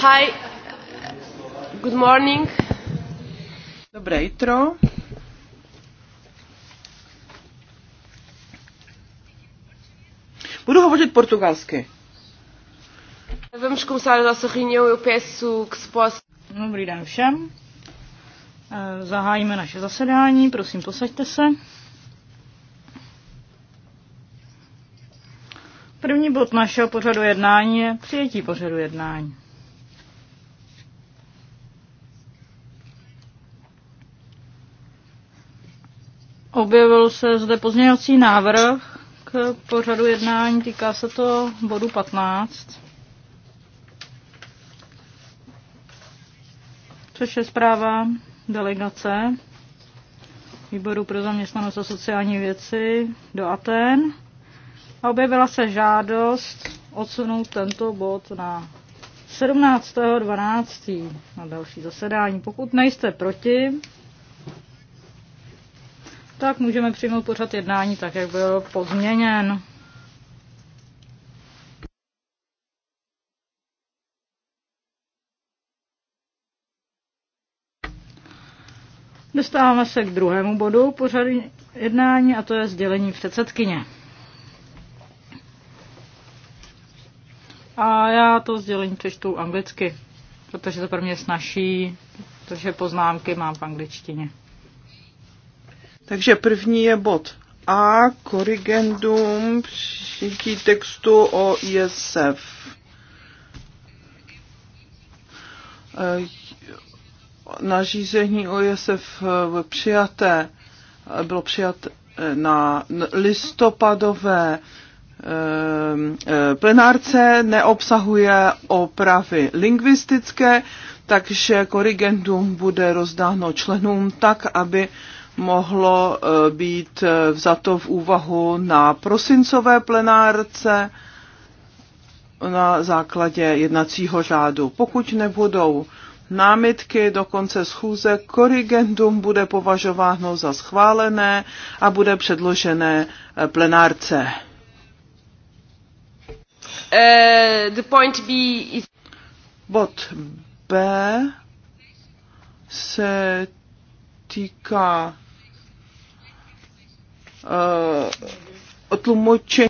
Hi. Good morning. Dobré jitro. Budu hovořit portugalsky. Vamos começar a nossa reunião. Eu peço que se possa... Dobrý den všem. Eh, zahájíme naše zasedání. Prosím, posaďte se. První bod našeho pořadu jednání je přijetí pořadu jednání. objevil se zde pozměňovací návrh k pořadu jednání, týká se to bodu 15. Což je zpráva delegace výboru pro zaměstnanost a sociální věci do Aten. A objevila se žádost odsunout tento bod na 17.12. na další zasedání. Pokud nejste proti, tak můžeme přijmout pořad jednání tak, jak byl pozměněn. Dostáváme se k druhému bodu pořadu jednání a to je sdělení předsedkyně. A já to sdělení přečtu anglicky, protože to pro mě snaží, protože poznámky mám v angličtině. Takže první je bod A, korrigendum přijetí textu o ISF. E, nařízení o ISF e, přijaté, e, bylo přijaté na listopadové plenárce neobsahuje opravy lingvistické, takže korrigendum bude rozdáno členům tak, aby mohlo eh, být eh, vzato v úvahu na prosincové plenárce na základě jednacího řádu. Pokud nebudou námitky do konce schůze, korrigendum bude považováno za schválené a bude předložené eh, plenárce. Uh, the point B is... Bod B se týká Eh, tlumočení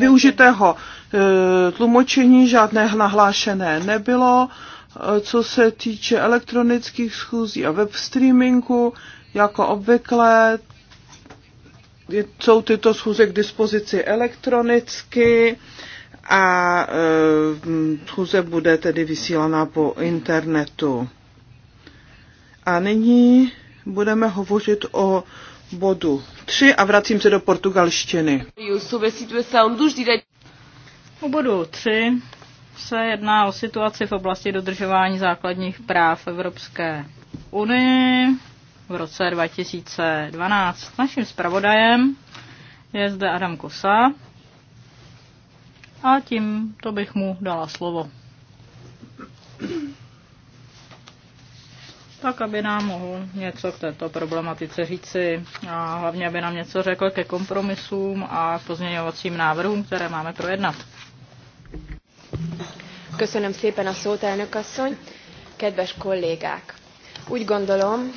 využitého eh, tlumočení žádné nahlášené nebylo. Eh, co se týče elektronických schůzí a web streamingu, jako obvykle jsou tyto schůze k dispozici elektronicky a schůze bude tedy vysílaná po internetu. A nyní budeme hovořit o bodu 3 a vracím se do portugalštiny. U bodu 3 se jedná o situaci v oblasti dodržování základních práv Evropské unii v roce 2012. Naším zpravodajem je zde Adam Kosa a tím to bych mu dala slovo tak aby nám mohl něco k této problematice říci a hlavně, aby nám něco řekl ke kompromisům a k pozměňovacím návrhům, které máme projednat. Köszönöm szépen a szót, elnök asszony. Kedves kollégák, úgy gondolom,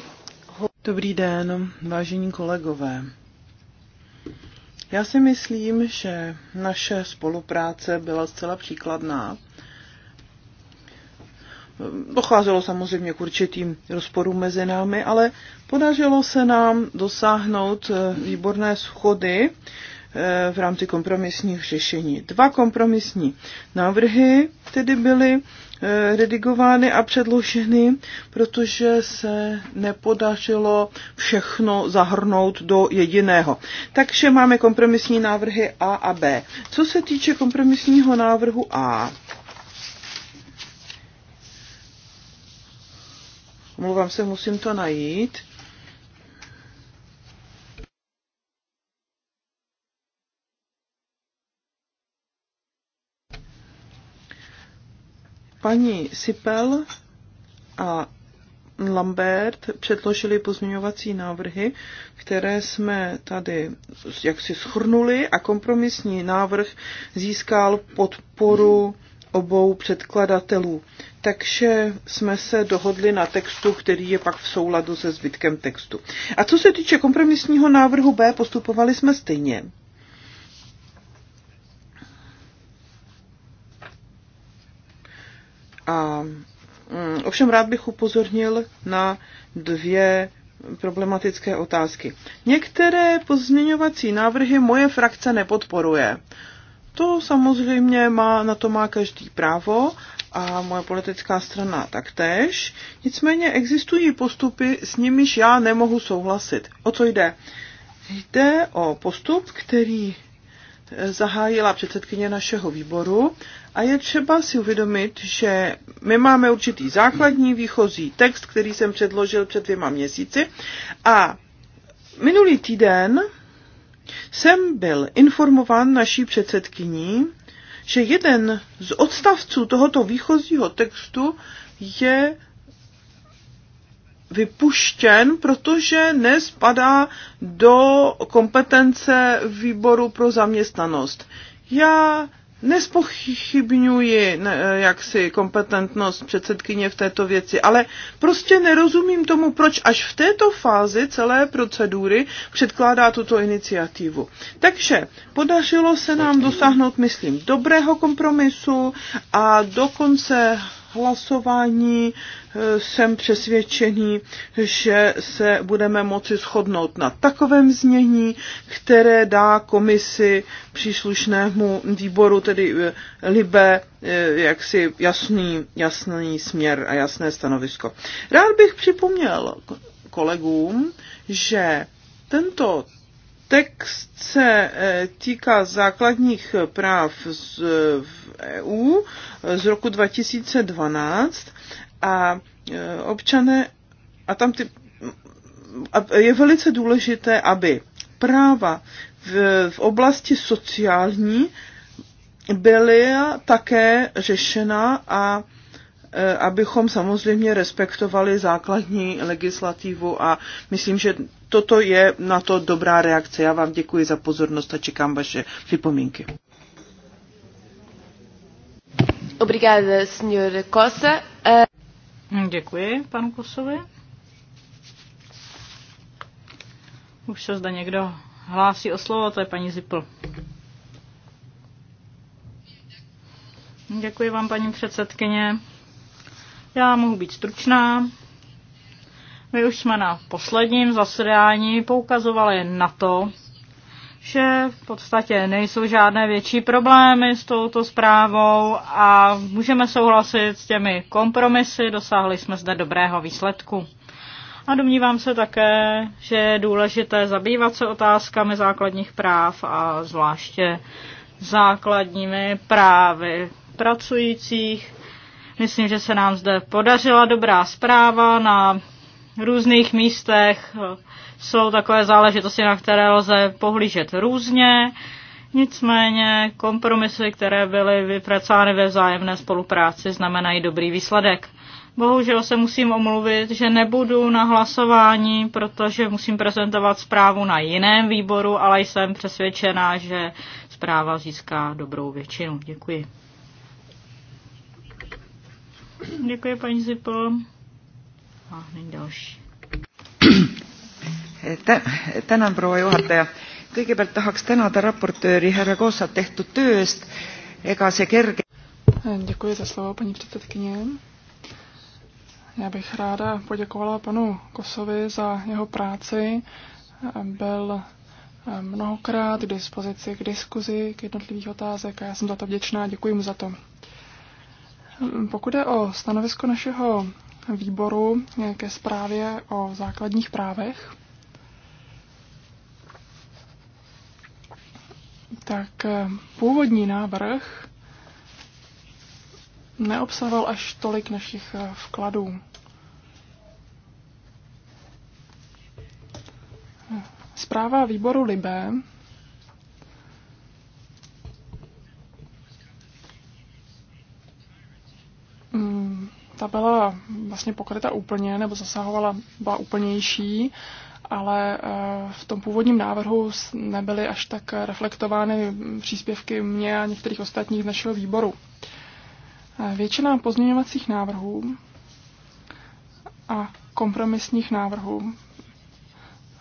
hogy... Dobrý den, vážení kolegové. Já si myslím, že naše spolupráce byla zcela příkladná Docházelo samozřejmě k určitým rozporům mezi námi, ale podařilo se nám dosáhnout eh, výborné schody eh, v rámci kompromisních řešení. Dva kompromisní návrhy tedy byly eh, redigovány a předloženy, protože se nepodařilo všechno zahrnout do jediného. Takže máme kompromisní návrhy A a B. Co se týče kompromisního návrhu A, Omlouvám se, musím to najít. Paní Sipel a Lambert předložili pozměňovací návrhy, které jsme tady jaksi schrnuli a kompromisní návrh získal podporu obou předkladatelů. Takže jsme se dohodli na textu, který je pak v souladu se zbytkem textu. A co se týče kompromisního návrhu B, postupovali jsme stejně. A mm, ovšem rád bych upozornil na dvě problematické otázky. Některé pozměňovací návrhy moje frakce nepodporuje. To samozřejmě má, na to má každý právo a moje politická strana taktéž. Nicméně existují postupy, s nimiž já nemohu souhlasit. O co jde? Jde o postup, který zahájila předsedkyně našeho výboru a je třeba si uvědomit, že my máme určitý základní výchozí text, který jsem předložil před dvěma měsíci a minulý týden jsem byl informován naší předsedkyní, že jeden z odstavců tohoto výchozího textu je vypuštěn, protože nespadá do kompetence výboru pro zaměstnanost. Já Nespochybňuji jaksi kompetentnost předsedkyně v této věci, ale prostě nerozumím tomu, proč až v této fázi celé procedury předkládá tuto iniciativu. Takže podařilo se nám dosáhnout, myslím, dobrého kompromisu a dokonce hlasování eh, jsem přesvědčený, že se budeme moci shodnout na takovém znění, které dá komisi příslušnému výboru, tedy eh, Libe, eh, jaksi jasný, jasný směr a jasné stanovisko. Rád bych připomněl kolegům, že tento Text se eh, týká základních práv z v EU z roku 2012 a eh, občané a tam ty, a je velice důležité, aby práva v, v oblasti sociální byly také řešena a Eh, abychom samozřejmě respektovali základní legislativu a myslím, že toto je na to dobrá reakce. Já vám děkuji za pozornost a čekám vaše připomínky. Obrigada, senhor Costa. Eh, děkuji panu Kosovi. Už se zda někdo hlásí o slovo, to je paní Zipl. Děkuji vám, paní předsedkyně. Já mohu být stručná. My už jsme na posledním zasedání poukazovali na to, že v podstatě nejsou žádné větší problémy s touto zprávou a můžeme souhlasit s těmi kompromisy, dosáhli jsme zde dobrého výsledku. A domnívám se také, že je důležité zabývat se otázkami základních práv a zvláště základními právy pracujících Myslím, že se nám zde podařila dobrá zpráva na různých místech. Jsou takové záležitosti, na které lze pohlížet různě. Nicméně kompromisy, které byly vypracovány ve vzájemné spolupráci, znamenají dobrý výsledek. Bohužel se musím omluvit, že nebudu na hlasování, protože musím prezentovat zprávu na jiném výboru, ale jsem přesvědčená, že zpráva získá dobrou většinu. Děkuji. Děkuji, paní Zipo. A není další. Tänan, proua juhataja. Kõigepealt tahaks tänada raportööri härra Koosat tehtud töö eest. Ega see kerge... Děkuji za slovo, paní předsedkyně. Já bych ráda poděkovala panu Kosovi za jeho práci. Byl eh, mnohokrát k dispozici k diskuzi, k jednotlivých otázek a já jsem za to vděčná. Děkuji mu za to. Pokud je o stanovisko našeho výboru ke zprávě o základních právech, tak eh, původní návrh neobsahoval až tolik našich eh, vkladů. Zpráva výboru Libé Mm, ta byla vlastně pokryta úplně, nebo zasahovala, byla úplnější, ale eh, v tom původním návrhu nebyly až tak reflektovány příspěvky mě a některých ostatních z našeho výboru. Eh, většina pozměňovacích návrhů a kompromisních návrhů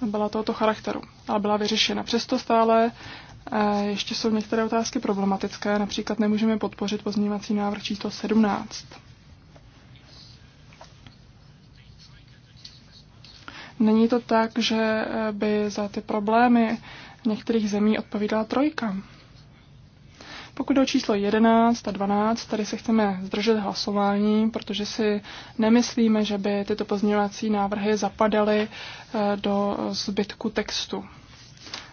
byla tohoto charakteru, ale byla vyřešena. Přesto stále eh, ještě jsou některé otázky problematické, například nemůžeme podpořit pozměňovací návrh číslo 17. Není to tak, že by za ty problémy některých zemí odpovídala trojka. Pokud o číslo 11 a 12, tady se chceme zdržet hlasování, protože si nemyslíme, že by tyto pozměňovací návrhy zapadaly eh, do zbytku textu.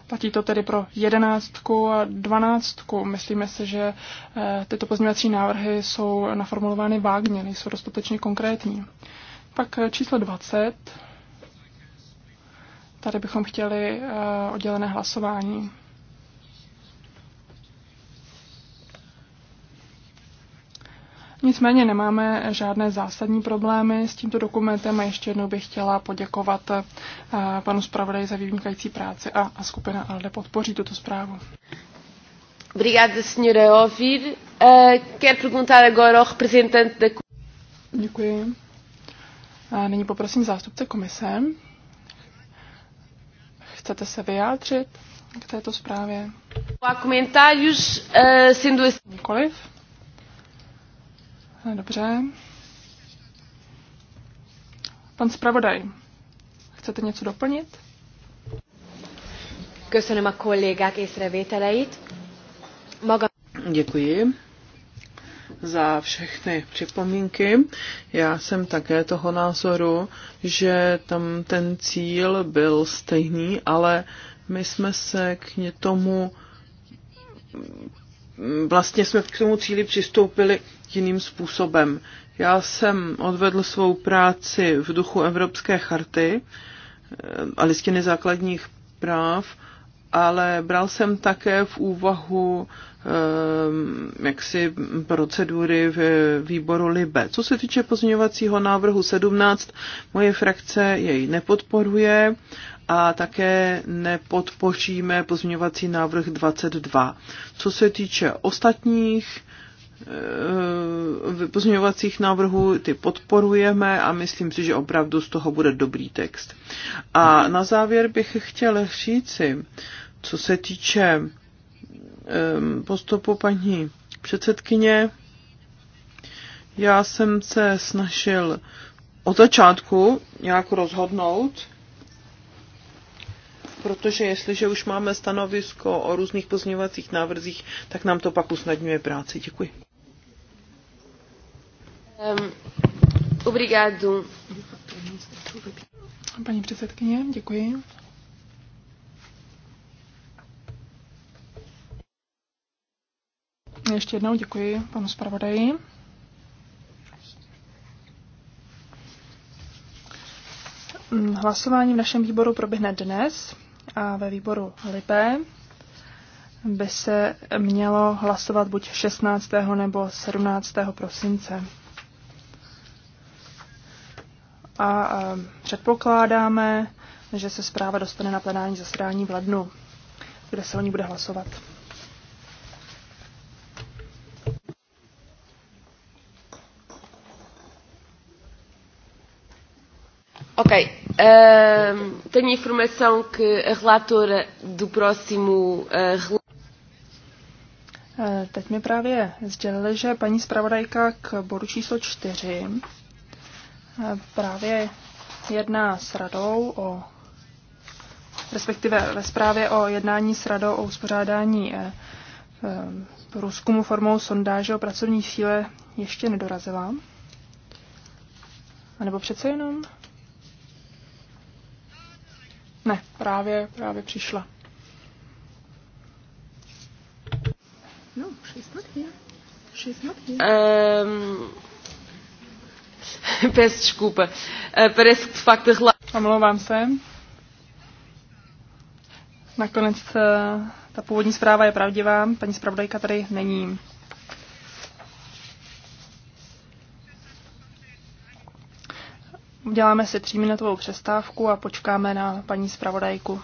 Platí to tedy pro jedenáctku a dvanáctku. Myslíme si, že eh, tyto pozměňovací návrhy jsou naformulovány vágně, nejsou dostatečně konkrétní. Pak eh, číslo 20, Tady bychom chtěli eh, oddělené hlasování. Nicméně nemáme žádné zásadní problémy s tímto dokumentem a ještě jednou bych chtěla poděkovat eh, panu zpravodaji za vynikající práci a, a skupina ALDE podpoří tuto zprávu. Obrigada, senhora Ovid. Uh, eh, quer perguntar agora ao representante da Děkuji. A nyní poprosím zástupce komise. Chcete se vyjádřit k této zprávě? Eh, sendo Nikoliv? Eh, dobře. Pan zpravodaj, chcete něco doplnit? Köszönöm a kollégák észrevételeit. Maga... Děkuji za všechny připomínky. Já jsem také toho názoru, že tam ten cíl byl stejný, ale my jsme se k tomu vlastně jsme k tomu cíli přistoupili jiným způsobem. Já jsem odvedl svou práci v duchu Evropské charty eh, a listiny základních práv ale bral jsem také v úvahu ehm, jaksi procedury v výboru LIBE. Co se týče pozměňovacího návrhu 17, moje frakce jej nepodporuje a také nepodpoříme pozměňovací návrh 22. Co se týče ostatních Eh, pozměňovacích návrhů, ty podporujeme a myslím si, že opravdu z toho bude dobrý text. A na závěr bych chtěl říci, co se týče postupu paní předsedkyně, já jsem se snažil od začátku nějak rozhodnout, protože jestliže už máme stanovisko o různých pozměňovacích návrzích, tak nám to pak usnadňuje práci. Děkuji. Ehm, obrigado. Paní předsedkyně, děkuji. Ještě jednou děkuji panu zpravodaji. Hlasování v našem výboru proběhne dnes a ve výboru Libé by se mělo hlasovat buď 16. nebo 17. prosince a předpokládáme, že se zpráva dostane na plenární zasedání v lednu, kde se o ní bude hlasovat. Ok. Uh, tenho informação que a relatora do próximo uh, Teď mi právě sdělili, že paní zpravodajka k bodu číslo 4 právě jedná s radou o respektive ve zprávě o jednání s radou o uspořádání eh, eh, průzkumu formou sondáže o pracovní síle ještě nedorazila. A nebo přece jenom? Ne, právě, právě přišla. No, she's not here. She's not here. Um... Eh, Omlouvám se. Nakonec eh, ta původní zpráva je pravdivá, paní zpravodajka tady není. Uděláme si tříminutovou přestávku a počkáme na paní zpravodajku.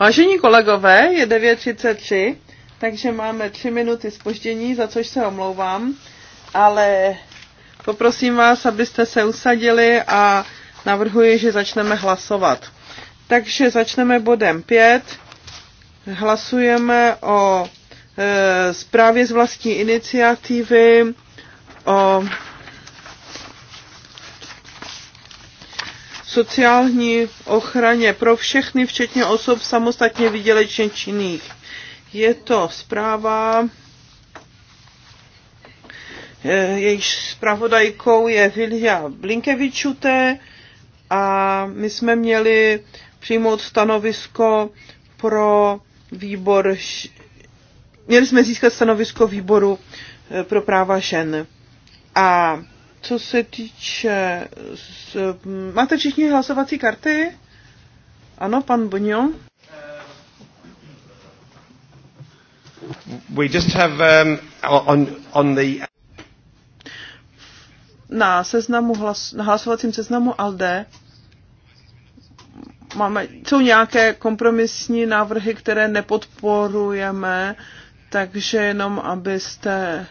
Vážení kolegové, je 9.33, takže máme tři minuty spoždění, za což se omlouvám, ale poprosím vás, abyste se usadili a navrhuji, že začneme hlasovat. Takže začneme bodem 5. Hlasujeme o e, zprávě z vlastní iniciativy, o sociální ochraně pro všechny, včetně osob samostatně vydělečně činných. Je to zpráva, eh, jejíž zpravodajkou je Vilja Blinkevičuté a my jsme měli přijmout stanovisko pro výbor, měli jsme získat stanovisko výboru eh, pro práva žen. A co se týče... Máte všichni hlasovací karty? Ano, pan Bonio? We just have um, on, on the... Na, seznamu hlas, na hlasovacím seznamu ALDE máme, jsou nějaké kompromisní návrhy, které nepodporujeme, takže jenom abyste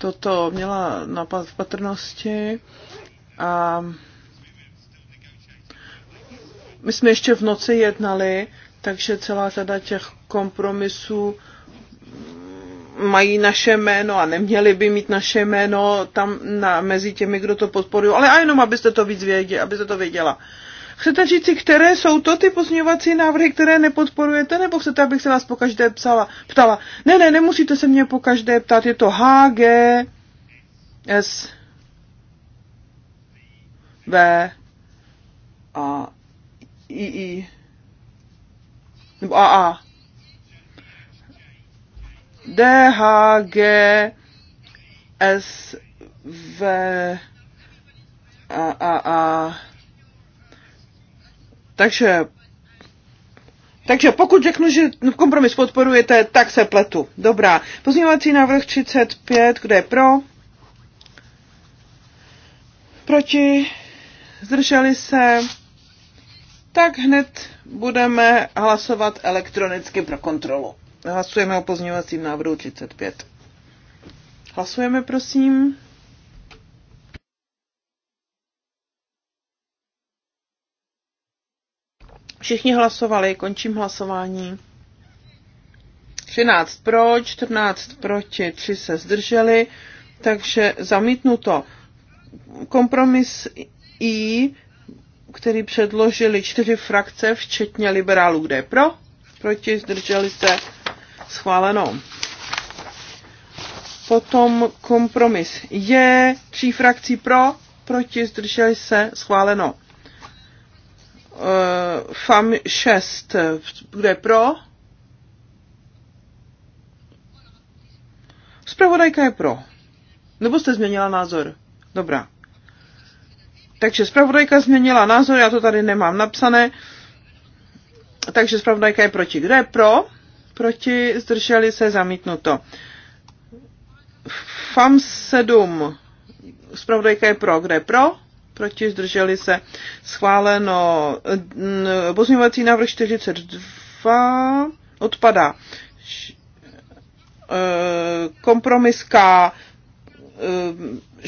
toto měla napad v patrnosti a my jsme ještě v noci jednali, takže celá řada těch kompromisů mají naše jméno a neměli by mít naše jméno tam na, mezi těmi, kdo to podporují. Ale a jenom, abyste to víc věděli, abyste to věděla. Uh, Chcete si, které jsou to ty pozměňovací návrhy, které nepodporujete, nebo chcete, abych se vás po každé psala, ptala? Ne, ne, nemusíte se mě po každé ptát, je to H, G, S, V a I, I, nebo A, A. D, H, G, S, V, a, a, a takže, takže pokud řeknu, že kompromis podporujete, tak se pletu. Dobrá. Pozměňovací návrh 35, kde je pro? Proti? Zdrželi se? Tak hned budeme hlasovat elektronicky pro kontrolu. Hlasujeme o pozměňovacím návrhu 35. Hlasujeme, prosím. Všichni hlasovali, končím hlasování. 13 pro, 14 proti, 3 se zdrželi, takže zamítnuto. Kompromis I, který předložili čtyři frakce, včetně liberálů, kde je pro, proti, zdrželi se, schváleno. Potom kompromis je, tří frakcí pro, proti, zdrželi se, schváleno. Eh, FAM 6. bude pro? Spravodajka je pro. Nebo jste změnila názor? Dobrá. Takže spravodajka změnila názor, já to tady nemám napsané. Takže spravodajka je proti. Kdo je pro? Proti, zdrželi se, zamítnuto. FAM 7. Spravodajka je pro. Kdo je pro? proti, zdrželi se. Schváleno pozměňovací návrh 42 odpadá. E, kompromis K, e,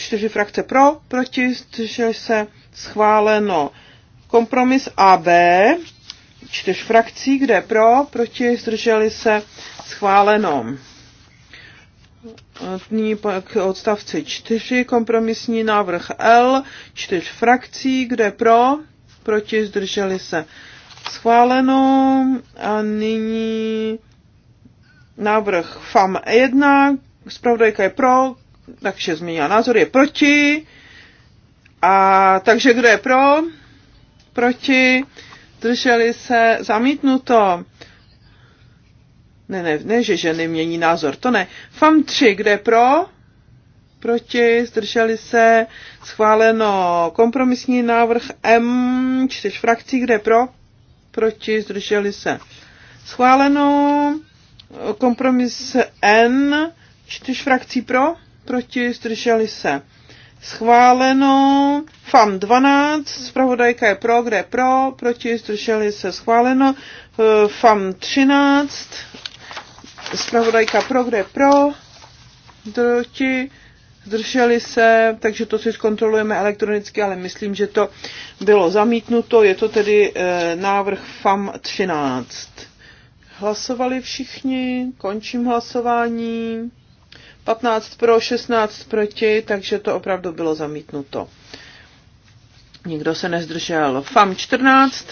čtyři frakce pro, proti, zdrželi se. Schváleno kompromis AB, čtyř frakcí, kde pro, proti, zdrželi se. Schváleno. Nyní pak odstavci 4, kompromisní návrh L, čtyř frakcí, kde pro, proti, zdrželi se schváleno. A nyní návrh FAM 1, zpravodajka je pro, takže změnila názor, je proti. A takže kdo je pro? Proti. Drželi se zamítnuto. Ne, ne, ne, že ženy mění názor, to ne. FAM 3, kde pro? Proti, zdrželi se, schváleno kompromisní návrh M, čtyř frakcí, kde pro? Proti, zdrželi se. Schváleno kompromis N, čtyř frakcí pro? Proti, zdrželi se. Schváleno. FAM 12, zpravodajka je pro, kde pro, proti, zdrželi se schváleno. FAM 13, Spravodajka pro, kde pro, proti, zdrželi se, takže to si zkontrolujeme elektronicky, ale myslím, že to bylo zamítnuto. Je to tedy e, návrh FAM 13. Hlasovali všichni, končím hlasování. 15 pro, 16 proti, takže to opravdu bylo zamítnuto. Nikdo se nezdržel. FAM 14,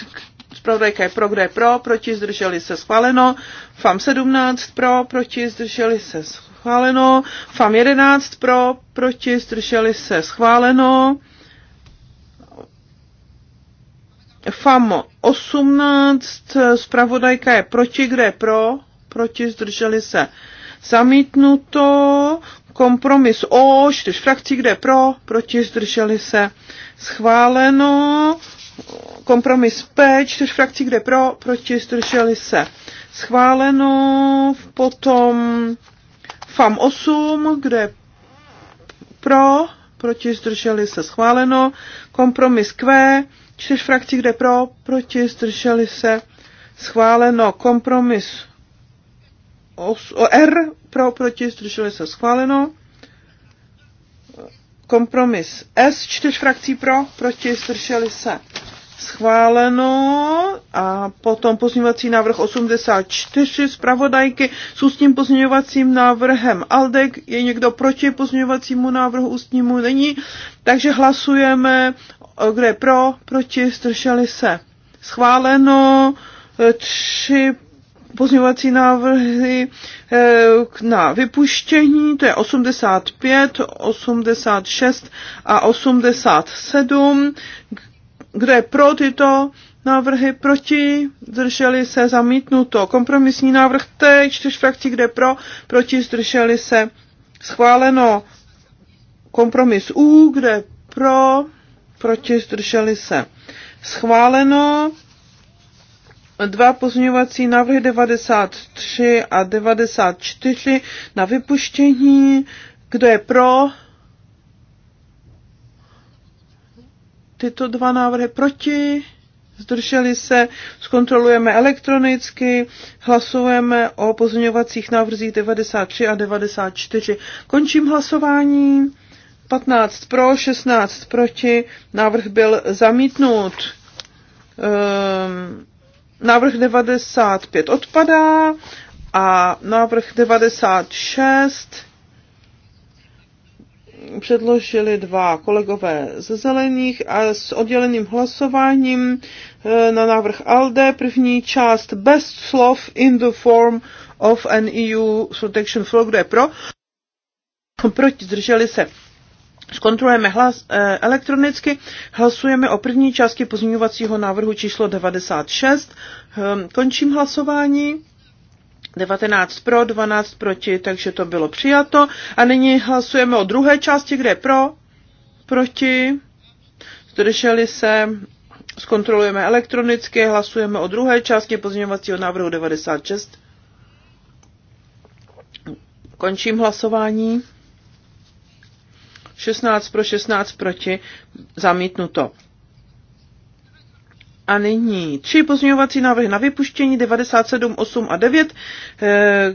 Zpravodajka je pro, kdo je pro, proti, zdrželi se, schváleno. FAM 17 pro, proti, zdrželi se, schváleno. FAM 11 pro, proti, zdrželi se, schváleno. FAM 18, zpravodajka je proti, kde je pro, proti, zdrželi se. Zamítnuto, kompromis O, čtyř frakcí, kde je pro, proti, zdrželi se. Schváleno, kompromis P, čtyř frakcí, kde pro, proti, zdrželi se. Schváleno, potom FAM 8, kde pro, proti, zdrželi se. Schváleno, kompromis Q, čtyř frakcí, kde pro, proti, zdrželi se. Schváleno, kompromis o R, pro, proti, zdrželi se. Schváleno kompromis S, čtyř frakcí pro, proti, zdrželi se schváleno a potom pozměňovací návrh 84 zpravodajky s ústním pozměňovacím návrhem Aldek. Je někdo proti pozměňovacímu návrhu ústnímu? Není. Takže hlasujeme, eh, kde je pro, proti, zdrželi se. Schváleno eh, tři pozměňovací návrhy eh, na vypuštění, to je 85, 86 a 87. Kdo je pro tyto návrhy proti, zdrželi se zamítnuto. Kompromisní návrh T, čtyř frakcí, kde pro, proti, zdrželi se schváleno. Kompromis U, kde pro, proti, zdrželi se schváleno. Dva pozměňovací návrhy 93 a 94 na vypuštění. Kdo je pro, tyto dva návrhy proti, zdrželi se, zkontrolujeme elektronicky, hlasujeme o pozměňovacích návrzích 93 a 94. Končím hlasování. 15 pro, 16 proti, návrh byl zamítnut. Ehm, návrh 95 odpadá a návrh 96 předložili dva kolegové ze zelených a s odděleným hlasováním eh, na návrh ALDE první část bez slov in the form of an EU protection flow, kde je pro, proti zdrželi se. Zkontrolujeme hlas, eh, elektronicky, hlasujeme o první části pozměňovacího návrhu číslo 96. Hm, končím hlasování. 19 pro, 12 proti, takže to bylo přijato. A nyní hlasujeme o druhé části, kde je pro, proti, zdrželi se, zkontrolujeme elektronicky, hlasujeme o druhé části pozměňovacího návrhu 96. Končím hlasování. 16 pro, 16 proti, zamítnuto. A nyní tři pozměňovací návrhy na vypuštění 97, 8 a 9, eh,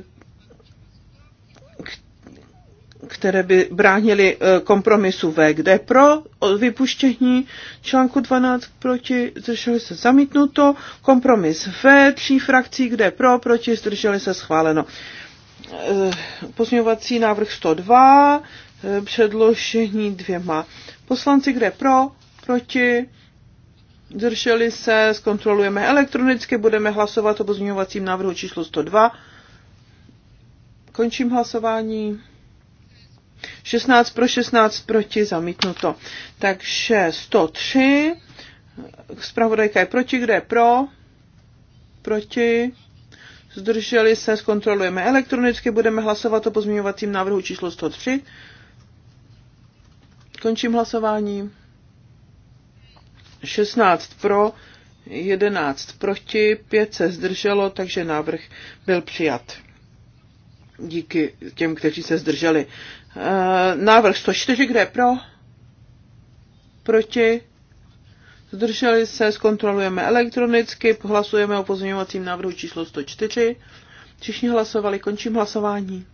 které by bránili eh, kompromisu V, kde pro vypuštění článku 12 proti, zdrželi se zamítnuto, kompromis V, tří frakcí, kde pro, proti, zdrželi se schváleno. Eh, pozměňovací návrh 102, předložení dvěma poslanci, kde pro, proti, zdrželi se, zkontrolujeme elektronicky, budeme hlasovat o pozměňovacím návrhu číslo 102. Končím hlasování. 16 pro 16 proti, zamítnuto. Takže 103. Spravodajka je proti, kde je pro? Proti. Zdrželi se, zkontrolujeme elektronicky, budeme hlasovat o pozměňovacím návrhu číslo 103. Končím hlasování. 16 pro, 11 proti, 5 se zdrželo, takže návrh byl přijat. Díky těm, kteří se zdrželi. E, Návrh 104, kde je pro? Proti? Zdrželi se, zkontrolujeme elektronicky, hlasujeme o pozměňovacím návrhu číslo 104. Všichni hlasovali, končím hlasování.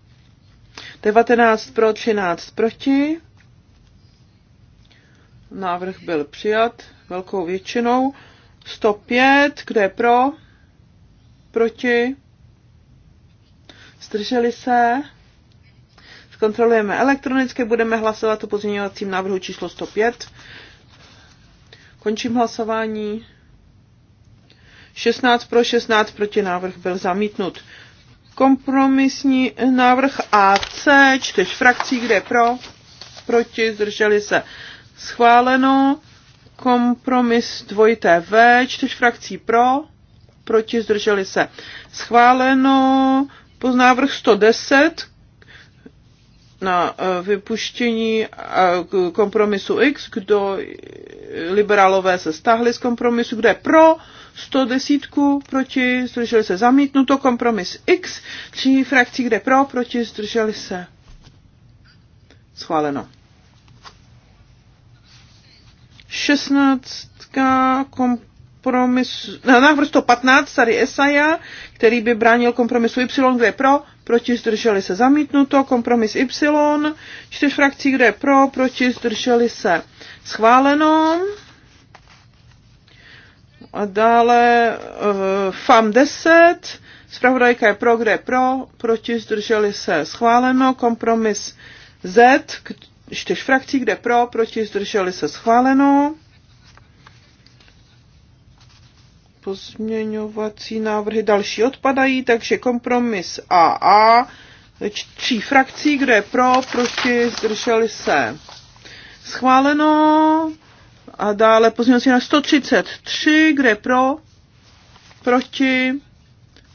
19 pro, 13 proti. Návrh byl přijat velkou většinou. 105, kde je pro? Proti? Zdrželi se? Zkontrolujeme elektronicky, budeme hlasovat o pozměňovacím návrhu číslo 105. Končím hlasování. 16 pro 16 proti návrh byl zamítnut. Kompromisní návrh AC, čtyř frakcí, kde pro, proti, zdrželi se schváleno. Kompromis dvojité V, čtyř frakcí pro, proti zdrželi se. Schváleno poznávrh 110 na eh, vypuštění eh, kompromisu X, kdo eh, liberálové se stáhli z kompromisu, kde pro 110 proti, zdrželi se zamítnuto, kompromis X, tří frakcí, kde pro, proti, zdrželi se schváleno. 16 kompromis, návrh 115, tady Esaja, který by bránil kompromisu Y, kde je pro, proti zdrželi se zamítnuto, kompromis Y, čtyř frakcí, kde je pro, proti zdrželi se schváleno. A dále uh, eh, FAM 10, zpravodajka je pro, kde je pro, proti zdrželi se schváleno, kompromis Z, čtyř frakcí, kde pro, proti, zdrželi se schváleno. Pozměňovací návrhy další odpadají, takže kompromis AA, tří frakcí, kde je pro, proti, zdrželi se schváleno. A dále pozměňovací na 133, kde je pro, proti,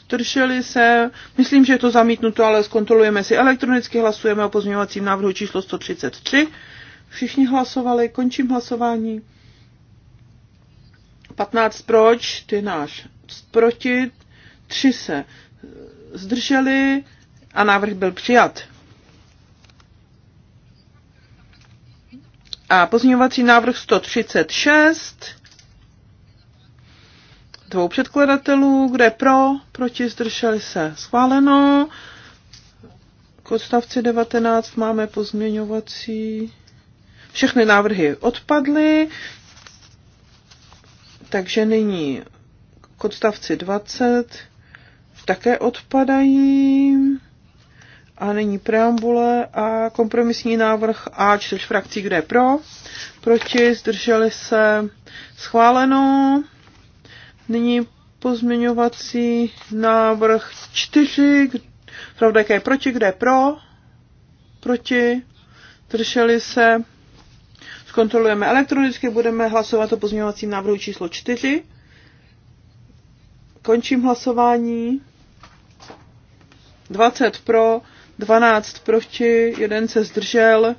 Drželi se, myslím, že je to zamítnuto, ale zkontrolujeme si elektronicky, hlasujeme o pozměňovacím návrhu číslo 133. Všichni hlasovali, končím hlasování. 15 proč, ty náš proti, 3 se zdrželi a návrh byl přijat. A pozměňovací návrh 136 dvou předkladatelů, kde pro, proti, zdrželi se, schváleno. K odstavci 19 máme pozměňovací. Všechny návrhy odpadly, takže nyní k odstavci 20 také odpadají. A nyní preambule a kompromisní návrh A čtyř frakcí, kde je pro. Proti zdrželi se schváleno. Nyní pozměňovací návrh čtyři. Pravda, je proti, kde je pro? Proti. Drželi se. Zkontrolujeme elektronicky, budeme hlasovat o pozměňovacím návrhu číslo čtyři. Končím hlasování. 20 pro, 12 proti, jeden se zdržel,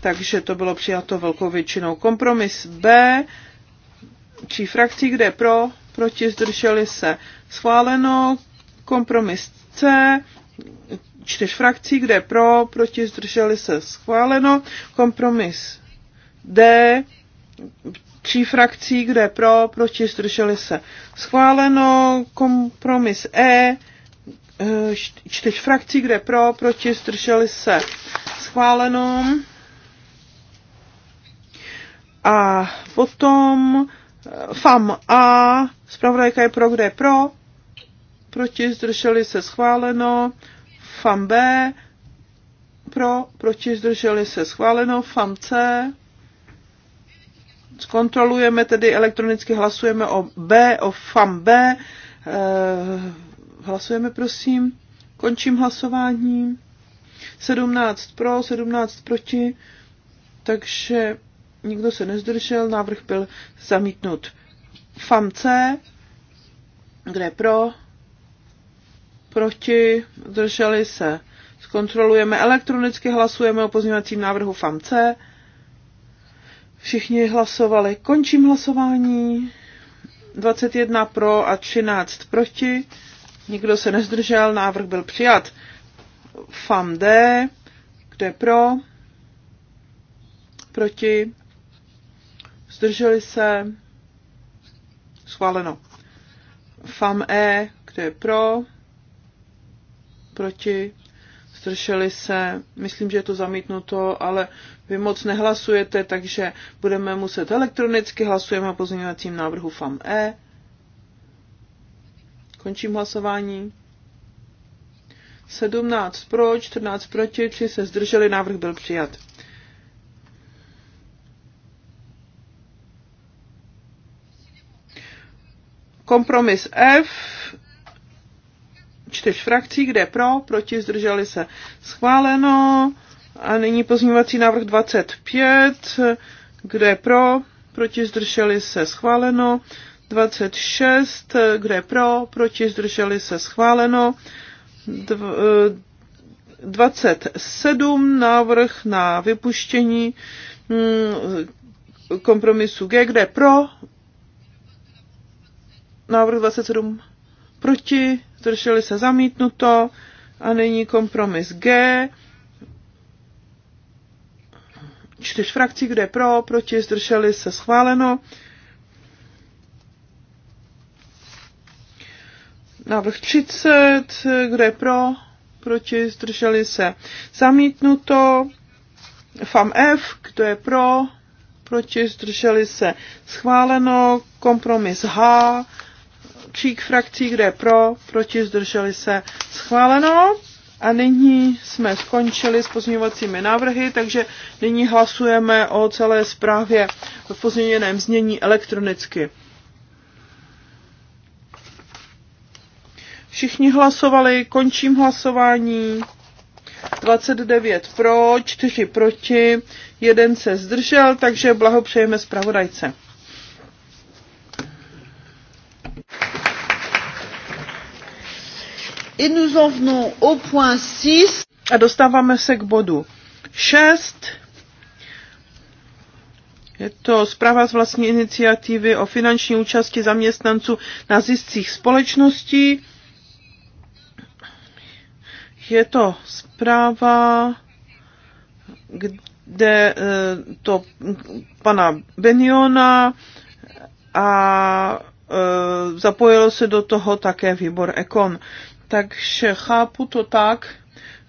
takže to bylo přijato velkou většinou. Kompromis B tří frakcí, kde pro, proti, zdrželi se schváleno, kompromis C, čtyř frakcí, kde pro, proti, zdrželi se schváleno, kompromis D, tří frakcí, kde pro, proti, zdrželi se schváleno, kompromis E, čtyř frakcí, kde pro, proti, zdrželi se schváleno. A potom FAM A, zpravodajka je pro, kde je pro, proti, zdrželi se schváleno, FAM B, pro, proti, zdrželi se schváleno, FAM C, zkontrolujeme, tedy elektronicky hlasujeme o B, o FAM B, eh, hlasujeme prosím, končím hlasování, 17 pro, 17 proti, takže nikdo se nezdržel, návrh byl zamítnut. FAM C, kde pro, proti, zdrželi se. Zkontrolujeme elektronicky, hlasujeme o pozměňovacím návrhu FAM C. Všichni hlasovali. Končím hlasování. 21 pro a 13 proti. Nikdo se nezdržel, návrh byl přijat. FAM D, kde pro, proti, zdrželi se, schváleno. FAM E, kdo je pro, proti, zdrželi se, myslím, že je to zamítnuto, ale vy moc nehlasujete, takže budeme muset elektronicky hlasujeme o pozměňovacím návrhu FAM E. Končím hlasování. 17 pro, 14 proti, 3 se zdrželi, návrh byl přijat. Kompromis F, čtyř frakcí, kde pro, proti, zdrželi se schváleno. A nyní pozměňovací návrh 25, kde pro, proti, zdrželi se schváleno. 26, kde pro, proti, zdrželi se schváleno. 27 eh, návrh na vypuštění mm, kompromisu G, kde pro, návrh 27 proti, zdrželi se zamítnuto a nyní kompromis G. Čtyř frakcí, kde pro, proti, zdrželi se schváleno. Návrh 30, kde pro, proti, zdrželi se zamítnuto. FAM F, kdo je pro, proti, zdrželi se schváleno. Kompromis H, třík frakcí, kde je pro, proti, zdrželi se, schváleno. A nyní jsme skončili s pozměňovacími návrhy, takže nyní hlasujeme o celé zprávě v pozměněném znění elektronicky. Všichni hlasovali, končím hlasování. 29 pro, 4 proti, jeden se zdržel, takže blahopřejeme zpravodajce. nous en venons au point 6. A dostáváme se k bodu 6. Je to zpráva z vlastní iniciativy o finanční účasti zaměstnanců na ziscích společností. Je to zpráva, kde eh, to pana Beniona a eh, zapojil se do toho také výbor Ekon takže chápu to tak,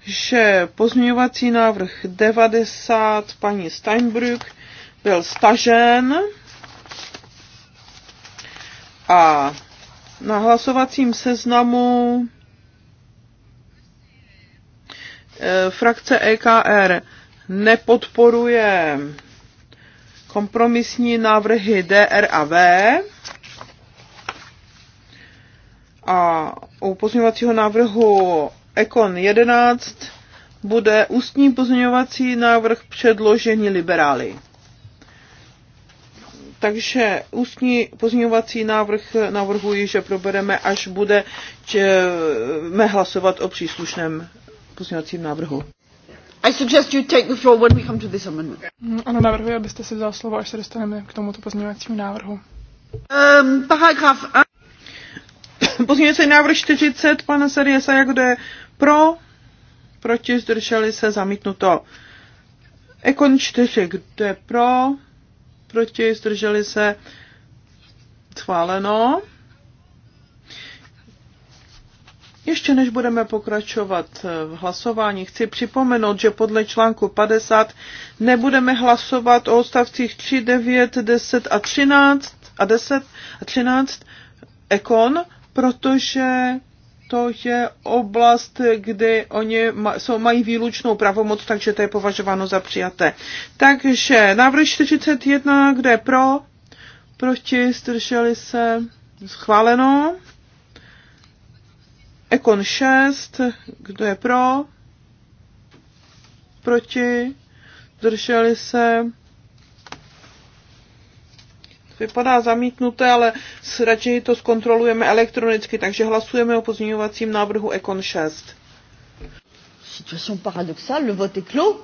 že pozměňovací návrh 90 paní Steinbrück byl stažen a na hlasovacím seznamu eh, frakce EKR nepodporuje kompromisní návrhy DR a V a u pozměňovacího návrhu Ekon 11 bude ústní pozměňovací návrh předložení liberály. Takže ústní pozměňovací návrh navrhuji, že probereme, až budeme hlasovat o příslušném pozměňovacím návrhu. I suggest you take the floor when we come to this amendment. Mm, ano, navrhuji, abyste si vzal slovo, až se dostaneme k tomuto pozměňovacímu návrhu. Um, paragraf Pozměňující návrh 40 pana Seriesa, jak jde pro, proti, zdrželi se, zamítnuto. Ekon 4, kde je pro, proti, zdrželi se, schváleno. Ještě než budeme pokračovat v hlasování, chci připomenout, že podle článku 50 nebudeme hlasovat o odstavcích 3, 9, 10 a 13 a 10 a 13 ekon, protože to je oblast, kdy oni jsou, mají výlučnou pravomoc, takže to je považováno za přijaté. Takže návrh 41, kde pro, proti, zdrželi se, schváleno. Ekon 6, kdo je pro, proti, zdrželi se, vypadá zamítnuté, ale raději to zkontrolujeme elektronicky, takže hlasujeme o pozměňovacím návrhu Econ 6. Situation paradoxale, le vote est clos.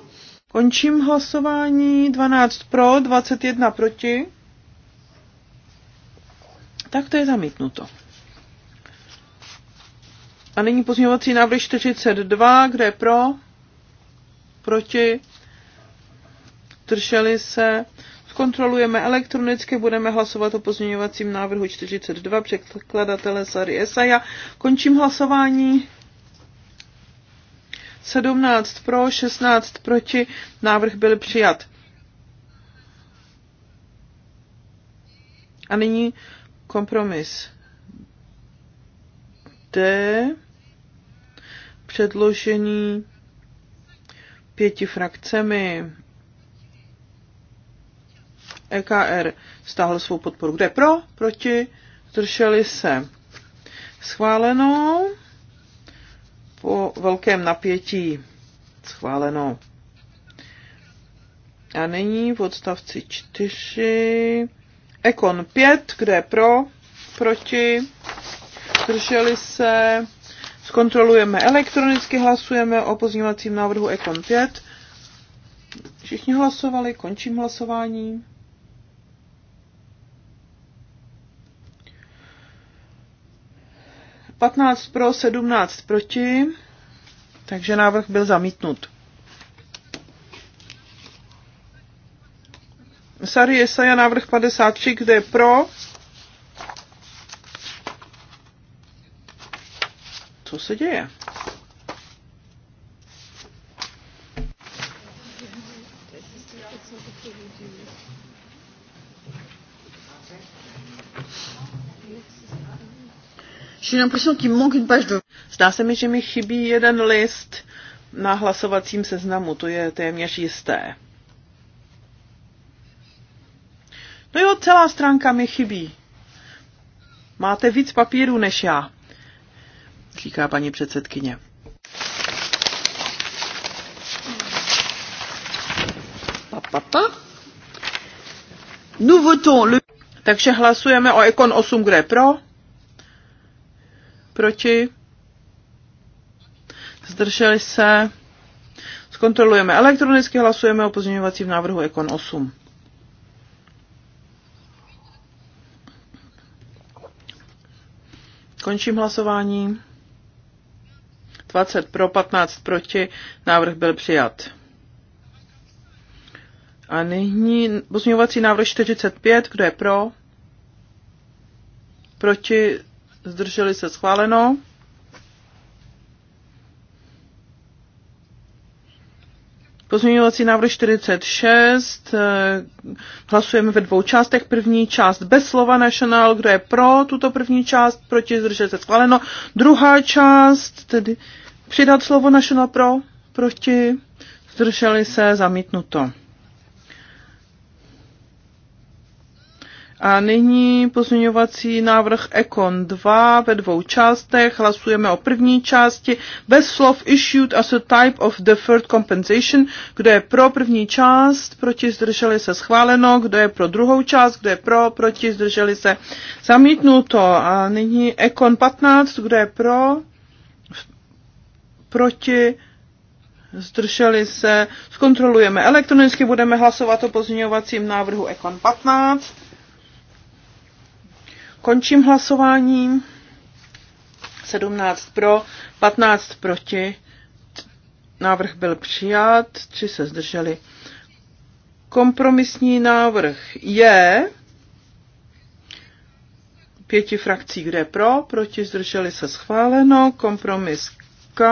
Končím hlasování 12 pro, 21 proti. Tak to je zamítnuto. A nyní pozměňovací návrh 42, kde je pro, proti, drželi se, Kontrolujeme elektronicky, budeme hlasovat o pozměňovacím návrhu 42 překladatele Sary Esaja. Končím hlasování. 17 pro, 16 proti, návrh byl přijat. A nyní kompromis D, předložený pěti frakcemi. EKR stáhl svou podporu. Kde pro? Proti? Zdrželi se. Schváleno. Po velkém napětí. Schváleno. A nyní v odstavci 4. Ekon 5, kde pro? Proti? Zdrželi se. Zkontrolujeme elektronicky, hlasujeme o pozměňovacím návrhu Ekon 5. Všichni hlasovali, končím hlasování. 15 pro, 17 proti, takže návrh byl zamítnut. Sary Jesaja návrh 53, kde je pro. Co se děje? J'ai l'impression qu'il manque une page de... Zdá se mi, že mi chybí jeden list na hlasovacím seznamu, to je téměř jisté. No jo, celá stránka mi chybí. Máte víc papíru než já, říká paní předsedkyně. Pa, pa, pa. Nous votons le... Takže hlasujeme o Ekon 8, kde pro, Proti? Zdrželi se? Zkontrolujeme elektronicky, hlasujeme o pozměňovacím návrhu Ekon 8. Končím hlasování. 20 pro, 15 proti. Návrh byl přijat. A nyní pozměňovací návrh 45. Kdo je pro? Proti zdrželi se schváleno. Pozměňovací návrh 46, eh, hlasujeme ve dvou částech. První část bez slova national, kdo je pro tuto první část, proti zdržet se schváleno. Druhá část, tedy přidat slovo national pro, proti, zdrželi se zamítnuto. A nyní pozměňovací návrh Econ 2 ve dvou částech. Hlasujeme o první části bez slov issued as a type of deferred compensation. Kdo je pro první část, proti zdrželi se schváleno. Kdo je pro druhou část, kdo je pro, proti zdrželi se zamítnuto. A nyní Econ 15, kdo je pro, proti zdrželi se. Zkontrolujeme elektronicky, budeme hlasovat o pozměňovacím návrhu Econ 15. Končím hlasováním. 17 pro, 15 proti. Návrh byl přijat, tři se zdrželi. Kompromisní návrh je pěti frakcí, kde pro, proti zdrželi se schváleno, kompromis K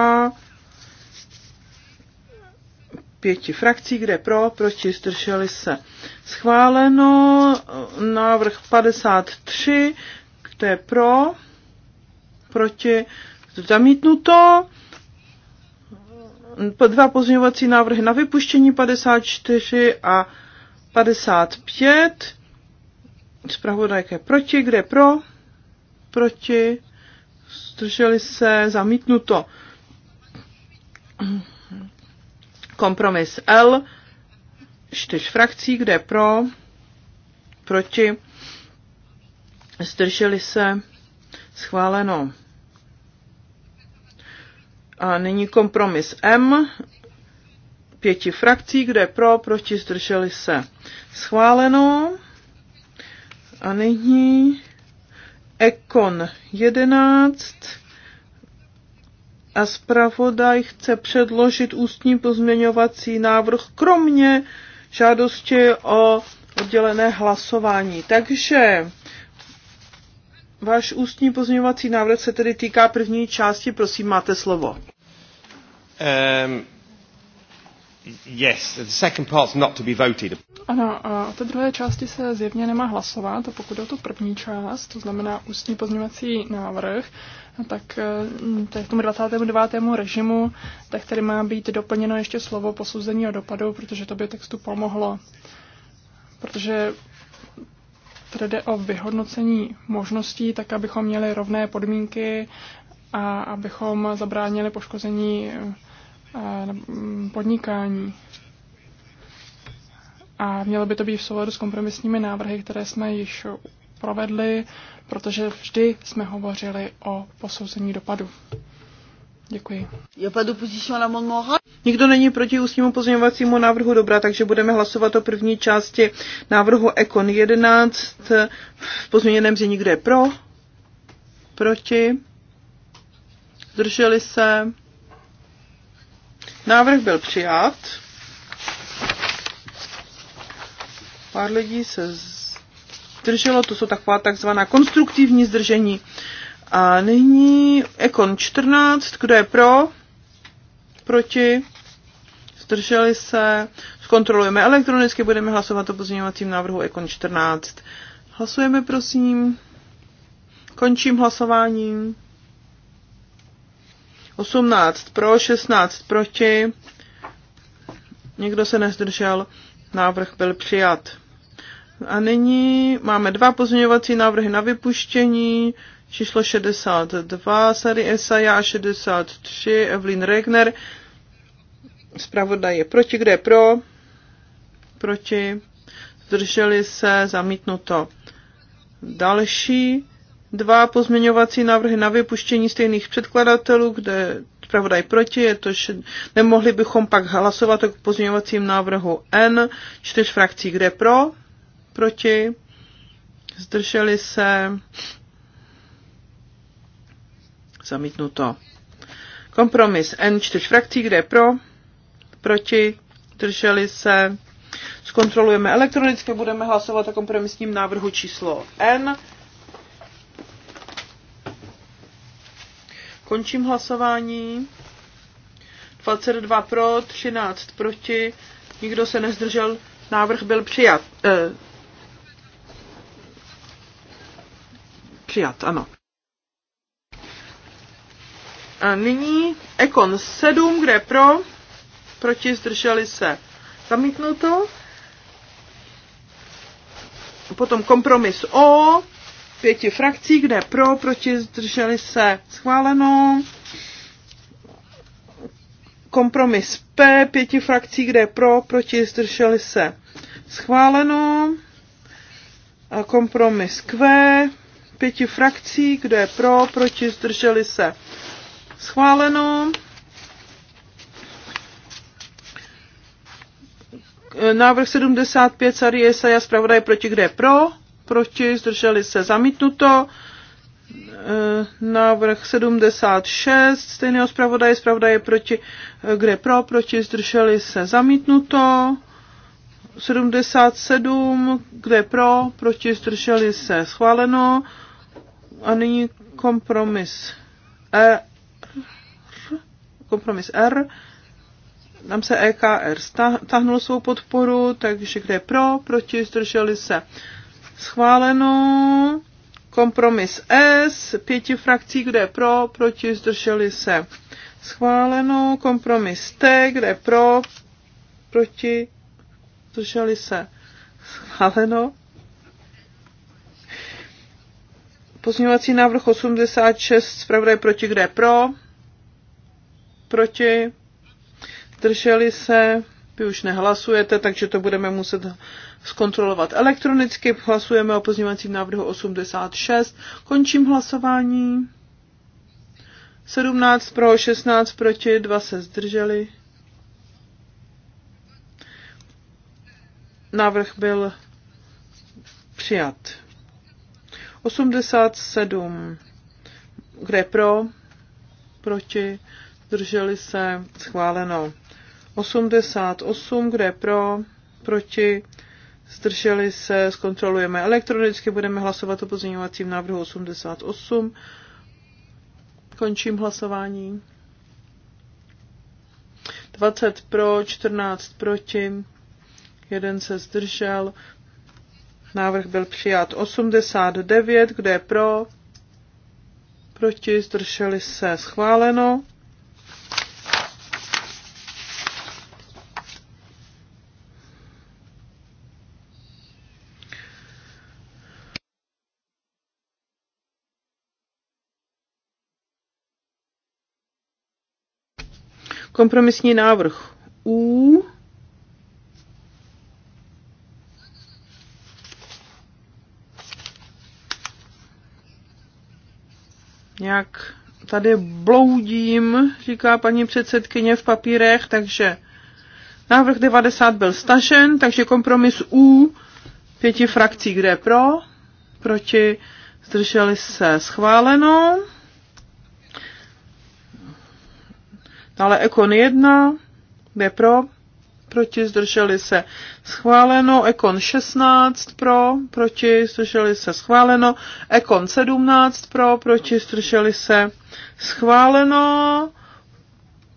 pěti frakcí, kde pro, proti, zdrželi se. Schváleno návrh 53, kde je pro, proti, zamítnuto. Dva pozměňovací návrhy na vypuštění 54 a 55. Zpravodajka je proti, kde je pro, proti, zdrželi se, zamítnuto. Kompromis L, čtyř frakcí, kde pro, proti, zdrželi se, schváleno. A nyní kompromis M, pěti frakcí, kde pro, proti, zdrželi se, schváleno. A nyní Ekon 11, a zpravodaj chce předložit ústní pozměňovací návrh, kromě žádosti o oddělené hlasování. Takže váš ústní pozměňovací návrh se tedy týká první části, prosím, máte slovo. Um, yes, the second part's not to be voted. Ano, a o té druhé části se zjevně nemá hlasovat, a pokud je o tu první část, to znamená ústní pozměňovací návrh, Eh, hm, tak k tomu 29. režimu, tak tady má být doplněno ještě slovo posouzení o dopadu, protože to by textu pomohlo. Protože tady jde o vyhodnocení možností, tak abychom měli rovné podmínky a abychom zabránili poškození eh, eh, hm, podnikání. A mělo by to být v souladu s kompromisními návrhy, které jsme již provedli, protože vždy jsme hovořili o posouzení dopadu. Děkuji. Nikdo není proti ústnímu pozměňovacímu návrhu dobrá, takže budeme hlasovat o první části návrhu Econ 11 v pozměněném zjení, kde je pro, proti, zdrželi se. Návrh byl přijat. Pár lidí se z zdrželo, to jsou taková takzvaná konstruktivní zdržení. A nyní Ekon 14, kdo je pro, proti, zdrželi se, zkontrolujeme elektronicky, budeme hlasovat o pozměňovacím návrhu Ekon 14. Hlasujeme, prosím. Končím hlasováním. 18 pro, 16 proti. Nikdo se nezdržel. Návrh byl přijat. A nyní máme dva pozměňovací návrhy na vypuštění, číslo 62 Sary Esaja 63 Evelyn Regner. Zpravodaj je proti, kde je pro? Proti. Zdrželi se, zamítnuto. Další dva pozměňovací návrhy na vypuštění stejných předkladatelů, kde zpravodaj proti, je to, že nemohli bychom pak hlasovat o pozměňovacím návrhu N, čtyř frakcí, kde pro, proti, zdrželi se, zamítnuto. Kompromis N čtyř frakcí, kde je pro, proti, zdrželi se, zkontrolujeme elektronicky, budeme hlasovat o kompromisním návrhu číslo N. Končím hlasování. 22 pro, 13 proti, nikdo se nezdržel, návrh byl přijat. Eh, Přijat, ano. A nyní Ekon 7, kde pro, proti zdrželi se zamítnuto. Potom kompromis O, pěti frakcí, kde pro, proti zdrželi se schváleno. Kompromis P, pěti frakcí, kde pro, proti zdrželi se schváleno. A kompromis Q, pěti frakcí, kdo je pro, proti, zdrželi se. Schváleno. Návrh 75 Sary Jesaja, zpravodaj proti, kde je pro, proti, zdrželi se, zamítnuto. Návrh 76 stejného zpravodaje, zpravodaje proti, kde pro, proti, zdrželi se, zamítnuto. 77, kde pro, proti, zdrželi se, schváleno. A nyní kompromis E, kompromis R, tam se EKR stáhnul svou podporu, takže kde je pro, proti, zdrželi se. Schváleno. Kompromis S, pěti frakcí, kde je pro, proti, zdrželi se. Schváleno. Kompromis T, kde je pro, proti, zdrželi se. Schváleno. Pozměňovací návrh 86, zpravodaj proti, kde pro? Proti? Drželi se? Vy už nehlasujete, takže to budeme muset zkontrolovat elektronicky. Hlasujeme o pozměňovacím návrhu 86. Končím hlasování. 17 pro, 16 proti, 2 se zdrželi. Návrh byl přijat. 87. Kde pro? Proti? Zdrželi se? Schváleno. 88. Kde pro? Proti? Zdrželi se? Zkontrolujeme elektronicky. Budeme hlasovat o pozměňovacím návrhu 88. Končím hlasování. 20 pro, 14 proti, jeden se zdržel, Návrh byl přijat 89, kde je pro, proti, zdrželi se, schváleno. Kompromisní návrh nějak tady bloudím, říká paní předsedkyně v papírech, takže návrh 90 byl stažen, takže kompromis U pěti frakcí, kde je pro, proti, zdrželi se schváleno. Dále Ekon 1, kde je pro, proti, zdrželi se schváleno, Ekon 16 pro, proti, zdrželi se schváleno, Ekon 17 pro, proti, zdrželi se schváleno,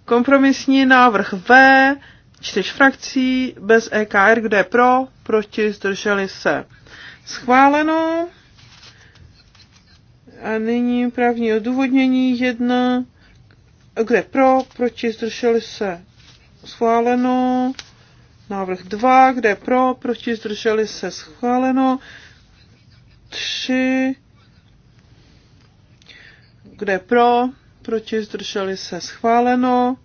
kompromisní návrh V, čtyř frakcí, bez EKR, kde pro, proti, zdrželi se schváleno. A nyní právní odůvodnění 1, kde pro, proti, zdrželi se schváleno. Návrh 2, kde pro, proti, zdrželi se, schváleno. 3, kde pro, proti, zdrželi se, schváleno.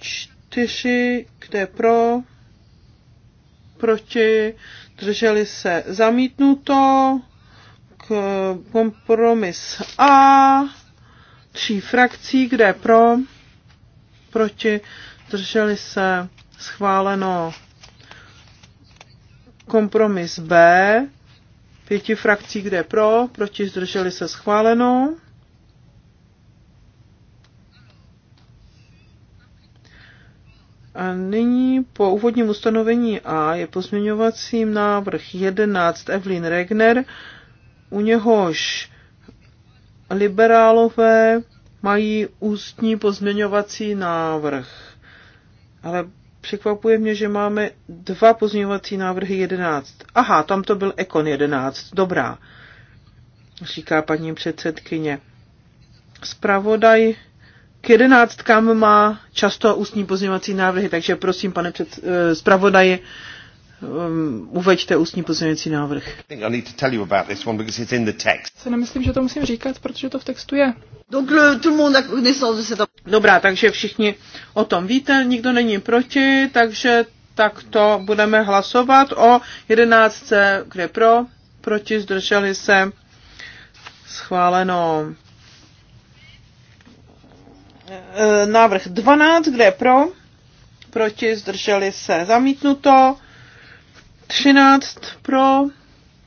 4, kde pro, proti, zdrželi se, zamítnuto. K kompromis A, tří frakcí, kde pro, proti, zdrželi se, schváleno. Kompromis B, pěti frakcí, kde pro, proti zdrželi se, schváleno. A nyní po úvodním ustanovení A je pozměňovacím návrh 11 Evelyn Regner, u něhož liberálové mají ústní pozměňovací návrh ale překvapuje mě, že máme dva pozměňovací návrhy 11. Aha, tam to byl Ekon 11, dobrá, říká paní předsedkyně. Spravodaj k jedenáctkám má často ústní pozměňovací návrhy, takže prosím, pane před, eh, zpravodaji, um, uveďte ústní pozměňující návrh. Se nemyslím, že to musím říkat, protože to v textu je. Dobrá, takže všichni o tom víte, nikdo není proti, takže tak to budeme hlasovat o jedenáctce, kde pro, proti, zdrželi se, schváleno. E, návrh 12, kde pro, proti, zdrželi se, zamítnuto. 13 pro,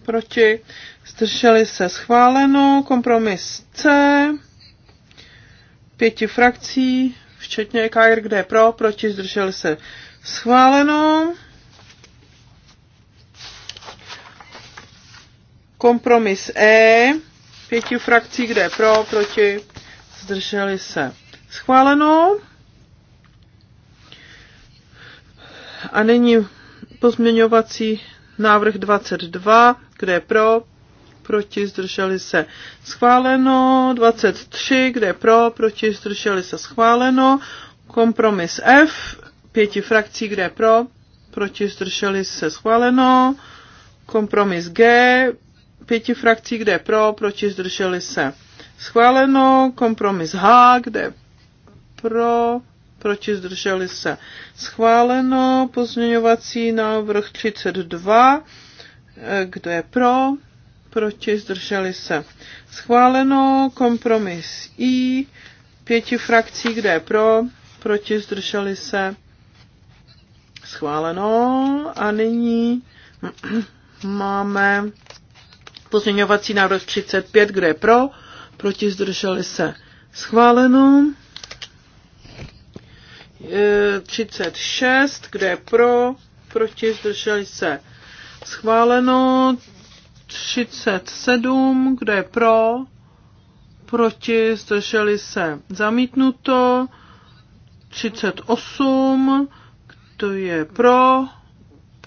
proti, zdrželi se schváleno, kompromis C, pěti frakcí, včetně KR, kde je pro, proti, zdrželi se schváleno. Kompromis E, pěti frakcí, kde je pro, proti, zdrželi se schváleno. A nyní Pozměňovací návrh 22, kde je pro, proti, zdrželi se schváleno. 23, kde je pro, proti, zdrželi se schváleno. Kompromis F, pěti frakcí, kde je pro, proti, zdrželi se schváleno. Kompromis G, pěti frakcí, kde je pro, proti, zdrželi se schváleno. Kompromis H, kde je pro, proti zdrželi se schváleno. Pozměňovací návrh 32, eh, kdo je pro, proti zdrželi se schváleno. Kompromis I, pěti frakcí, kde je pro, proti zdrželi se schváleno. A nyní máme pozměňovací návrh 35, kdo je pro, proti zdrželi se schváleno. 36, kde je pro, proti, zdrželi se schváleno. 37, kde je pro, proti, zdrželi se zamítnuto. 38, kdo je pro,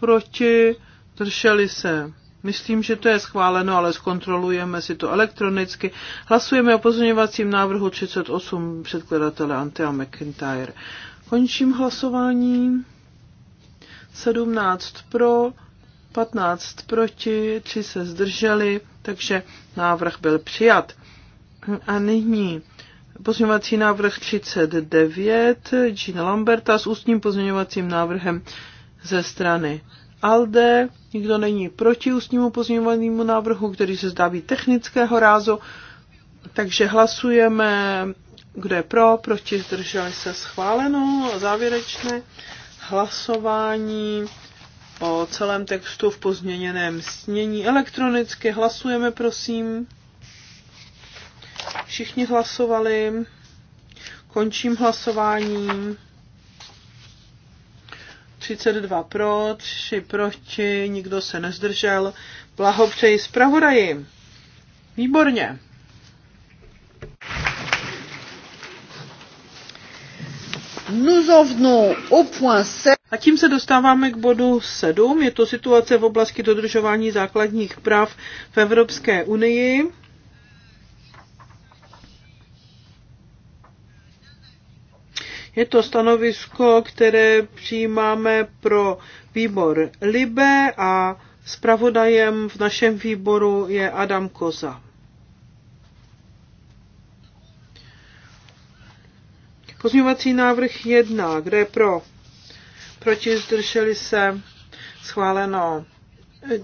proti, zdrželi se Myslím, že to je schváleno, ale zkontrolujeme si to elektronicky. Hlasujeme o pozměňovacím návrhu 38 předkladatele Antea McIntyre. Končím hlasování. 17 pro, 15 proti, 3 se zdrželi, takže návrh byl přijat. A nyní pozměňovací návrh 39 Jean Lamberta s ústním pozměňovacím návrhem ze strany ALDE. Nikdo není proti ústnímu pozměňovacímu návrhu, který se zdá být technického rázu. Takže hlasujeme kdo je pro, proti, zdrželi se schváleno. Závěrečné hlasování o celém textu v pozměněném snění. Elektronicky hlasujeme, prosím. Všichni hlasovali. Končím hlasování. 32 pro, 3 proti, nikdo se nezdržel. Blahopřeji zpravodaji. Výborně. A tím se dostáváme k bodu 7. Je to situace v oblasti dodržování základních práv v Evropské unii. Je to stanovisko, které přijímáme pro výbor Libe a zpravodajem v našem výboru je Adam Koza. Pozměňovací návrh 1, kde je pro? Proti zdrželi se schváleno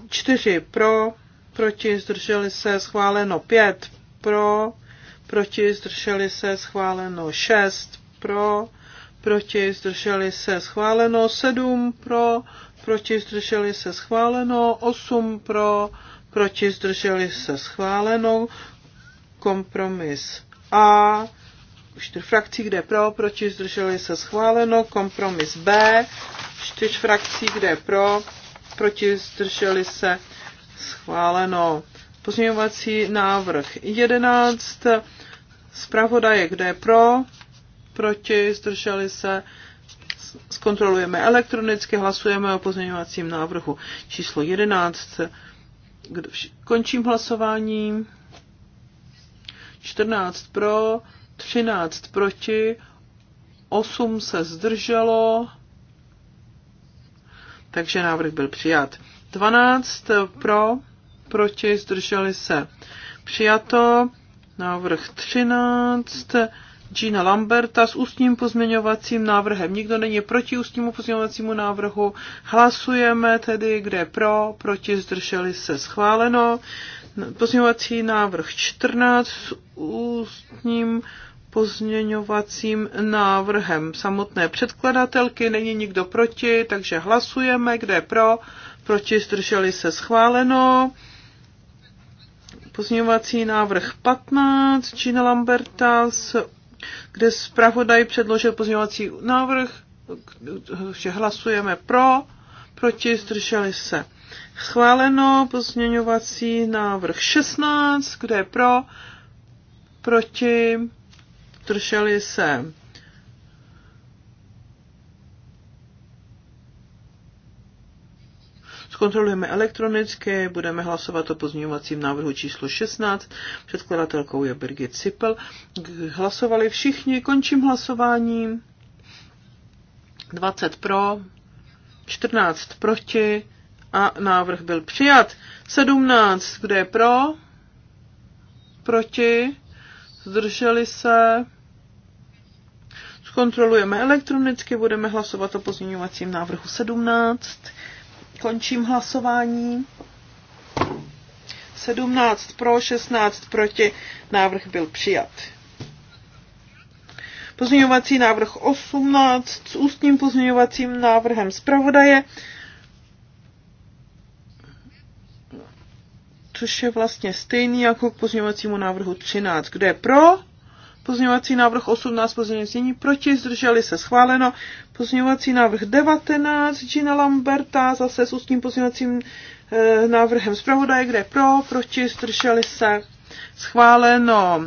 4 pro, proti zdrželi se schváleno 5 pro, proti zdrželi se schváleno 6 pro, proti zdrželi se schváleno 7 pro, proti zdrželi se schváleno 8 pro, proti zdrželi se schváleno kompromis A čtyř frakcí, kde je pro, proti, zdrželi se schváleno, kompromis B, čtyř frakcí, kde je pro, proti, zdrželi se schváleno. Pozměňovací návrh 11, zpravodaje, kde je pro, proti, zdrželi se, zkontrolujeme elektronicky, hlasujeme o pozměňovacím návrhu číslo 11. Končím hlasování. 14 pro, 13 proti, 8 se zdrželo, takže návrh byl přijat. 12 pro, proti, zdrželi se. Přijato, návrh 13, Gina Lamberta s ústním pozměňovacím návrhem. Nikdo není proti ústnímu pozměňovacímu návrhu. Hlasujeme tedy, kde pro, proti, zdrželi se. Schváleno. Pozměňovací návrh 14 s ústním pozměňovacím návrhem samotné předkladatelky. Není nikdo proti, takže hlasujeme, kde pro, proti zdrželi se schváleno. Pozměňovací návrh 15 Gina Lamberta, kde zpravodaj předložil pozměňovací návrh, že hlasujeme pro, proti zdrželi se. Schváleno pozměňovací návrh 16, kde je pro, proti zdrželi se. Zkontrolujeme elektronicky, budeme hlasovat o pozměňovacím návrhu číslo 16. Předkladatelkou je Birgit Sipel. Hlasovali všichni, končím hlasování. 20 pro, 14 proti a návrh byl přijat. 17, kde je pro, proti, zdrželi se. Zkontrolujeme elektronicky, budeme hlasovat o pozměňovacím návrhu 17. Končím hlasování. 17 pro, 16 proti, návrh byl přijat. Pozměňovací návrh 18 s ústním pozměňovacím návrhem zpravodaje. což je vlastně stejný jako k pozměňovacímu návrhu 13. Kde je pro? Pozměňovací návrh 18, pozměňovací proti, zdrželi se schváleno. Pozměňovací návrh 19, Gina Lamberta, zase s ústním pozměňovacím e, návrhem zpravodaje, kde je pro, proti, zdrželi se schváleno.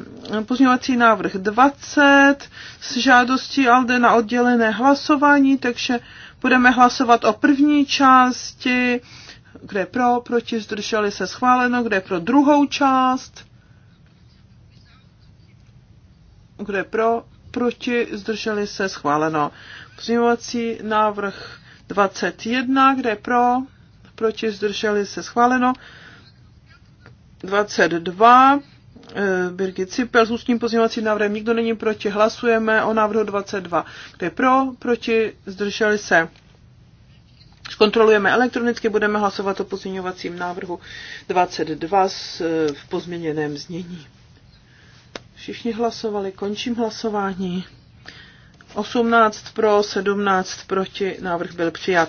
Pozměňovací návrh 20 s žádostí Alde na oddělené hlasování, takže budeme hlasovat o první části kde pro, proti, zdrželi se schváleno, kde pro druhou část, kde pro, proti, zdrželi se schváleno. Pozměňovací návrh 21, kde pro, proti, zdrželi se schváleno. 22, eh, Birgit Cipel s ústním pozměňovacím návrhem, nikdo není proti, hlasujeme o návrhu 22, kde pro, proti, zdrželi se Zkontrolujeme elektronicky, budeme hlasovat o pozměňovacím návrhu 22 eh, v pozměněném znění. Všichni hlasovali, končím hlasování. 18 pro, 17 proti, návrh byl přijat.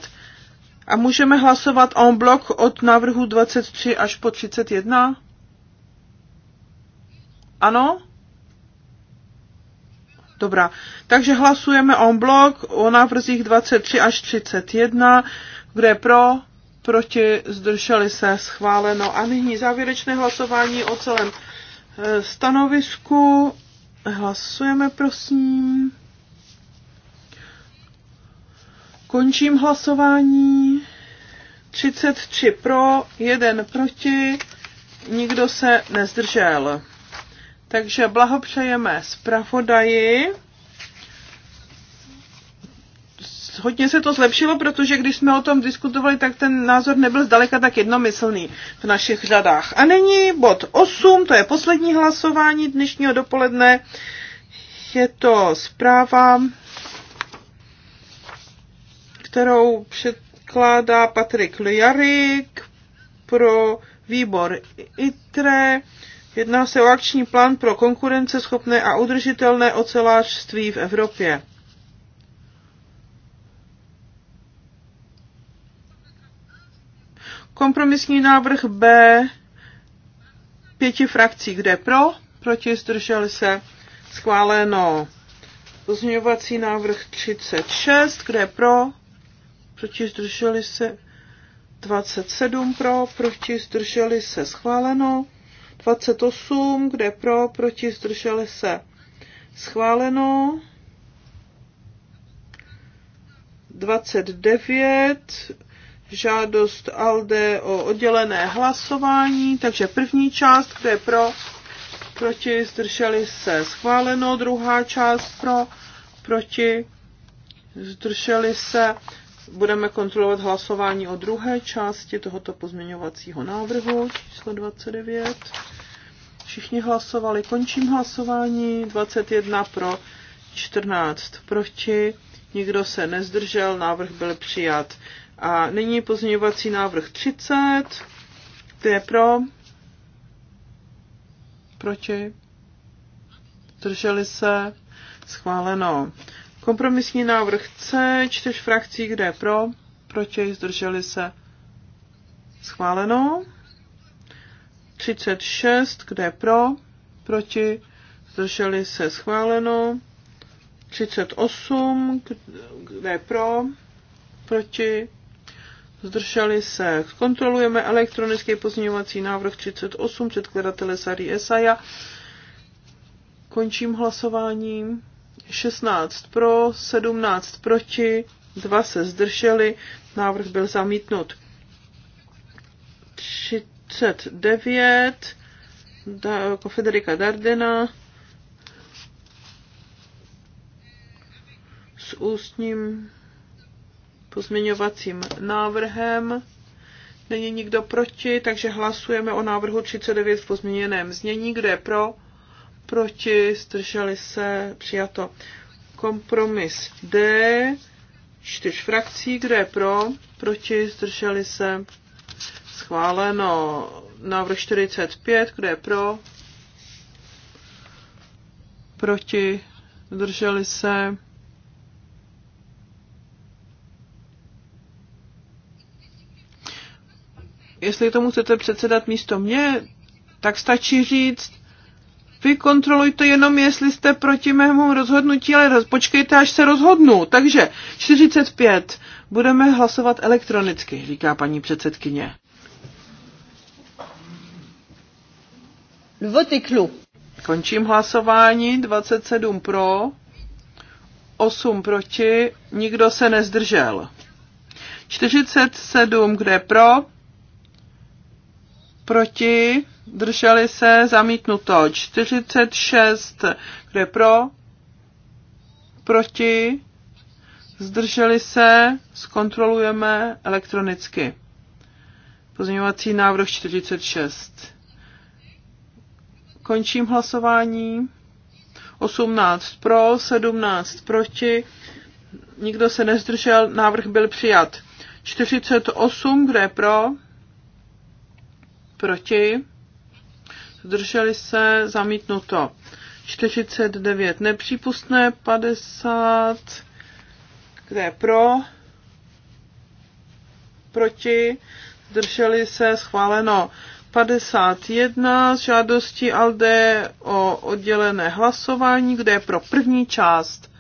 A můžeme hlasovat en blok od návrhu 23 až po 31? Ano? Dobrá, takže hlasujeme on blok o návrzích 23 až 31, kde pro, proti, zdrželi se, schváleno. A nyní závěrečné hlasování o celém e, stanovisku. Hlasujeme, prosím. Končím hlasování. 33 pro, 1 proti, nikdo se nezdržel. Takže blahopřejeme zpravodaji. Hodně se to zlepšilo, protože když jsme o tom diskutovali, tak ten názor nebyl zdaleka tak jednomyslný v našich řadách. A nyní bod 8, to je poslední hlasování dnešního dopoledne. Je to zpráva, kterou předkládá Patrik Lujarik pro výbor ITRE Jedná se o akční plán pro konkurenceschopné a udržitelné ocelářství v Evropě. Kompromisní návrh B pěti frakcí, kde pro, proti zdrželi se schváleno. Pozměňovací návrh 36, kde pro, proti zdrželi se 27 pro, proti zdrželi se schváleno. 28, kde pro, proti, zdrželi se. Schváleno. 29, žádost ALDE o oddělené hlasování, takže první část, kde je pro, proti, zdrželi se schváleno, druhá část pro, proti, zdrželi se budeme kontrolovat hlasování o druhé části tohoto pozměňovacího návrhu číslo 29. Všichni hlasovali. Končím hlasování. 21 pro, 14 proti. Nikdo se nezdržel, návrh byl přijat. A nyní pozměňovací návrh 30. Kdo je pro? Proti? Drželi se? Schváleno. Kompromisní návrh C, čtyř frakcí, kde je pro, proti, zdrželi se. Schváleno. 36, kde je pro, proti, zdrželi se. Schváleno. 38, kde je pro, proti, zdrželi se. Kontrolujeme elektronický pozměňovací návrh 38 předkladatele Sary Esaja. Končím hlasováním. 16 pro, 17 proti, 2 se zdrželi, návrh byl zamítnut. 39 da, jako Federica Dardena s ústním pozměňovacím návrhem. Není nikdo proti, takže hlasujeme o návrhu 39 v pozměněném znění. Kdo je pro? proti, zdrželi se, přijato. Kompromis D, čtyř frakcí, kde je pro, proti, zdrželi se, schváleno. Návrh 45, kde je pro, proti, zdrželi se, Jestli tomu chcete předsedat místo mě, tak stačí říct, vy kontrolujte jenom, jestli jste proti mému rozhodnutí, ale počkejte, až se rozhodnu. Takže 45. Budeme hlasovat elektronicky, říká paní předsedkyně. Votiklu. Končím hlasování. 27 pro, 8 proti, nikdo se nezdržel. 47, kde pro, proti, Drželi se zamítnuto 46, kde pro, proti, zdrželi se, zkontrolujeme elektronicky. Pozměňovací návrh 46. Končím hlasování. 18 pro, 17 proti, nikdo se nezdržel, návrh byl přijat. 48, kde pro, proti, zdrželi se, zamítnuto. 49 nepřípustné, 50, kde je pro, proti, zdrželi se, schváleno. 51 z žádosti ALDE o oddělené hlasování, kde je pro první část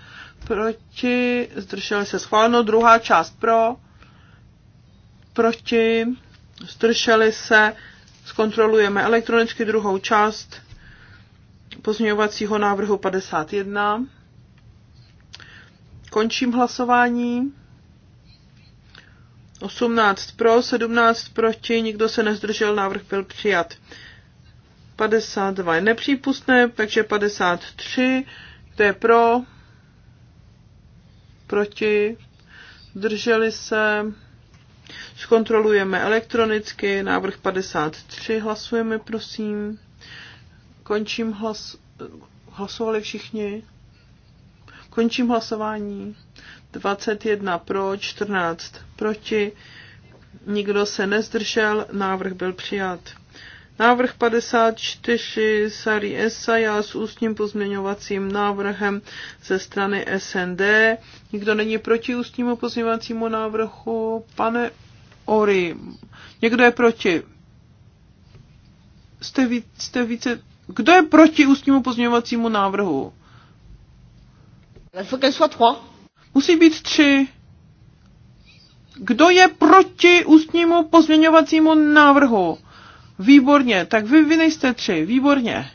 proti, zdrželi se schváleno, druhá část pro, proti, zdrželi se Zkontrolujeme elektronicky druhou část pozměňovacího návrhu 51. Končím hlasování. 18 pro, 17 proti, nikdo se nezdržel, návrh byl přijat. 52 je nepřípustné, takže 53, to je pro, proti, zdrželi se, Zkontrolujeme elektronicky. Návrh 53. Hlasujeme, prosím. Končím hlas... Hlasovali všichni? Končím hlasování. 21 pro, 14 proti. Nikdo se nezdržel, návrh byl přijat. Návrh 54 Sari Esaja s ústním pozměňovacím návrhem ze strany SND. Nikdo není proti ústnímu pozměňovacímu návrhu. Pane Ori. Někdo je proti. Jste, víc, jste více... Kdo je proti ústnímu pozměňovacímu návrhu? Musí být tři. Kdo je proti ústnímu pozměňovacímu návrhu? Výborně, tak vy, vy nejste tři, výborně.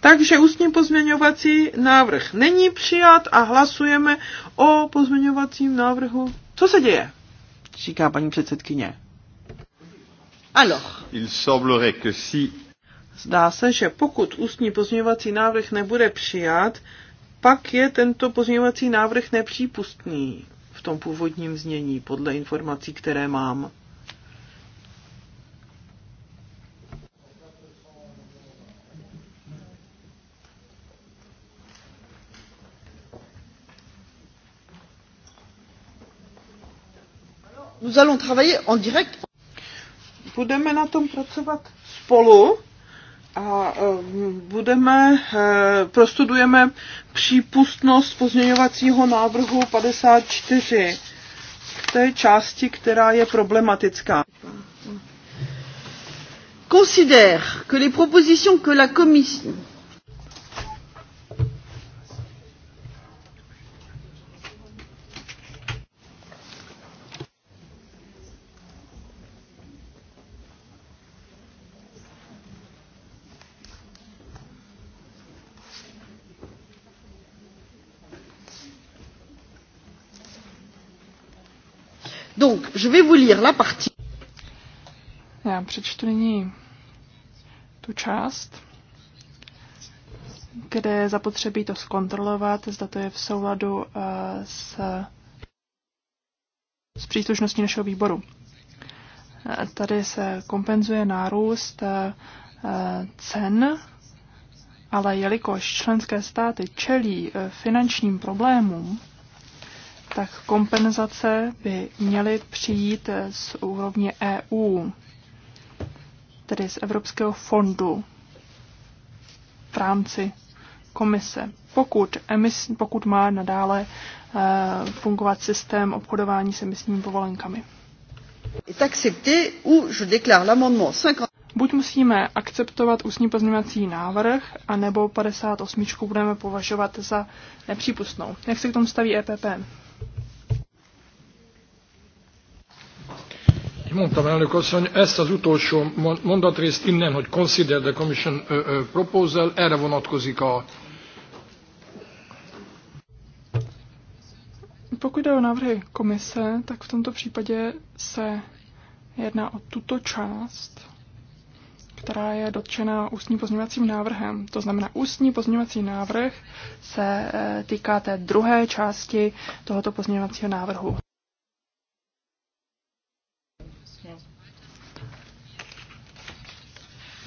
Takže ústní pozměňovací návrh není přijat a hlasujeme o pozměňovacím návrhu. Co se děje? říká paní předsedkyně. Alors. Il semblerait que si... Zdá se, že pokud ústní pozměňovací návrh nebude přijat, pak je tento pozměňovací návrh nepřípustný v tom původním znění, podle informací, které mám. nous allons travailler en direct. Budeme na tom pracovat spolu a eh, budeme, eh, prostudujeme přípustnost pozměňovacího návrhu 54 v té části, která je problematická. Considère que les propositions que la Commission Je vais vous lire la partie. Já přečtu nyní tu část, kde je zapotřebí to zkontrolovat, zda to je v souladu uh, s, s příslušností našeho výboru. Eh, tady se kompenzuje nárůst eh, cen, ale jelikož členské státy čelí finančním problémům, tak kompenzace by měly přijít z úrovně EU, tedy z Evropského fondu v rámci komise. Pokud, emis, pokud má nadále e, fungovat systém obchodování s emisními povolenkami. Buď musíme akceptovat ústní pozměňovací návrh, anebo 58 budeme považovat za nepřípustnou. Jak se k tomu staví EPP? Mondtam, elnök asszony, ezt az utolsó mondatrészt innen, hogy consider the commission uh, uh, proposal, erre vonatkozik a... Pokud jde o návrhy komise, tak v tomto případě se jedná o tuto část, která je dotčena ústním pozměňovacím návrhem. To znamená, ústní pozměňovací návrh se e, týká té druhé části tohoto pozměňovacího návrhu.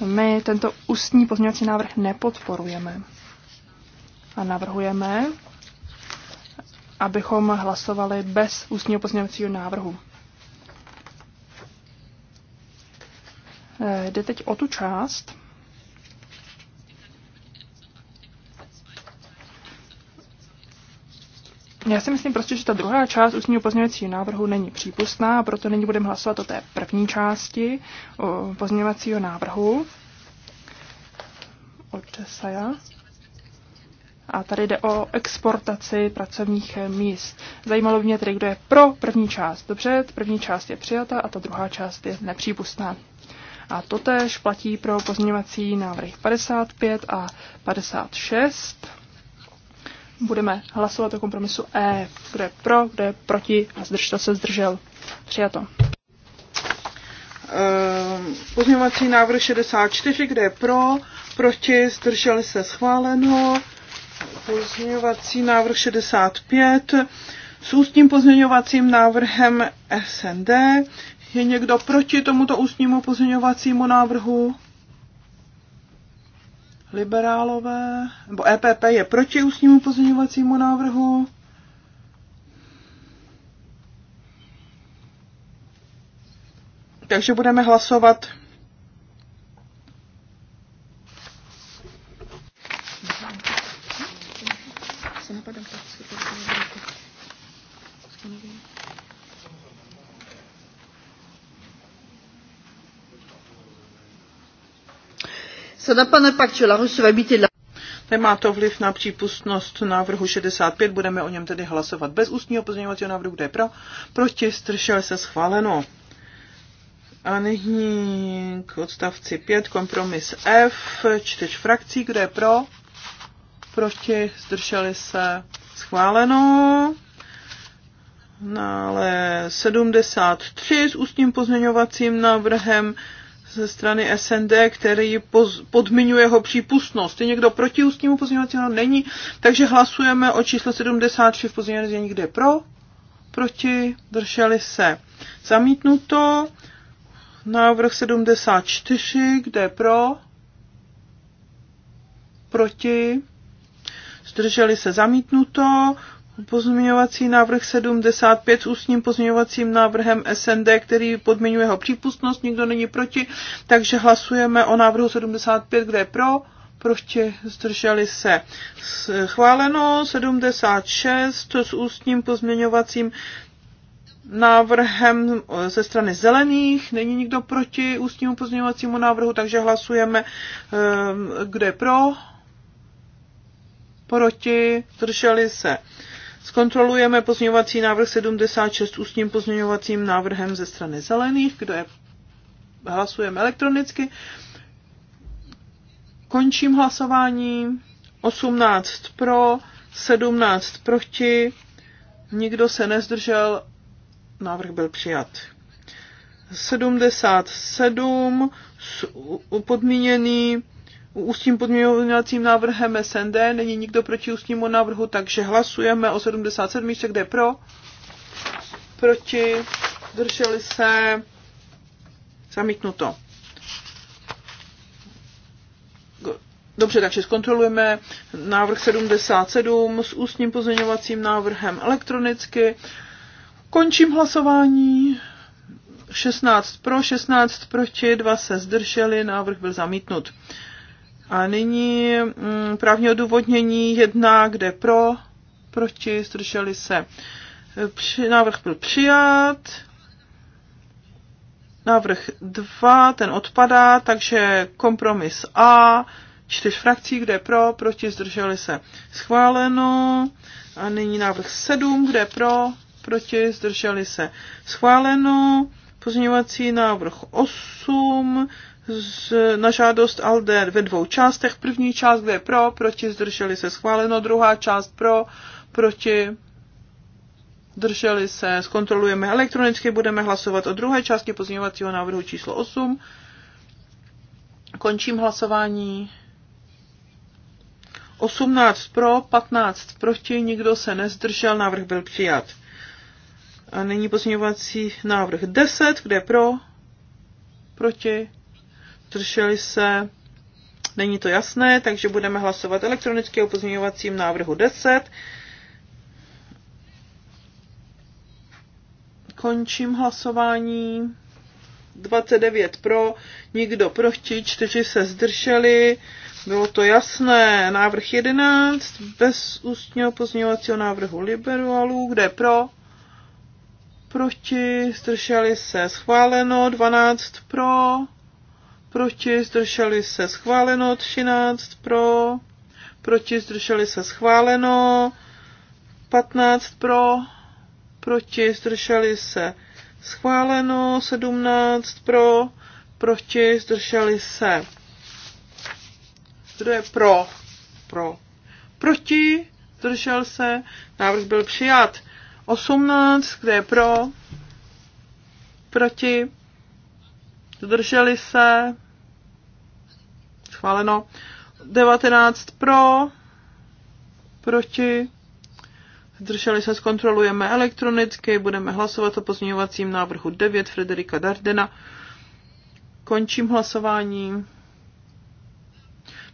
My tento ústní pozměňovací návrh nepodporujeme a navrhujeme, abychom hlasovali bez ústního pozměňovacího návrhu. Eh, jde teď o tu část, Já si myslím prostě, že ta druhá část ústního pozměňovacího návrhu není přípustná a proto není budeme hlasovat o té první části pozměňovacího návrhu od Saja. A tady jde o exportaci pracovních míst. Zajímalo by mě tedy, kdo je pro první část. Dobře, první část je přijata a ta druhá část je nepřípustná. A totéž platí pro pozměňovací návrhy 55 a 56 budeme hlasovat o kompromisu E. Kdo je pro, kdo je proti a zdržte se zdržel. Přijato. Uh, pozměňovací návrh 64, kde je pro, proti, zdrželi se schváleno. Pozměňovací návrh 65 s ústním pozměňovacím návrhem SND. Je někdo proti tomuto ústnímu pozměňovacímu návrhu? liberálové, nebo EPP je proti ústnímu pozměňovacímu návrhu. Takže budeme hlasovat Ça n'a pas d'impact la recevabilité la... Nemá to vliv na přípustnost návrhu 65, budeme o něm tedy hlasovat bez ústního pozměňovacího návrhu, kde je pro, proti, stršel se schváleno. A nyní k odstavci 5, kompromis F, Čteč frakcí, kde je pro, proti, stršeli se, schváleno. No, ale 73 s ústním pozměňovacím návrhem ze strany SND, který podmiňuje jeho přípustnost. Je někdo proti ústnímu pozměňovacímu? Není. Takže hlasujeme o čísle 73 v pozměňovacím kde pro, proti, drželi se. Zamítnuto. Návrh 74, kde pro, proti, zdrželi se zamítnuto pozměňovací návrh 75 s ústním pozměňovacím návrhem SND, který podmiňuje jeho přípustnost, nikdo není proti, takže hlasujeme o návrhu 75, kde je pro, proti zdrželi se. Schváleno 76 s ústním pozměňovacím návrhem ze strany zelených. Není nikdo proti ústnímu pozměňovacímu návrhu, takže hlasujeme, ehm, kde je pro, proti, zdrželi se Zkontrolujeme pozměňovací návrh 76 ústním pozměňovacím návrhem ze strany zelených, kdo je hlasujeme elektronicky. Končím hlasování. 18 pro, 17 proti, nikdo se nezdržel, návrh byl přijat. 77 podmíněný ústním podměňovacím návrhem SND. Není nikdo proti ústnímu návrhu, takže hlasujeme o 77. Kde je pro? Proti? Drželi se? Zamítnuto. Dobře, takže zkontrolujeme návrh 77 s ústním pozměňovacím návrhem elektronicky. Končím hlasování. 16 pro, 16 proti, 2 se zdrželi, návrh byl zamítnut. A nyní mm, právní odůvodnění jedna, kde pro, proti, zdrželi se. Při, návrh byl přijat. Návrh dva, ten odpadá, takže kompromis A, čtyř frakcí, kde pro, proti, zdrželi se. Schváleno. A nyní návrh sedm, kde pro, proti, zdrželi se. Schváleno. Pozměňovací návrh 8, z, na žádost Alder ve dvou částech. První část, kde je pro, proti, zdrželi se schváleno. Druhá část pro, proti, drželi se, zkontrolujeme elektronicky, budeme hlasovat o druhé části pozměňovacího návrhu číslo 8. Končím hlasování. 18 pro, 15 proti, nikdo se nezdržel, návrh byl přijat. A nyní pozměňovací návrh 10, kde pro, proti, zdrželi se, není to jasné, takže budeme hlasovat elektronicky o pozměňovacím návrhu 10. Končím hlasování. 29 pro, nikdo proti, čtyři se zdrželi. Bylo to jasné. Návrh 11 bez ústního pozměňovacího návrhu liberalů, Kde pro? Proti. Zdrželi se. Schváleno. 12 pro proti, zdrželi se schváleno, 13 pro, proti, zdrželi se schváleno, 15 pro, proti, zdrželi se schváleno, 17 pro, proti, zdrželi se. Kdo je pro? Pro. Proti, zdržel se, návrh byl přijat. 18, kde je pro? Proti, zdrželi se, schváleno. 19 pro, proti, zdrželi se, zkontrolujeme elektronicky, budeme hlasovat o pozměňovacím návrhu 9 Frederika Dardena. Končím hlasování.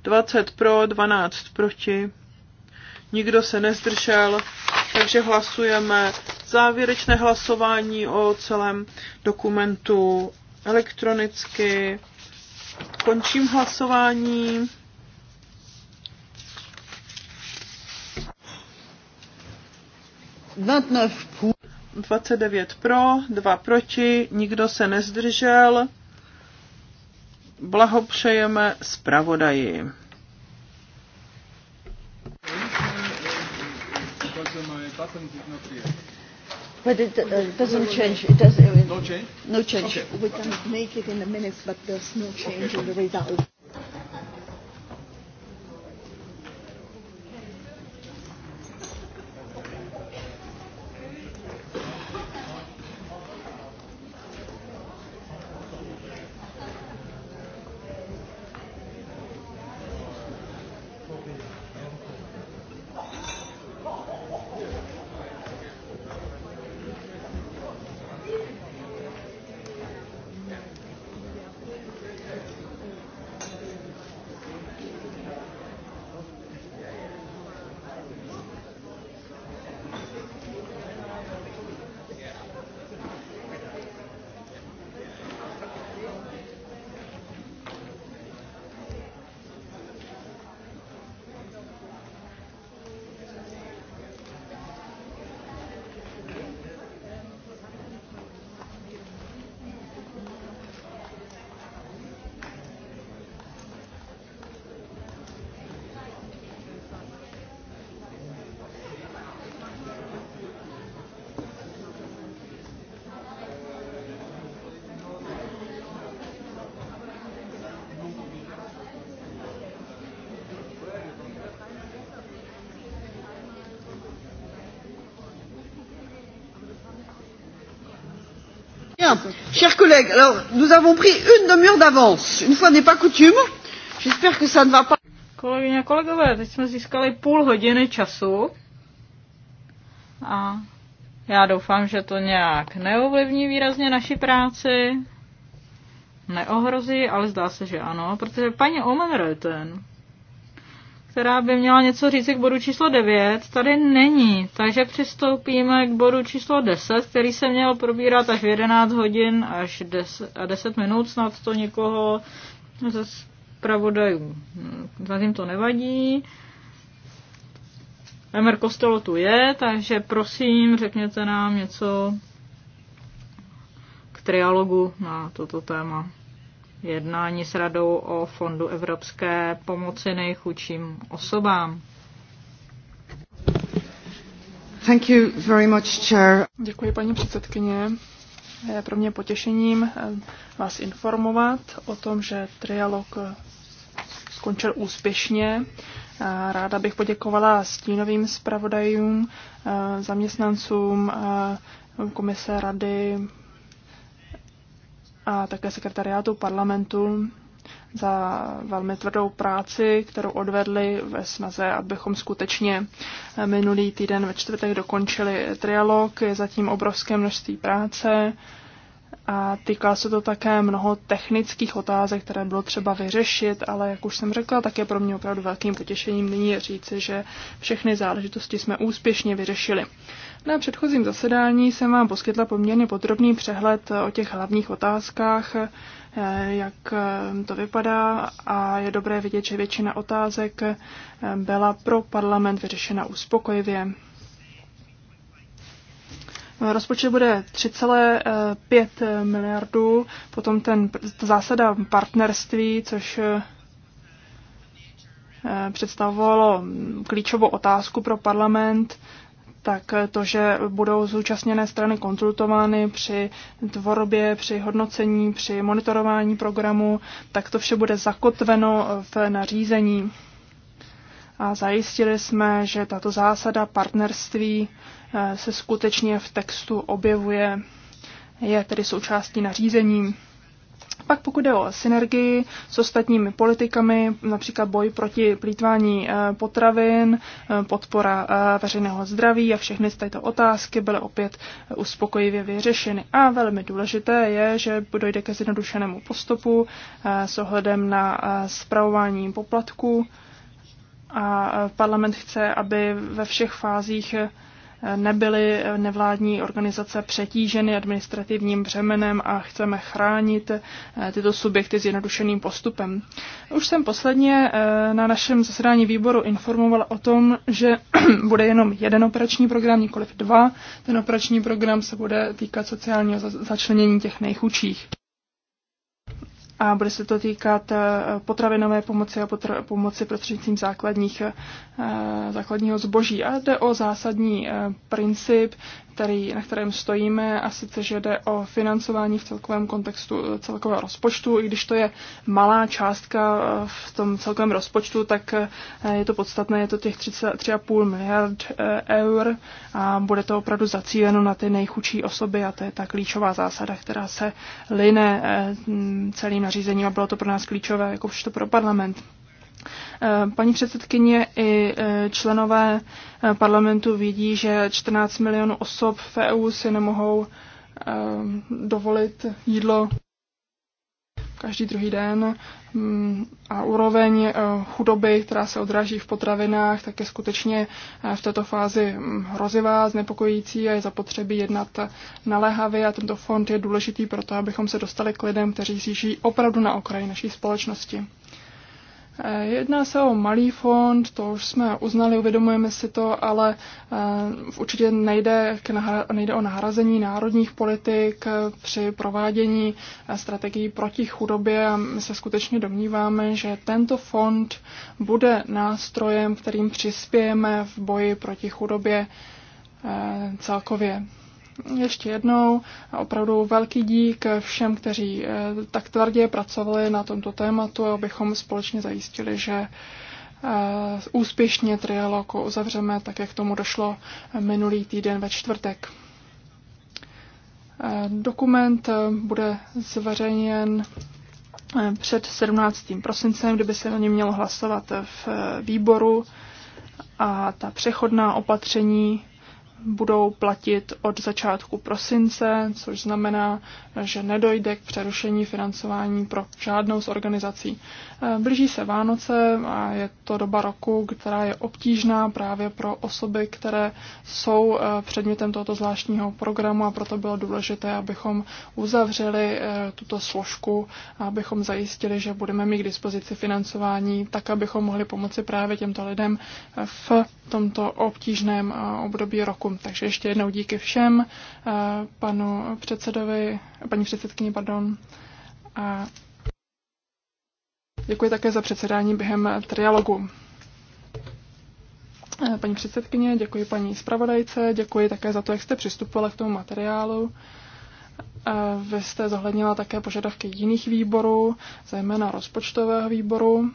20 pro, 12 proti. Nikdo se nezdržel, takže hlasujeme závěrečné hlasování o celém dokumentu elektronicky. Končím hlasování. Půl. 29 pro, 2 proti, nikdo se nezdržel. Blahopřejeme zpravodaji. Thank you. But it uh, doesn't change. It doesn't. Uh, no change. No change. Okay. We can make it in a minute, but there's no change okay. in the result. chers collègues alors, nous avons pris une demi heure d'avance une fois n'est pas coutume j'espère que ça ne va pas Kolegyně a kolegové, teď jsme získali půl hodiny času a já doufám, že to nějak neovlivní výrazně naši práci, neohrozí, ale zdá se, že ano, protože paní ten která by měla něco říct k bodu číslo 9, tady není. Takže přistoupíme k bodu číslo 10, který se měl probírat až v 11 hodin až 10, a 10 minut. Snad to někoho ze zpravodajů. Hm, zatím to nevadí. Emer Kostelo tu je, takže prosím, řekněte nám něco k trialogu na toto téma jednání s radou o Fondu evropské pomoci nejchudším osobám. Thank you very much, Chair. Děkuji, paní předsedkyně. Je pro mě potěšením eh, vás informovat o tom, že trialog eh, skončil úspěšně. Ráda bych poděkovala stínovým zpravodajům, eh, zaměstnancům, komise rady, a také sekretariátu parlamentu za velmi tvrdou práci, kterou odvedli ve snaze, abychom skutečně minulý týden ve čtvrtek dokončili trialog. Je zatím obrovské množství práce a týká se to také mnoho technických otázek, které bylo třeba vyřešit, ale jak už jsem řekla, tak je pro mě opravdu velkým potěšením nyní říci, že všechny záležitosti jsme úspěšně vyřešili. Na předchozím zasedání jsem vám poskytla poměrně podrobný přehled o těch hlavních otázkách, eh, jak eh, to vypadá a je dobré vidět, že většina otázek eh, byla pro parlament vyřešena uspokojivě. Rozpočet bude 3,5 miliardů, potom ten zásada partnerství, což eh, představovalo klíčovou otázku pro parlament, tak eh, to, že budou zúčastněné strany konzultovány při tvorbě, při hodnocení, při monitorování programu, tak to vše bude zakotveno v nařízení a zajistili jsme, že tato zásada partnerství eh, se skutečně v textu objevuje, je tedy součástí nařízení. Pak pokud jde o synergii s ostatními politikami, například boj proti plítvání eh, potravin, eh, podpora veřejného zdraví a všechny této otázky byly opět uspokojivě vyřešeny. A velmi důležité je, že dojde ke zjednodušenému postupu s ohledem na spravování poplatků a parlament chce, aby ve všech fázích nebyly nevládní organizace přetíženy administrativním břemenem a chceme chránit tyto subjekty s jednodušeným postupem. Už jsem posledně eh, na našem zasedání výboru informovala o tom, že bude jenom jeden operační program, nikoliv dva. Ten operační program se bude týkat sociálního začlenění těch nejchudších a bude se to týkat eh, potravinové pomoci a potr- pomoci prostřednictvím základních, eh, základního zboží. A jde o zásadní eh, princip, který, na kterém stojíme, a sice, že jde o financování v celkovém kontextu eh, celkového rozpočtu. I když to je malá částka eh, v tom celkovém rozpočtu, tak eh, je to podstatné, je to těch 3,5 miliard eur a bude to opravdu zacíleno na ty nejchudší osoby a to je ta klíčová zásada, která se line celým nařízením a bylo to pro nás klíčové, už to pro parlament. Eh, paní předsedkyně i eh, členové eh, parlamentu vidí, že 14 milionů osob v EU si nemohou dovolit jídlo každý druhý den mm, a úroveň chudoby, která se odráží v potravinách, tak je skutečně v této fázi mm, hrozivá, znepokojící a je zapotřebí jednat naléhavě a tento fond je důležitý proto, abychom se dostali k lidem, kteří žijí opravdu na okraji naší společnosti. Eh, jedná se o malý fond, to už jsme uznali, uvědomujeme si to, ale eh, určitě nejde, k nahra, nejde o nahrazení národních politik při provádění eh, strategií proti chudobě a my se skutečně domníváme, že tento fond bude nástrojem, kterým přispějeme v boji proti chudobě celkově ještě jednou a opravdu velký dík všem, kteří eh, tak tvrdě pracovali na tomto tématu, abychom společně zajistili, že eh, úspěšně trialog uzavřeme, tak jak tomu došlo minulý týden ve čtvrtek. Eh, dokument bude zveřejněn před 17. prosincem, kdyby se o něm mělo hlasovat v výboru a ta přechodná opatření budou platit od začátku prosince, což znamená, že nedojde k přerušení financování pro žádnou z organizací. E, blíží se Vánoce a je to doba roku, která je obtížná právě pro osoby, které jsou e, předmětem tohoto zvláštního programu a proto bylo důležité, abychom uzavřeli e, tuto složku a abychom zajistili, že budeme mít k dispozici financování tak, abychom mohli pomoci právě těmto lidem v tomto obtížném období roku výrokům. Takže ještě jednou díky všem, eh, panu předsedovi, paní předsedkyni, pardon, a děkuji také za předsedání během trialogu. Eh, paní předsedkyně, děkuji paní zpravodajce, děkuji také za to, jak jste přistupovala k tomu materiálu. Eh, vy jste zohlednila také požadavky jiných výborů, zejména rozpočtového výboru.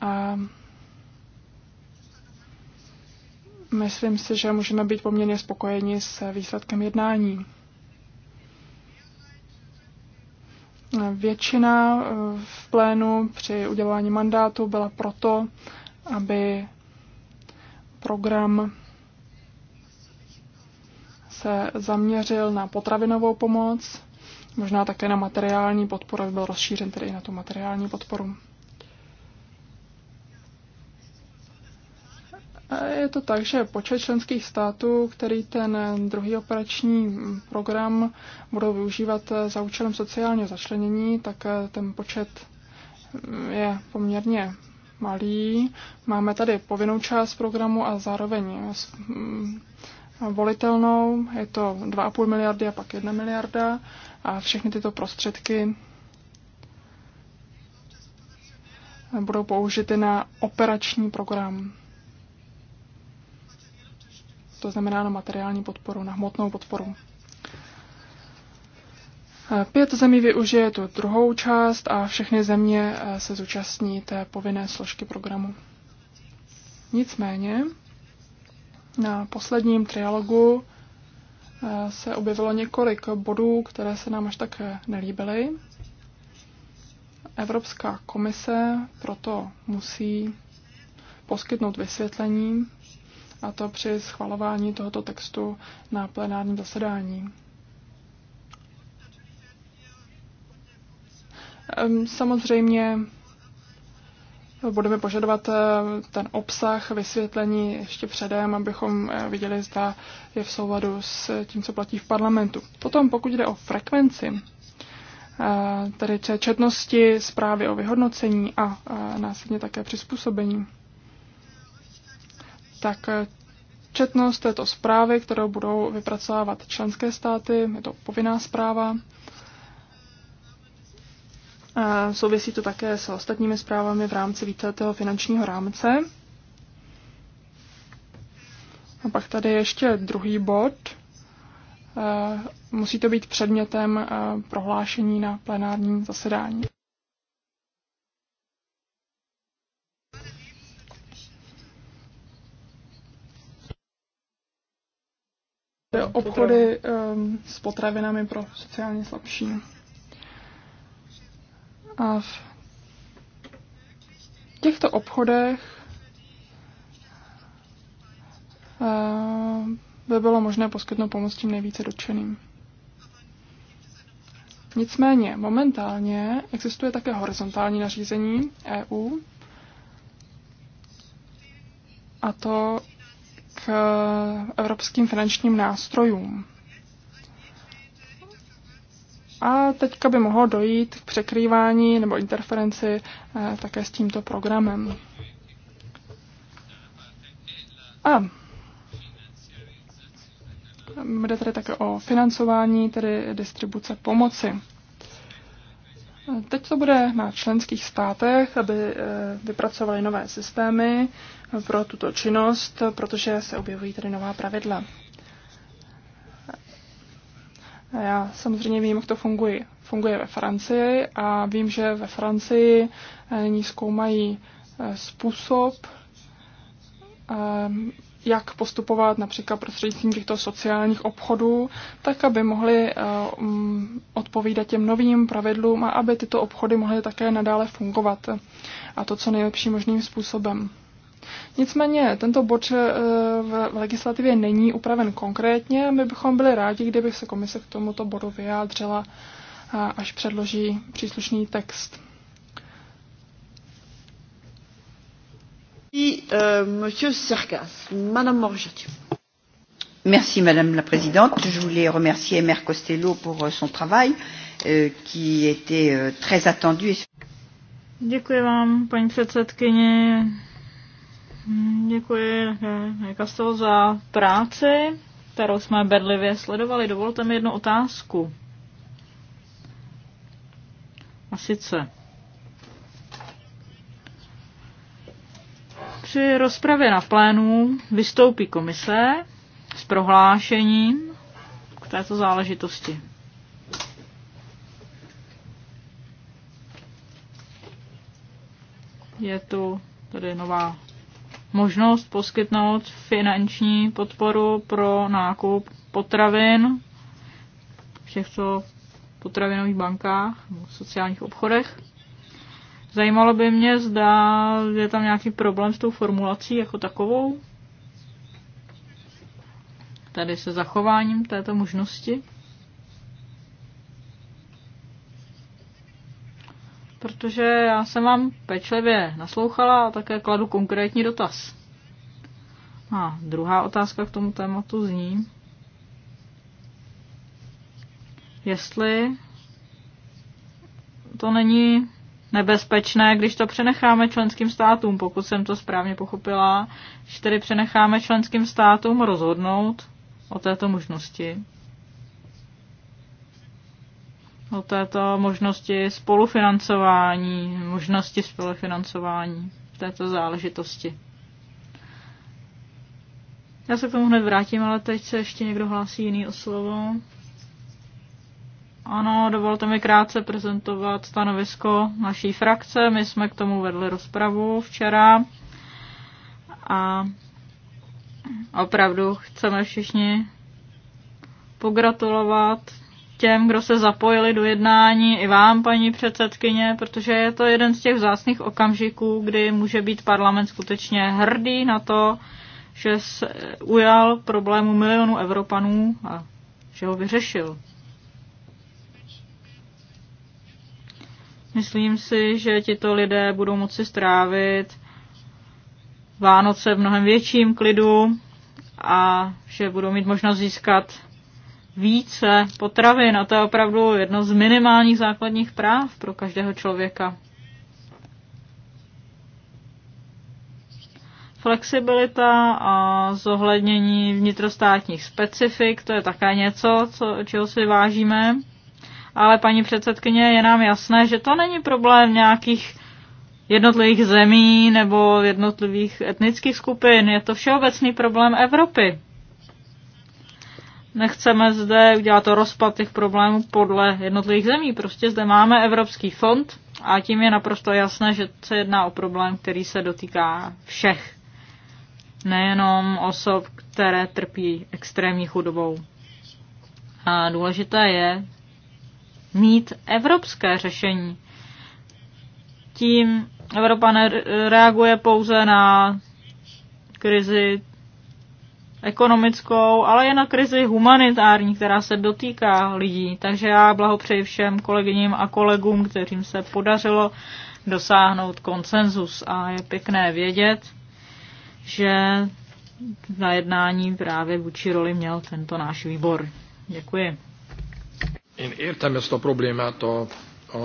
A myslím si, že můžeme být poměrně spokojeni s výsledkem jednání. Většina eh, v plénu při udělování mandátu byla proto, aby program se zaměřil na potravinovou pomoc, možná také na materiální podporu, byl rozšířen tedy i na tu materiální podporu. Je to tak, že počet členských států, který ten druhý operační program budou využívat za účelem sociálního začlenění, tak eh, ten počet mm, je poměrně malý. Máme tady povinnou část programu a zároveň eh, mm, volitelnou. Je to 2,5 miliardy a pak 1 miliarda a všechny tyto prostředky eh, budou použity na operační program to znamená na materiální podporu, na hmotnou podporu. Eh, pět zemí využije tu druhou část a všechny země eh, se zúčastní té povinné složky programu. Nicméně na posledním trialogu eh, se objevilo několik bodů, které se nám až tak nelíbily. Evropská komise proto musí poskytnout vysvětlení a to při schvalování tohoto textu na plenárním zasedání. Ehm, samozřejmě budeme požadovat eh, ten obsah, vysvětlení ještě předem, abychom eh, viděli, zda je v souladu s tím, co platí v parlamentu. Potom, pokud jde o frekvenci, eh, tedy četnosti zprávy o vyhodnocení a následně také přizpůsobení tak eh, četnost této zprávy, kterou budou vypracovávat členské státy, je to povinná zpráva. Eh, souvisí to také s ostatními zprávami v rámci víceletého finančního rámce. A pak tady ještě druhý bod. Eh, musí to být předmětem prohlášení na plenárním zasedání. obchody um, s potravinami pro sociálně slabší. A v těchto obchodech uh, by bylo možné poskytnout pomoc tím nejvíce dotčeným. Nicméně momentálně existuje také horizontální nařízení EU, a to Eh, evropským finančním nástrojům. A teďka by mohlo dojít k překrývání nebo interferenci eh, také s tímto programem. A bude tedy také o financování, tedy distribuce pomoci. Teď to bude na členských státech, aby eh, vypracovali nové systémy pro tuto činnost, protože se objevují tady nová pravidla. Já samozřejmě vím, jak to funguje. Funguje ve Francii a vím, že ve Francii nyní eh, zkoumají eh, způsob, jak postupovat například prostřednictvím těchto sociálních obchodů, tak aby mohly eh, mm, odpovídat těm novým pravidlům a aby tyto obchody mohly také nadále fungovat eh, a to co nejlepším možným způsobem. Nicméně tento bod eh, v legislativě není upraven konkrétně. a My bychom byli rádi, kdyby se komise k tomuto bodu vyjádřila, až předloží příslušný text. Euh, Madame la Présidente. Je voulais remercier Mère Costello pour euh, son travail euh, qui était très attendu. Děkuji za práci, kterou jsme bedlivě sledovali. Dovolte mi jednu otázku. A sice, Při rozpravě na plénu vystoupí komise s prohlášením k této záležitosti. Je tu tady nová možnost poskytnout finanční podporu pro nákup potravin v těchto potravinových bankách, nebo sociálních obchodech. Zajímalo by mě, zda je tam nějaký problém s tou formulací jako takovou. Tady se zachováním této možnosti. Protože já jsem vám pečlivě naslouchala a také kladu konkrétní dotaz. A druhá otázka k tomu tématu zní, jestli to není nebezpečné, když to přenecháme členským státům, pokud jsem to správně pochopila, když tedy přenecháme členským státům rozhodnout o této možnosti. O této možnosti spolufinancování, možnosti spolufinancování této záležitosti. Já se k tomu hned vrátím, ale teď se ještě někdo hlásí jiný o slovo. Ano, dovolte mi krátce prezentovat stanovisko naší frakce. My jsme k tomu vedli rozpravu včera a opravdu chceme všichni pogratulovat těm, kdo se zapojili do jednání, i vám, paní předsedkyně, protože je to jeden z těch vzácných okamžiků, kdy může být parlament skutečně hrdý na to, že se ujal problému milionů Evropanů a že ho vyřešil. Myslím si, že tito lidé budou moci strávit Vánoce v mnohem větším klidu a že budou mít možnost získat více potravin. A to je opravdu jedno z minimálních základních práv pro každého člověka. Flexibilita a zohlednění vnitrostátních specifik, to je také něco, co, čeho si vážíme ale paní předsedkyně, je nám jasné, že to není problém nějakých jednotlivých zemí nebo jednotlivých etnických skupin. Je to všeobecný problém Evropy. Nechceme zde udělat rozpad těch problémů podle jednotlivých zemí. Prostě zde máme Evropský fond a tím je naprosto jasné, že se jedná o problém, který se dotýká všech. Nejenom osob, které trpí extrémní chudobou. A důležité je mít evropské řešení. Tím Evropa reaguje pouze na krizi ekonomickou, ale je na krizi humanitární, která se dotýká lidí. Takže já blahopřeji všem kolegyním a kolegům, kterým se podařilo dosáhnout konsenzus. A je pěkné vědět, že na jednání právě vůči roli měl tento náš výbor. Děkuji. Én értem ezt a problémát a, a,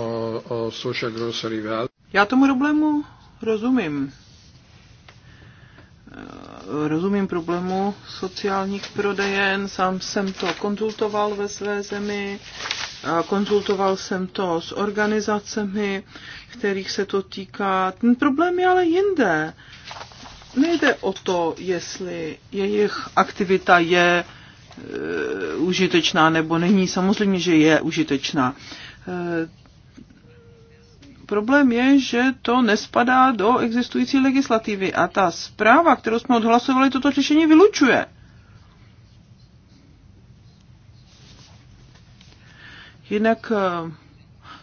a social grocery -vel. Já tomu problému rozumím. Eh, rozumím problému sociálních prodejen, sám jsem to konzultoval ve své zemi, konzultoval jsem to s organizacemi, kterých se to týká. Ten problém je ale jinde. Nejde o to, jestli jejich aktivita je Eh, užitečná nebo není. Samozřejmě, že je užitečná. Eh, problém je, že to nespadá do existující legislativy a ta zpráva, kterou jsme odhlasovali, toto řešení vylučuje. Jinak eh,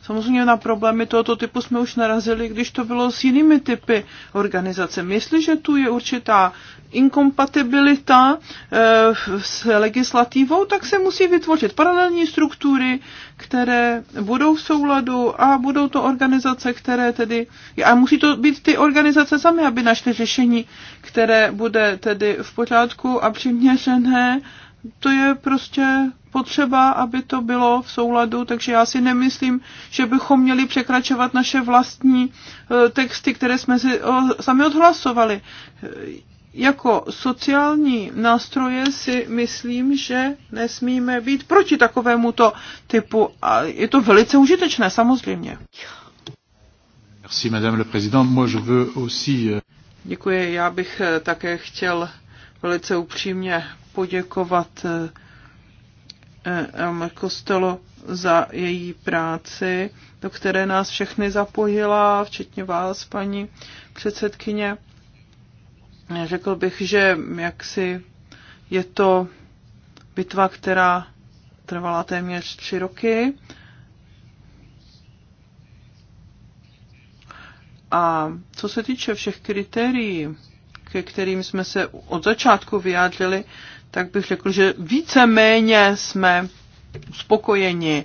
Samozřejmě na problémy tohoto typu jsme už narazili, když to bylo s jinými typy organizace. Jestliže tu je určitá inkompatibilita eh, s legislativou, tak se musí vytvořit paralelní struktury, které budou v souladu a budou to organizace, které tedy, a musí to být ty organizace samy, aby našly řešení, které bude tedy v pořádku a přiměřené. To je prostě potřeba, aby to bylo v souladu, takže já si nemyslím, že bychom měli překračovat naše vlastní eh, texty, které jsme si sami odhlasovali. Jako sociální nástroje si myslím, že nesmíme být proti to typu a je to velice užitečné, samozřejmě. Merci, madame le président. Moi, je veux aussi... Euh, Děkuji, já bych eh, také chtěl velice upřímně poděkovat eh, Eh, Kostelo za její práci, do které nás všechny zapojila, včetně vás, paní předsedkyně. Řekl bych, že jaksi je to bitva, která trvala téměř tři roky. A co se týče všech kritérií, ke kterým jsme se od začátku vyjádřili, tak bych řekl, že víceméně jsme spokojeni.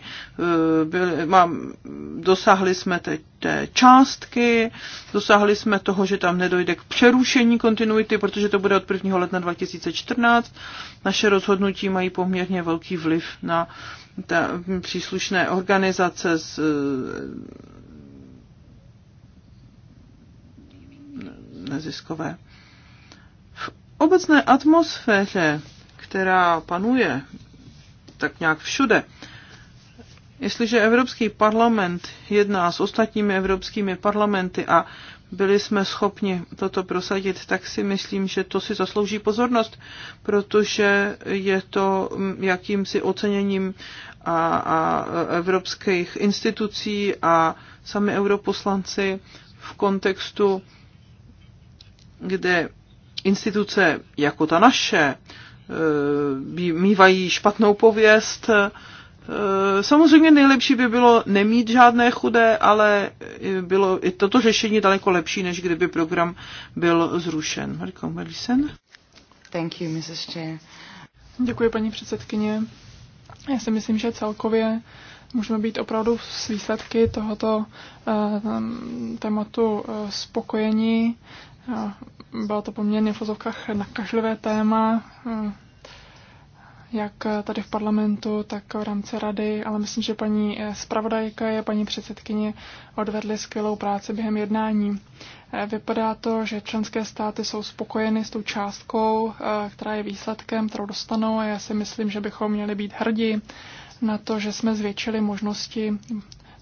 Eh, byli, mám, dosáhli jsme teď té částky, dosáhli jsme toho, že tam nedojde k přerušení kontinuity, protože to bude od 1. ledna 2014. Naše rozhodnutí mají poměrně velký vliv na ta příslušné organizace z, eh, neziskové. V obecné atmosféře která panuje tak nějak všude, jestliže Evropský parlament jedná s ostatními evropskými parlamenty a byli jsme schopni toto prosadit, tak si myslím, že to si zaslouží pozornost, protože je to jakýmsi oceněním a, a evropských institucí a sami europoslanci v kontextu, kde instituce jako ta naše Eh, mývají špatnou pověst. Eh, samozřejmě nejlepší by bylo nemít žádné chudé, ale bylo i toto řešení daleko lepší, než kdyby program byl zrušen. Marko Melisen. Thank you, Mrs. Chair. Děkuji, paní předsedkyně. Já si myslím, že celkově můžeme být opravdu s výsledky tohoto eh, tématu Uh, bylo to poměrně v vozovkách nakažlivé téma, hm, jak tady v parlamentu, tak v rámci rady, ale myslím, že paní eh, zpravodajka a paní předsedkyně odvedly skvělou práci během jednání. Eh, vypadá to, že členské státy jsou spokojeny s tou částkou, eh, která je výsledkem, kterou dostanou a já si myslím, že bychom měli být hrdí na to, že jsme zvětšili možnosti,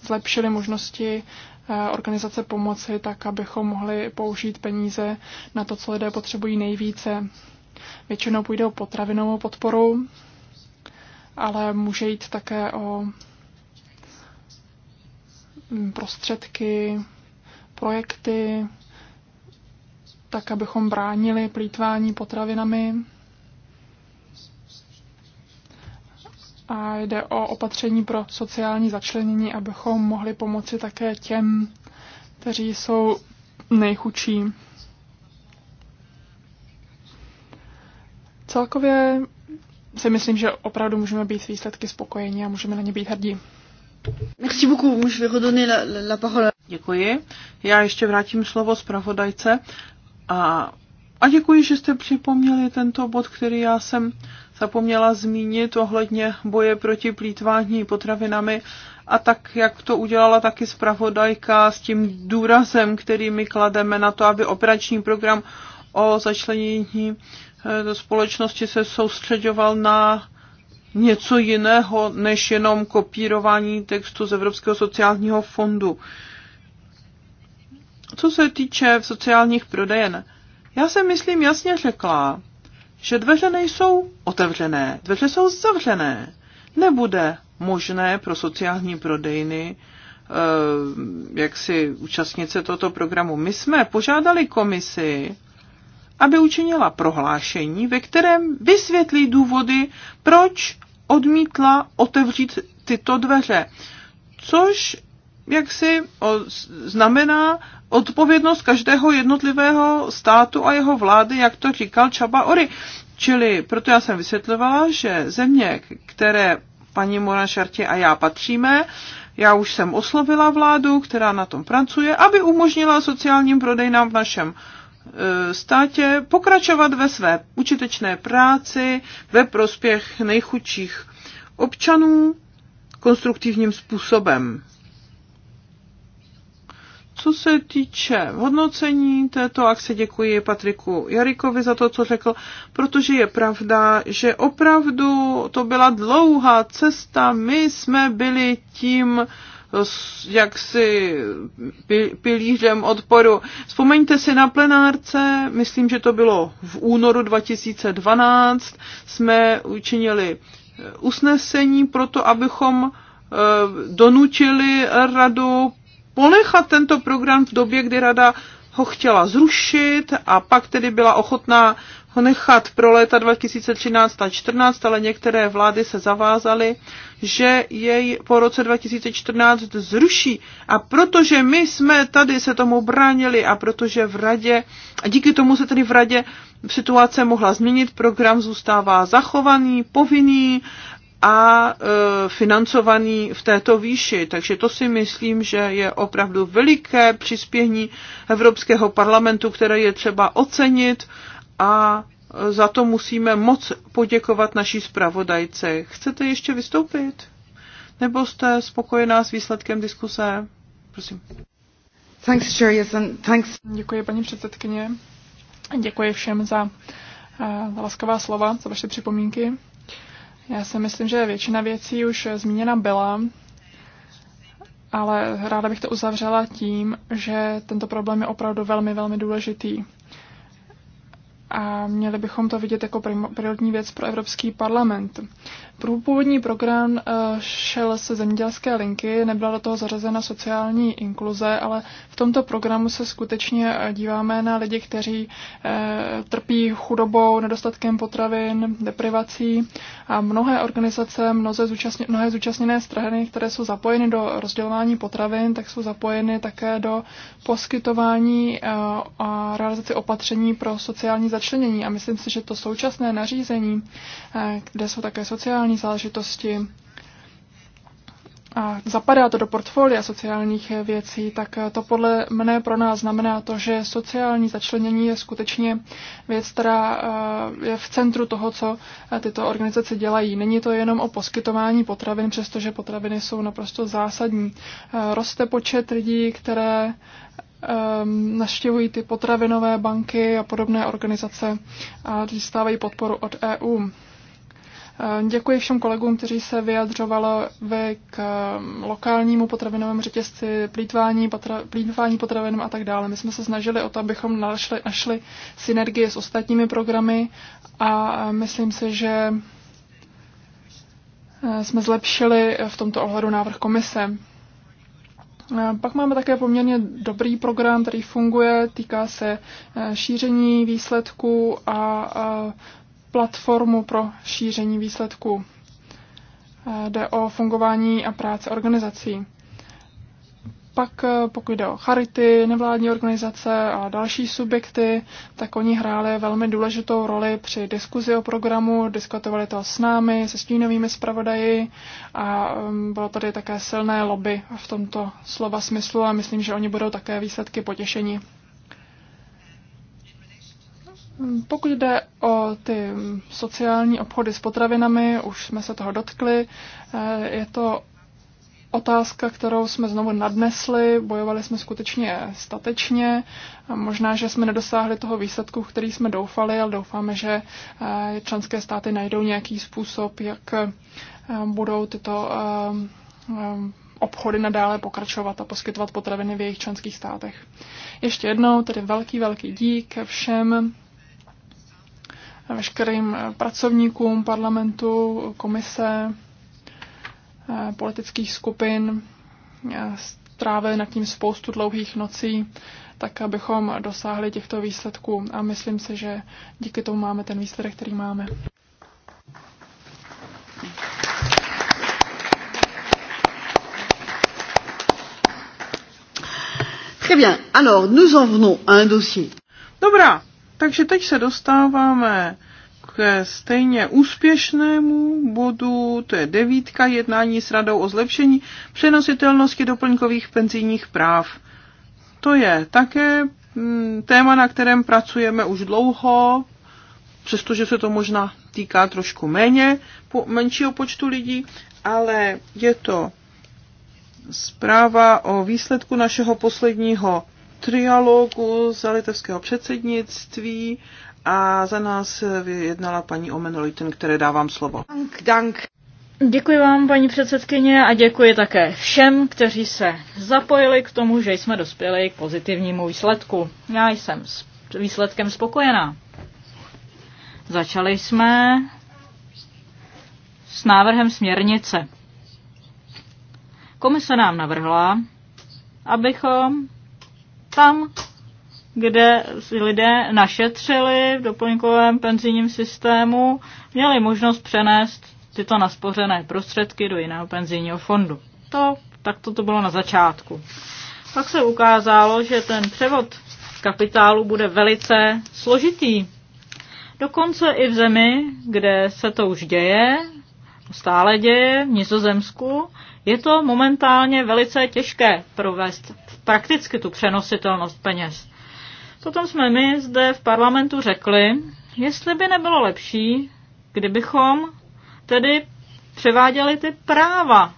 zlepšili možnosti Eh, organizace pomoci, tak abychom mohli použít peníze na to, co lidé potřebují nejvíce. Většinou půjde o potravinovou podporu, ale může jít také o mm, prostředky, projekty, tak abychom bránili plítvání potravinami. a jde o opatření pro sociální začlenění, abychom mohli pomoci také těm, kteří jsou nejchučší. Celkově si myslím, že opravdu můžeme být výsledky spokojeni a můžeme na ně být hrdí. Merci beaucoup. Je vais redonner la, la parole. Děkuji. Já ještě vrátím slovo zpravodajce. A, a děkuji, že jste připomněli tento bod, který já jsem zapomněla zmínit ohledně boje proti plítvání potravinami a tak, jak to udělala taky zpravodajka s tím důrazem, který my klademe na to, aby operační program o začlenění eh, do společnosti se soustředoval na něco jiného, než jenom kopírování textu z Evropského sociálního fondu. Co se týče sociálních prodejen, já se myslím jasně řekla, že dveře nejsou otevřené, dveře jsou zavřené. Nebude možné pro sociální prodejny eh, jak si účastnice tohoto programu. My jsme požádali komisi, aby učinila prohlášení, ve kterém vysvětlí důvody, proč odmítla otevřít tyto dveře. Což jak si znamená odpovědnost každého jednotlivého státu a jeho vlády, jak to říkal Čaba Ory. Čili proto já jsem vysvětlovala, že země, které paní Mona Šartě a já patříme, já už jsem oslovila vládu, která na tom pracuje, aby umožnila sociálním prodejnám v našem e, státě pokračovat ve své učitečné práci ve prospěch nejchudších občanů konstruktivním způsobem. Co se týče hodnocení této akce, děkuji Patriku Jarikovi za to, co řekl, protože je pravda, že opravdu to byla dlouhá cesta. My jsme byli tím jaksi pilířem odporu. Vzpomeňte si na plenárce, myslím, že to bylo v únoru 2012, jsme učinili eh, usnesení pro to, abychom eh, donutili radu ponechat tento program v době, kdy rada ho chtěla zrušit a pak tedy byla ochotná ho nechat pro léta 2013 a 2014, ale některé vlády se zavázaly, že jej po roce 2014 zruší. A protože my jsme tady se tomu bránili a protože v radě, a díky tomu se tedy v radě situace mohla změnit, program zůstává zachovaný, povinný a e, financovaný v této výši. Takže to si myslím, že je opravdu veliké přispění Evropského parlamentu, které je třeba ocenit a e, za to musíme moc poděkovat naší zpravodajce. Chcete ještě vystoupit? Nebo jste spokojená s výsledkem diskuse? Prosím. Thanks, Chair, yes, and thanks. Děkuji, paní předsedkyně. Děkuji všem za uh, laskavá slova, za vaše připomínky. Já si myslím, že většina věcí už zmíněna byla, ale ráda bych to uzavřela tím, že tento problém je opravdu velmi, velmi důležitý. A měli bychom to vidět jako prioritní věc pro Evropský parlament. Původní program eh, šel se zemědělské linky, nebyla do toho zařazena sociální inkluze, ale v tomto programu se skutečně eh, díváme na lidi, kteří eh, trpí chudobou, nedostatkem potravin, deprivací a mnohé organizace, mnohé, mnohé zúčastněné strany, které jsou zapojeny do rozdělování potravin, tak jsou zapojeny také do poskytování a realizaci opatření pro sociální začlenění. A myslím si, že to současné nařízení, kde jsou také sociální sociální záležitosti a zapadá to do portfolia sociálních věcí, tak to podle mne pro nás znamená to, že sociální začlenění je skutečně věc, která eh, je v centru toho, co eh, tyto organizace dělají. Není to jenom o poskytování potravin, přestože potraviny jsou naprosto zásadní. Eh, roste počet lidí, které ehm, naštěvují ty potravinové banky a podobné organizace a dostávají podporu od EU. Eh, děkuji všem kolegům, kteří se vyjadřovali k ehm, lokálnímu potravinovému řetězci, plítvání, potra, plítvání potravinem a tak dále. My jsme se snažili o to, abychom našli, našli synergie s ostatními programy a eh, myslím si, že eh, jsme zlepšili v tomto ohledu návrh komise. Pak máme také poměrně dobrý program, který funguje, týká se šíření výsledků a platformu pro šíření výsledků. Eh, jde o fungování a práce organizací. Pak eh, pokud jde o charity, nevládní organizace a další subjekty, tak oni hráli velmi důležitou roli při diskuzi o programu, diskutovali to s námi, se stínovými zpravodaji a mm, bylo tady také silné lobby v tomto slova smyslu a myslím, že oni budou také výsledky potěšení. Pokud jde o ty sociální obchody s potravinami, už jsme se toho dotkli, eh, je to otázka, kterou jsme znovu nadnesli, bojovali jsme skutečně statečně. Eh, možná, že jsme nedosáhli toho výsledku, který jsme doufali, ale doufáme, že eh, členské státy najdou nějaký způsob, jak budou tyto obchody nadále pokračovat a poskytovat potraviny v jejich členských státech. Ještě jednou tedy velký, velký dík všem veškerým eh, pracovníkům parlamentu, komise, eh, politických skupin. Eh, strávili nad tím spoustu dlouhých nocí, tak abychom dosáhli těchto výsledků. A myslím si, že díky tomu máme ten výsledek, který máme. Très bien. Alors, nous en venons à un dossier. Dobrá, takže teď se dostáváme k stejně úspěšnému bodu, to je devítka, jednání s radou o zlepšení přenositelnosti doplňkových penzijních práv. To je také mm, téma, na kterém pracujeme už dlouho, přestože se to možná týká trošku méně, po, menšího počtu lidí, ale je to zpráva o výsledku našeho posledního trialogu za litevského předsednictví a za nás jednala paní Omen Leuten, které dávám slovo. Dank, dank. Děkuji vám, paní předsedkyně, a děkuji také všem, kteří se zapojili k tomu, že jsme dospěli k pozitivnímu výsledku. Já jsem s výsledkem spokojená. Začali jsme s návrhem směrnice. Komise nám navrhla, abychom tam, kde lidé našetřili v doplňkovém penzijním systému, měli možnost přenést tyto naspořené prostředky do jiného penzijního fondu. To, tak to, to bylo na začátku. Pak se ukázalo, že ten převod kapitálu bude velice složitý. Dokonce i v zemi, kde se to už děje, stále děje, v Nizozemsku, je to momentálně velice těžké provést prakticky tu přenositelnost peněz. Potom jsme my zde v parlamentu řekli, jestli by nebylo lepší, kdybychom tedy převáděli ty práva,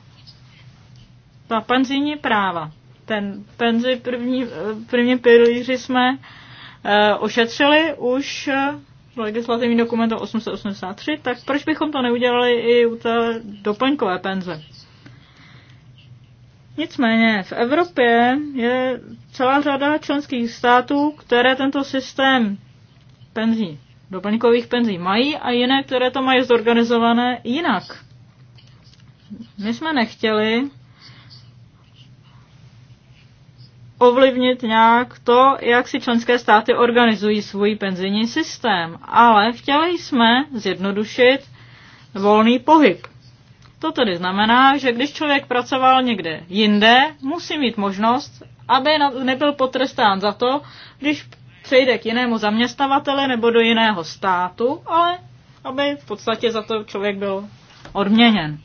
ta penzijní práva. Ten penzi první, první pilíři jsme e, ošetřili už v eh, legislativní dokumentu 883, tak proč bychom to neudělali i u té doplňkové penze? Nicméně v Evropě je celá řada členských států, které tento systém penzí, doplňkových penzí mají a jiné, které to mají zorganizované jinak. My jsme nechtěli ovlivnit nějak to, jak si členské státy organizují svůj penzijní systém, ale chtěli jsme zjednodušit volný pohyb to tedy znamená, že když člověk pracoval někde jinde, musí mít možnost, aby nebyl potrestán za to, když přejde k jinému zaměstnavateli nebo do jiného státu, ale aby v podstatě za to člověk byl odměněn.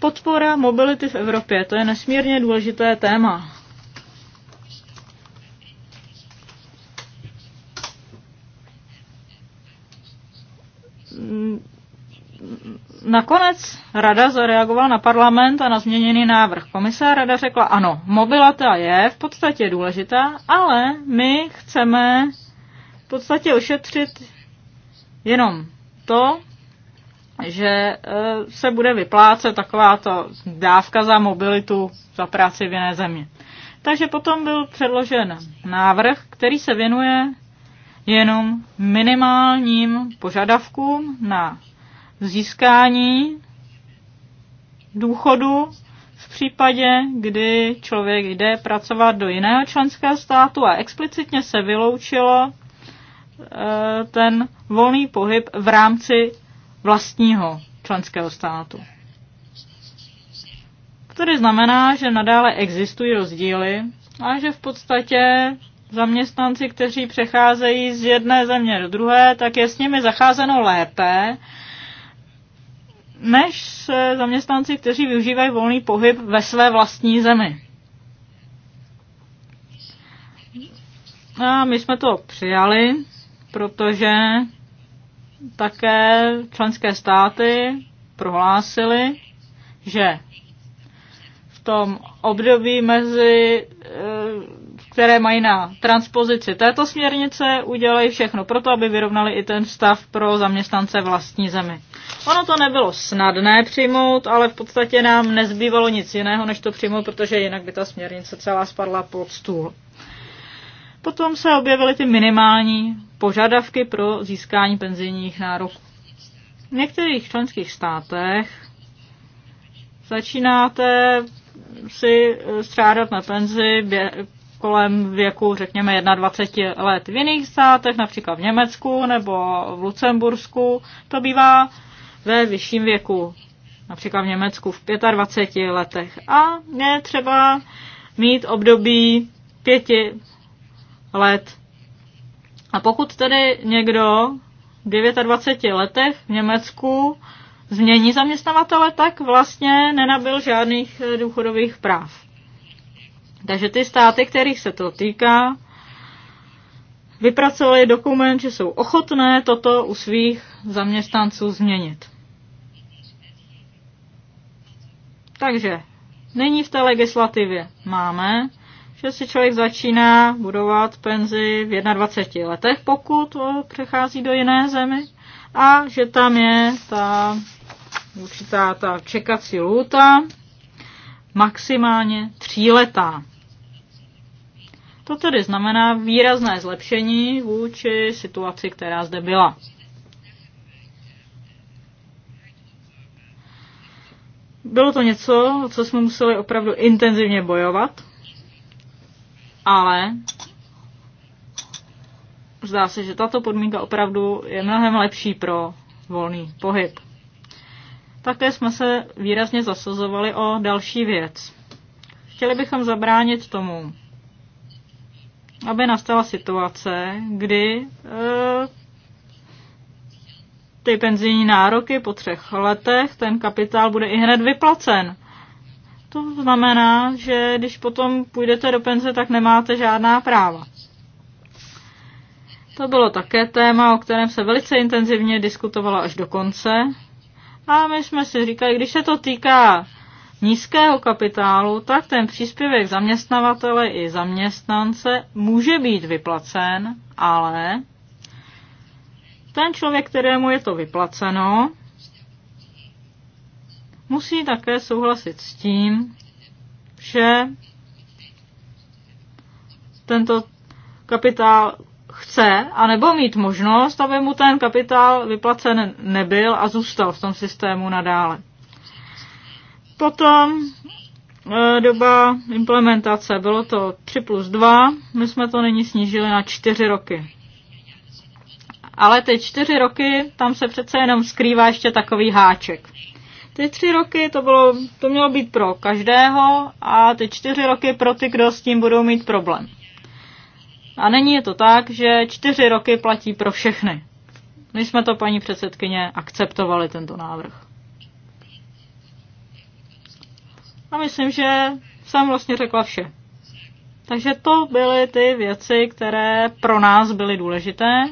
Podpora mobility v Evropě, to je nesmírně důležité téma. Nakonec rada zareagovala na parlament a na změněný návrh komise. Rada řekla, ano, mobilita je v podstatě důležitá, ale my chceme v podstatě ošetřit jenom to, že e, se bude vyplácet takováto dávka za mobilitu za práci v jiné zemi. Takže potom byl předložen návrh, který se věnuje jenom minimálním požadavkům na získání důchodu v případě, kdy člověk jde pracovat do jiného členského státu a explicitně se vyloučilo eh, ten volný pohyb v rámci vlastního členského státu. Který znamená, že nadále existují rozdíly a že v podstatě zaměstnanci, kteří přecházejí z jedné země do druhé, tak je s nimi zacházeno lépe než se zaměstnanci, kteří využívají volný pohyb ve své vlastní zemi. A my jsme to přijali, protože také členské státy prohlásily, že v tom období mezi eh, které mají na transpozici této směrnice, udělají všechno proto, aby vyrovnali i ten stav pro zaměstnance vlastní zemi. Ono to nebylo snadné přijmout, ale v podstatě nám nezbývalo nic jiného, než to přijmout, protože jinak by ta směrnice celá spadla pod stůl. Potom se objevily ty minimální požadavky pro získání penzijních nároků. V některých členských státech začínáte si střádat na penzi kolem věku, řekněme, 21 let. V jiných státech, například v Německu nebo v Lucembursku, to bývá ve vyšším věku, například v Německu v 25 letech. A je třeba mít období pěti let. A pokud tedy někdo v 29 letech v Německu změní zaměstnavatele, tak vlastně nenabil žádných důchodových práv. Takže ty státy, kterých se to týká, vypracovali dokument, že jsou ochotné toto u svých zaměstnanců změnit. Takže nyní v té legislativě máme, že si člověk začíná budovat penzi v 21 letech, pokud přechází do jiné zemi, a že tam je ta určitá ta čekací lůta maximálně tříletá. To tedy znamená výrazné zlepšení vůči situaci, která zde byla. Bylo to něco, co jsme museli opravdu intenzivně bojovat, ale zdá se, že tato podmínka opravdu je mnohem lepší pro volný pohyb. Také jsme se výrazně zasazovali o další věc. Chtěli bychom zabránit tomu, aby nastala situace, kdy eh, ty penzijní nároky po třech letech, ten kapitál bude i hned vyplacen. To znamená, že když potom půjdete do penze, tak nemáte žádná práva. To bylo také téma, o kterém se velice intenzivně diskutovalo až do konce. A my jsme si říkali, když se to týká nízkého kapitálu, tak ten příspěvek zaměstnavatele i zaměstnance může být vyplacen, ale ten člověk, kterému je to vyplaceno, musí také souhlasit s tím, že tento kapitál chce, anebo mít možnost, aby mu ten kapitál vyplacen nebyl a zůstal v tom systému nadále. Potom eh, doba implementace, bylo to 3 plus 2, my jsme to nyní snížili na 4 roky. Ale ty čtyři roky, tam se přece jenom skrývá ještě takový háček. Ty tři roky to, bylo, to mělo být pro každého a ty čtyři roky pro ty, kdo s tím budou mít problém. A není je to tak, že čtyři roky platí pro všechny. My jsme to, paní předsedkyně, akceptovali tento návrh. A myslím, že jsem vlastně řekla vše. Takže to byly ty věci, které pro nás byly důležité.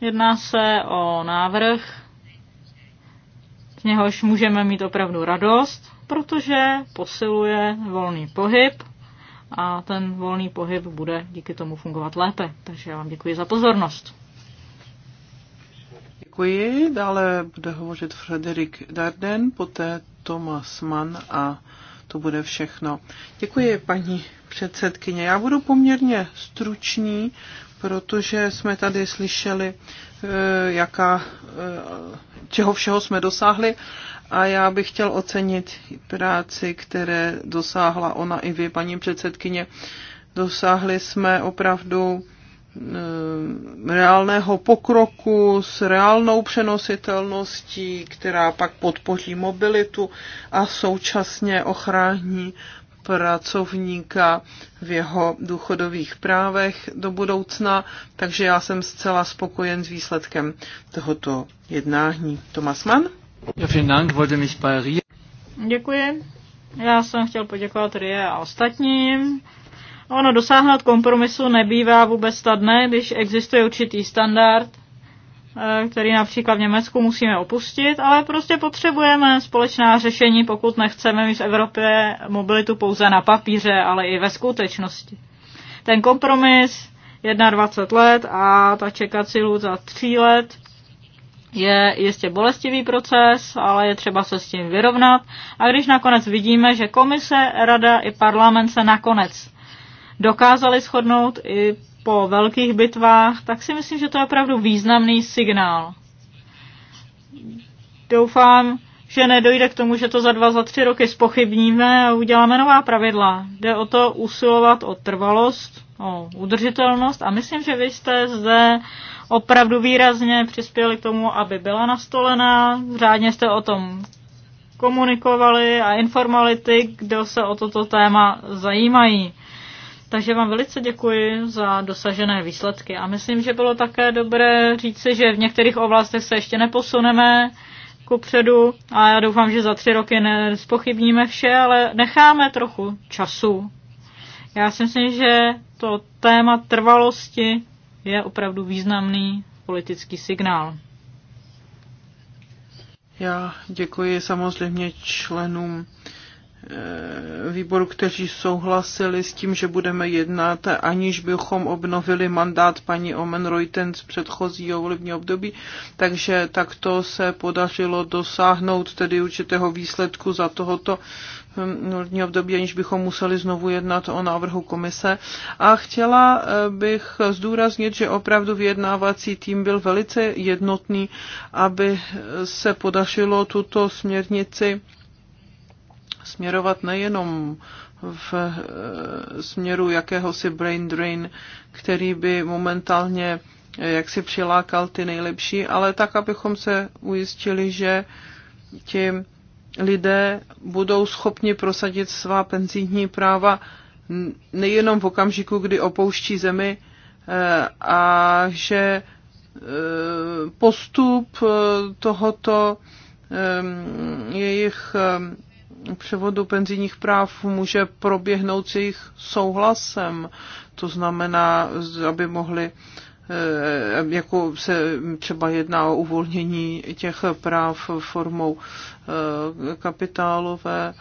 Jedná se o návrh, z něhož můžeme mít opravdu radost, protože posiluje volný pohyb a ten volný pohyb bude díky tomu fungovat lépe. Takže já vám děkuji za pozornost. Děkuji. Dále bude hovořit Frederik Darden, poté Thomas Mann a to bude všechno. Děkuji, paní předsedkyně. Já budu poměrně stručný, protože jsme tady slyšeli, eh, jaká, eh, čeho všeho jsme dosáhli a já bych chtěl ocenit práci, které dosáhla ona i vy, paní předsedkyně. Dosáhli jsme opravdu Eh, reálného pokroku s reálnou přenositelností, která pak podpoří mobilitu a současně ochrání pracovníka v jeho důchodových právech do budoucna, takže já jsem zcela spokojen s výsledkem tohoto jednání. Tomas Mann? Děkuji. Já jsem chtěl poděkovat Rie a ostatním Ono dosáhnout kompromisu nebývá vůbec snadné, když existuje určitý standard, eh, který například v Německu musíme opustit, ale prostě potřebujeme společná řešení, pokud nechceme mít v Evropě mobilitu pouze na papíře, ale i ve skutečnosti. Ten kompromis 21 let a ta čekací za 3 let je jistě bolestivý proces, ale je třeba se s tím vyrovnat. A když nakonec vidíme, že komise, rada i parlament se nakonec dokázali shodnout i po velkých bitvách, tak si myslím, že to je opravdu významný signál. Doufám, že nedojde k tomu, že to za dva, za tři roky spochybníme a uděláme nová pravidla. Jde o to usilovat o trvalost, o udržitelnost a myslím, že vy jste zde opravdu výrazně přispěli k tomu, aby byla nastolená. Řádně jste o tom komunikovali a informovali ty, kdo se o toto téma zajímají. Takže vám velice děkuji za dosažené výsledky a myslím, že bylo také dobré říci, že v některých oblastech se ještě neposuneme ku předu a já doufám, že za tři roky nespochybníme vše, ale necháme trochu času. Já si myslím, že to téma trvalosti je opravdu významný politický signál. Já děkuji samozřejmě členům Eh, výboru, kteří souhlasili s tím, že budeme jednat, aniž bychom obnovili mandát paní Omen Reuten z předchozího volebního období, takže takto se podařilo dosáhnout tedy určitého výsledku za tohoto hm, volebního období, aniž bychom museli znovu jednat o návrhu komise. A chtěla eh, bych zdůraznit, že opravdu vyjednávací tým byl velice jednotný, aby se podařilo tuto směrnici směrovat nejenom v eh, směru jakéhosi brain drain, který by momentálně eh, jak si přilákal ty nejlepší, ale tak, abychom se ujistili, že ti lidé budou schopni prosadit svá penzijní práva nejenom v okamžiku, kdy opouští zemi eh, a že postup tohoto jejich převodu penzijních práv může proběhnout s jejich souhlasem. To znamená, aby mohli eh, jako se třeba jedná o uvolnění těch práv formou eh, kapitálového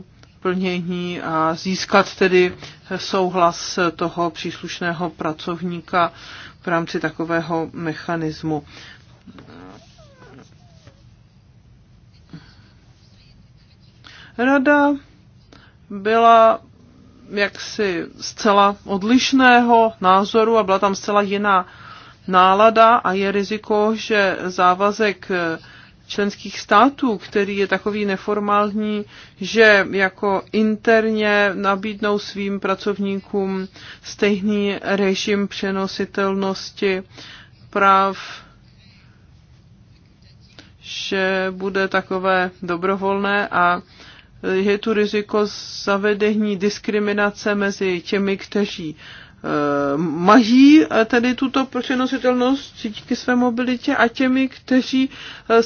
eh, plnění a získat tedy souhlas toho příslušného pracovníka v rámci takového mechanismu. Rada byla jaksi zcela odlišného názoru a byla tam zcela jiná nálada a je riziko, že závazek členských států, který je takový neformální, že jako interně nabídnou svým pracovníkům stejný režim přenositelnosti práv, že bude takové dobrovolné a je tu riziko zavedení diskriminace mezi těmi, kteří e, mají e, tedy tuto přenositelnost díky své mobilitě a těmi, kteří e,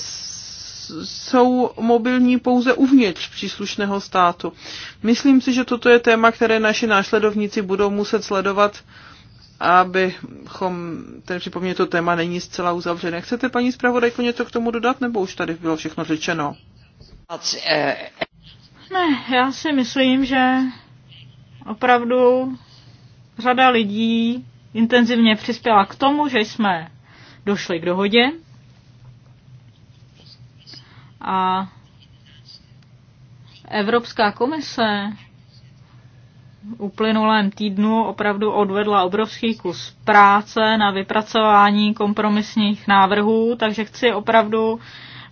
jsou mobilní pouze uvnitř příslušného státu. Myslím si, že toto je téma, které naši následovníci budou muset sledovat, abychom, ten připomně to téma není zcela uzavřené. Chcete, paní zpravodajko, něco k tomu dodat, nebo už tady bylo všechno řečeno? Ne, já si myslím, že opravdu řada lidí intenzivně přispěla k tomu, že jsme došli k dohodě. A Evropská komise v uplynulém týdnu opravdu odvedla obrovský kus práce na vypracování kompromisních návrhů, takže chci opravdu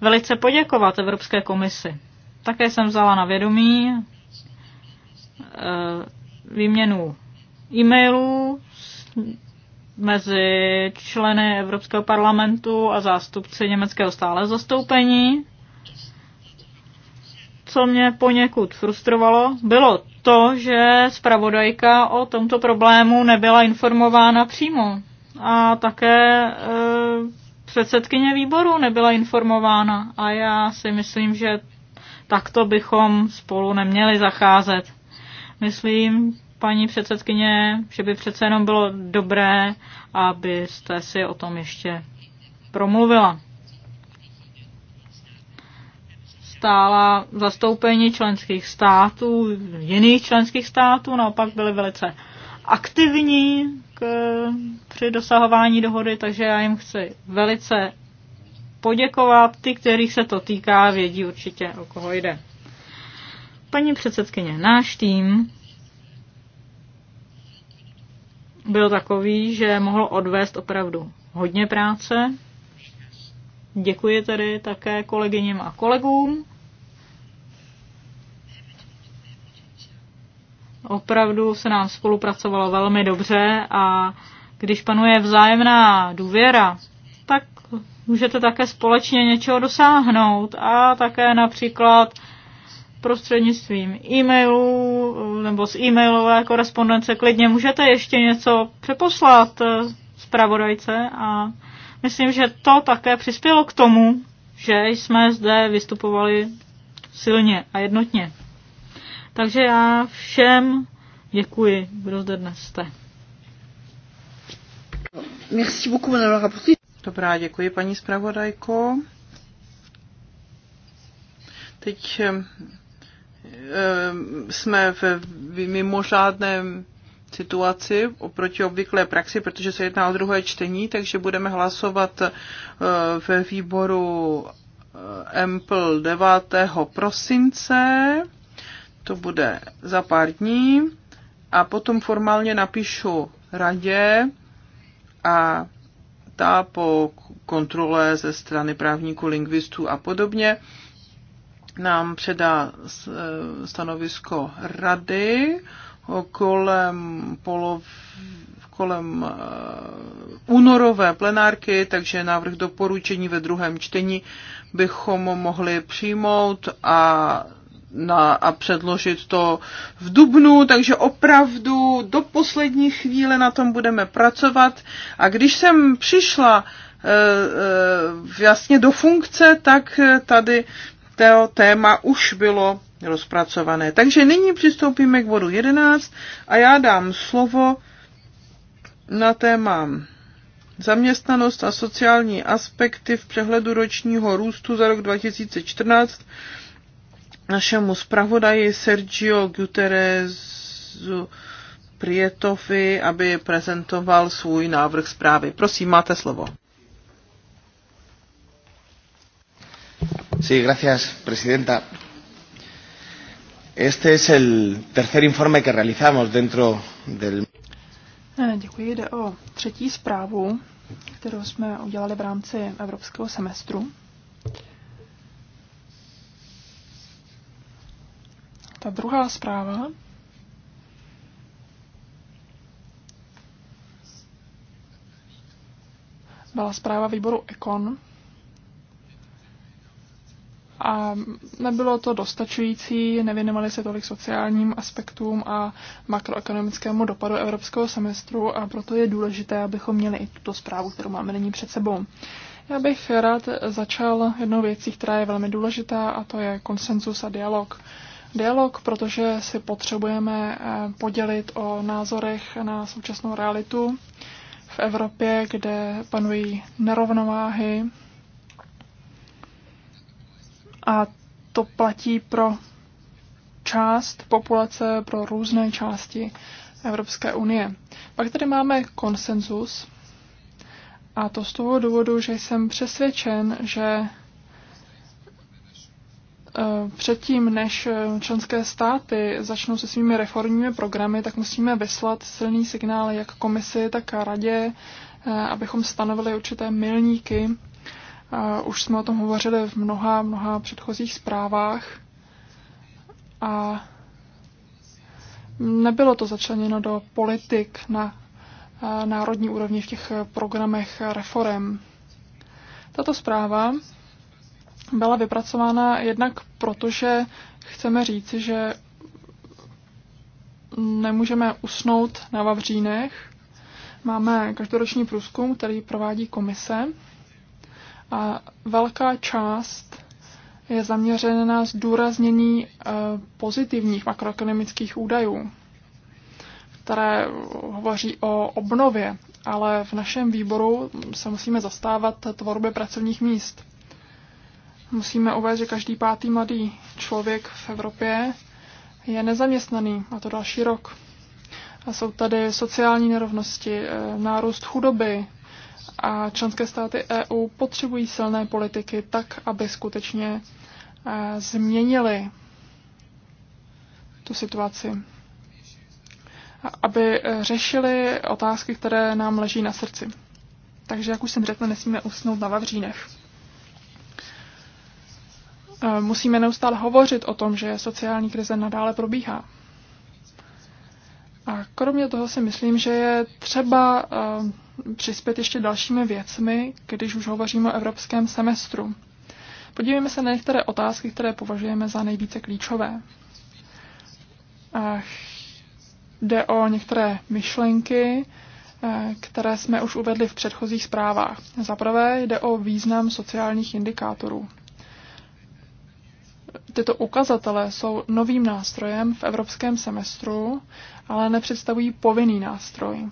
velice poděkovat Evropské komisi. Také jsem vzala na vědomí eh, výměnu e-mailů mezi členy Evropského parlamentu a zástupci německého stále zastoupení. Co mě poněkud frustrovalo, bylo to, že zpravodajka o tomto problému nebyla informována přímo. A také e, předsedkyně výboru nebyla informována. A já si myslím, že tak to bychom spolu neměli zacházet. Myslím, paní předsedkyně, že by přece jenom bylo dobré, abyste si o tom ještě promluvila. Stála zastoupení členských států, jiných členských států, naopak byly velice aktivní k, při dosahování dohody, takže já jim chci velice poděkovat. Ty, kterých se to týká, vědí určitě, o koho jde. Paní předsedkyně, náš tým byl takový, že mohl odvést opravdu hodně práce. Děkuji tedy také kolegyním a kolegům. Opravdu se nám spolupracovalo velmi dobře a když panuje vzájemná důvěra můžete také společně něčeho dosáhnout a také například prostřednictvím e-mailů eh, nebo z e-mailové korespondence klidně můžete ještě něco přeposlat eh, zpravodajce a myslím, že to také přispělo k tomu, že jsme zde vystupovali silně a jednotně. Takže já všem děkuji, kdo zde dnes jste. Merci beaucoup, madame la rapporteure. Dobrá, děkuji paní zpravodajko. Teď ehm, ehm, jsme v mimořádném situaci oproti obvyklé praxi, protože se jedná o druhé čtení, takže budeme hlasovat eh, ve výboru eh, MPL 9. prosince, to bude za pár dní, a potom formálně napíšu radě a data po kontrole ze strany právníků, lingvistů a podobně. Nám předá e, stanovisko rady kolem polov, kolem e, únorové plenárky, takže návrh doporučení ve druhém čtení bychom mohli přijmout a na, a předložit to v dubnu, takže opravdu do poslední chvíle na tom budeme pracovat. A když jsem přišla vlastně do funkce, tak eh, tady to téma už bylo rozpracované. Takže nyní přistoupíme k bodu 11 a já dám slovo na téma zaměstnanost a sociální aspekty v přehledu ročního růstu za rok 2014 našemu zpravodaji Sergio Guterresu Prietovi, aby prezentoval svůj návrh zprávy. Prosím, máte slovo. Sí, gracias, presidenta. Este es el tercer informe que realizamos dentro del. Eh, děkuji, jde o třetí zprávu, kterou jsme udělali v rámci evropského semestru. Ta druhá zpráva byla zpráva výboru Ekon a nebylo to dostačující, nevěnovali se tolik sociálním aspektům a makroekonomickému dopadu evropského semestru a proto je důležité, abychom měli i tuto zprávu, kterou máme nyní před sebou. Já bych rád začal jednou věcí, která je velmi důležitá a to je konsenzus a dialog dialog, protože si potřebujeme eh, podělit o názorech na současnou realitu v Evropě, kde panují nerovnováhy. A to platí pro část populace, pro různé části Evropské unie. Pak tady máme konsenzus, a to z toho důvodu, že jsem přesvědčen, že Eh, předtím, než eh, členské státy začnou se svými reformními programy, tak musíme vyslat silný signál jak komisi, tak a radě, eh, abychom stanovili určité milníky. Už jsme o tom hovořili v mnoha, mnoha předchozích zprávách a nebylo to začleněno do politik na národní úrovni v těch programech reform. Tato zpráva byla vypracována jednak protože chceme říci, že nemůžeme usnout na Vavřínech. Máme každoroční průzkum, který provádí komise a velká část je zaměřena na zdůraznění eh, pozitivních makroekonomických údajů, které hovoří o obnově, ale v našem výboru se musíme zastávat tvorby pracovních míst. Musíme uvést, že každý pátý mladý člověk v Evropě je nezaměstnaný, a to další rok. A jsou tady sociální nerovnosti, eh, nárůst chudoby a členské státy EU potřebují silné politiky tak, aby skutečně eh, změnili tu situaci. Aby eh, řešili otázky, které nám leží na srdci. Takže, jak už jsem řekla, nesmíme usnout na vavřínech. Eh, musíme neustále hovořit o tom, že sociální krize nadále probíhá. A kromě toho si myslím, že je třeba eh, přispět ještě dalšími věcmi, když už hovoříme o evropském semestru. Podívejme se na některé otázky, které považujeme za nejvíce klíčové. Eh, jde o některé myšlenky, které jsme už uvedli v předchozích zprávách. Zaprvé jde o význam sociálních indikátorů tyto ukazatele jsou novým nástrojem v evropském semestru, ale nepředstavují povinný nástroj.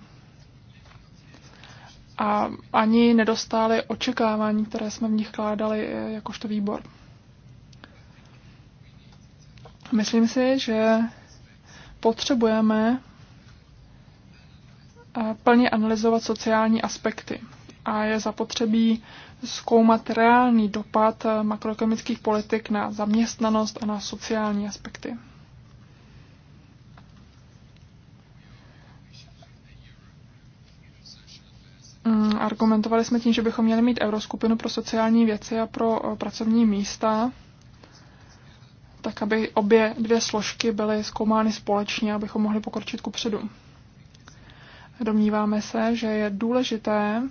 A ani nedostály očekávání, které jsme v nich kládali eh, jakožto výbor. Myslím si, že potřebujeme eh, plně analyzovat sociální aspekty a je zapotřebí zkoumat reálný dopad eh, makroekonomických politik na zaměstnanost a na sociální aspekty. Mm, argumentovali jsme tím, že bychom měli mít euroskupinu pro sociální věci a pro eh, pracovní místa, tak aby obě dvě složky byly zkoumány společně, abychom mohli pokročit ku předu. Domníváme se, že je důležité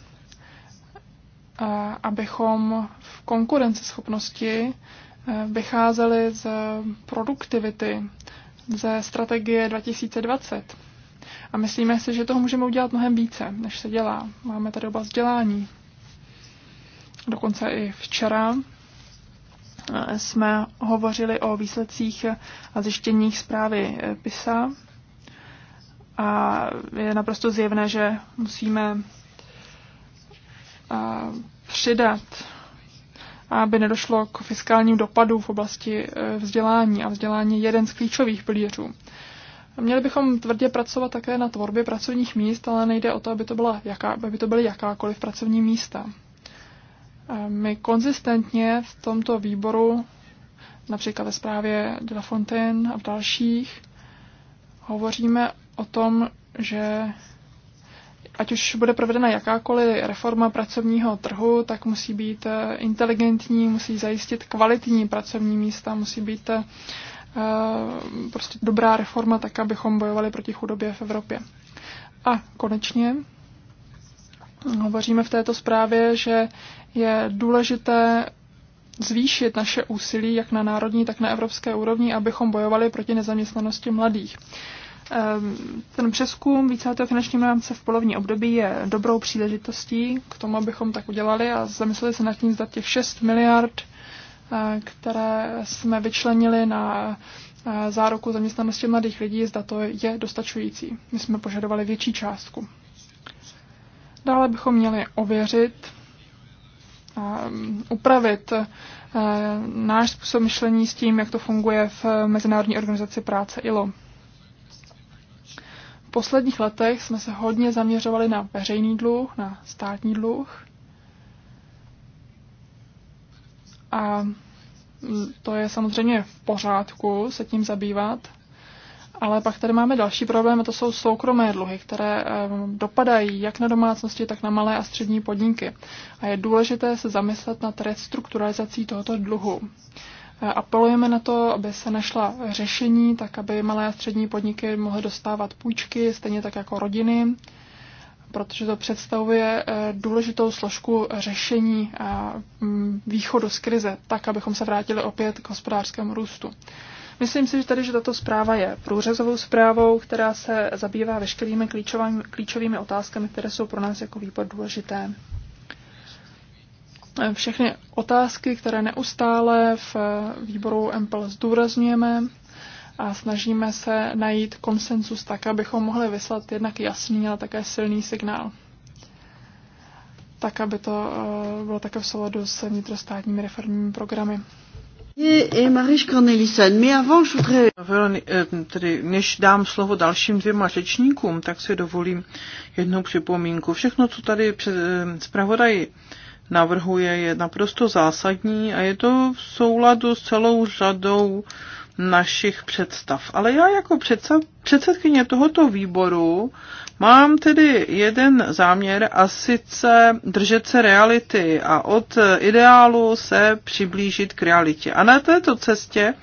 abychom v konkurenceschopnosti eh, vycházeli z produktivity, ze strategie 2020. A myslíme si, že toho můžeme udělat mnohem více, než se dělá. Máme tady oblast vzdělání. Dokonce i včera eh, jsme hovořili o výsledcích a zjištěních zprávy eh, PISA. A je naprosto zjevné, že musíme přidat, aby nedošlo k fiskálním dopadům v oblasti e, vzdělání. A vzdělání je jeden z klíčových pilířů. Měli bychom tvrdě pracovat také na tvorbě pracovních míst, ale nejde o to, aby to, byla jaká, aby to byly jakákoliv pracovní místa. E, my konzistentně v tomto výboru, například ve zprávě De La Fontaine a v dalších, hovoříme o tom, že ať už bude provedena jakákoliv reforma pracovního trhu, tak musí být eh, inteligentní, musí zajistit kvalitní pracovní místa, musí být eh, prostě dobrá reforma, tak abychom bojovali proti chudobě v Evropě. A konečně hovoříme v této zprávě, že je důležité zvýšit naše úsilí jak na národní, tak na evropské úrovni, abychom bojovali proti nezaměstnanosti mladých. Ehm, ten přeskum víceletého finančního rámce v polovní období je dobrou příležitostí k tomu, abychom tak udělali a zamysleli se nad tím, zda těch 6 miliard, eh, které jsme vyčlenili na eh, záruku zaměstnanosti mladých lidí, zda to je dostačující. My jsme požadovali větší částku. Dále bychom měli ověřit ehm, upravit eh, náš způsob myšlení s tím, jak to funguje v Mezinárodní organizaci práce ILO posledních letech jsme se hodně zaměřovali na veřejný dluh, na státní dluh. A to je samozřejmě v pořádku se tím zabývat. Ale pak tady máme další problém, a to jsou soukromé dluhy, které eh, dopadají jak na domácnosti, tak na malé a střední podniky. A je důležité se zamyslet nad restrukturalizací tohoto dluhu. Eh, apelujeme na to, aby se našla řešení, tak aby malé a střední podniky mohly dostávat půjčky, stejně tak jako rodiny, protože to představuje eh, důležitou složku řešení a mm, východu z krize, tak abychom se vrátili opět k hospodářskému růstu. Myslím si že tady, že tato zpráva je průřezovou zprávou, která se zabývá veškerými klíčovými, klíčovými otázkami, které jsou pro nás jako výbor důležité všechny otázky, které neustále v výboru MPL zdůrazňujeme a snažíme se najít konsensus tak, abychom mohli vyslat jednak jasný, ale také silný signál. Tak, aby to eh, bylo také v souladu s vnitrostátními reformními programy. Et Marie Cornelissen. Mais avant, je voudrais... Eh, tedy, než dám slovo dalším dvěma řečníkům, tak si dovolím jednu připomínku. Všechno, co tady před, eh, navrhuje, je naprosto zásadní a je to v souladu s celou řadou našich představ. Ale já jako předsedkyně tohoto výboru mám tedy jeden záměr a sice držet se reality a od ideálu se přiblížit k realitě. A na této cestě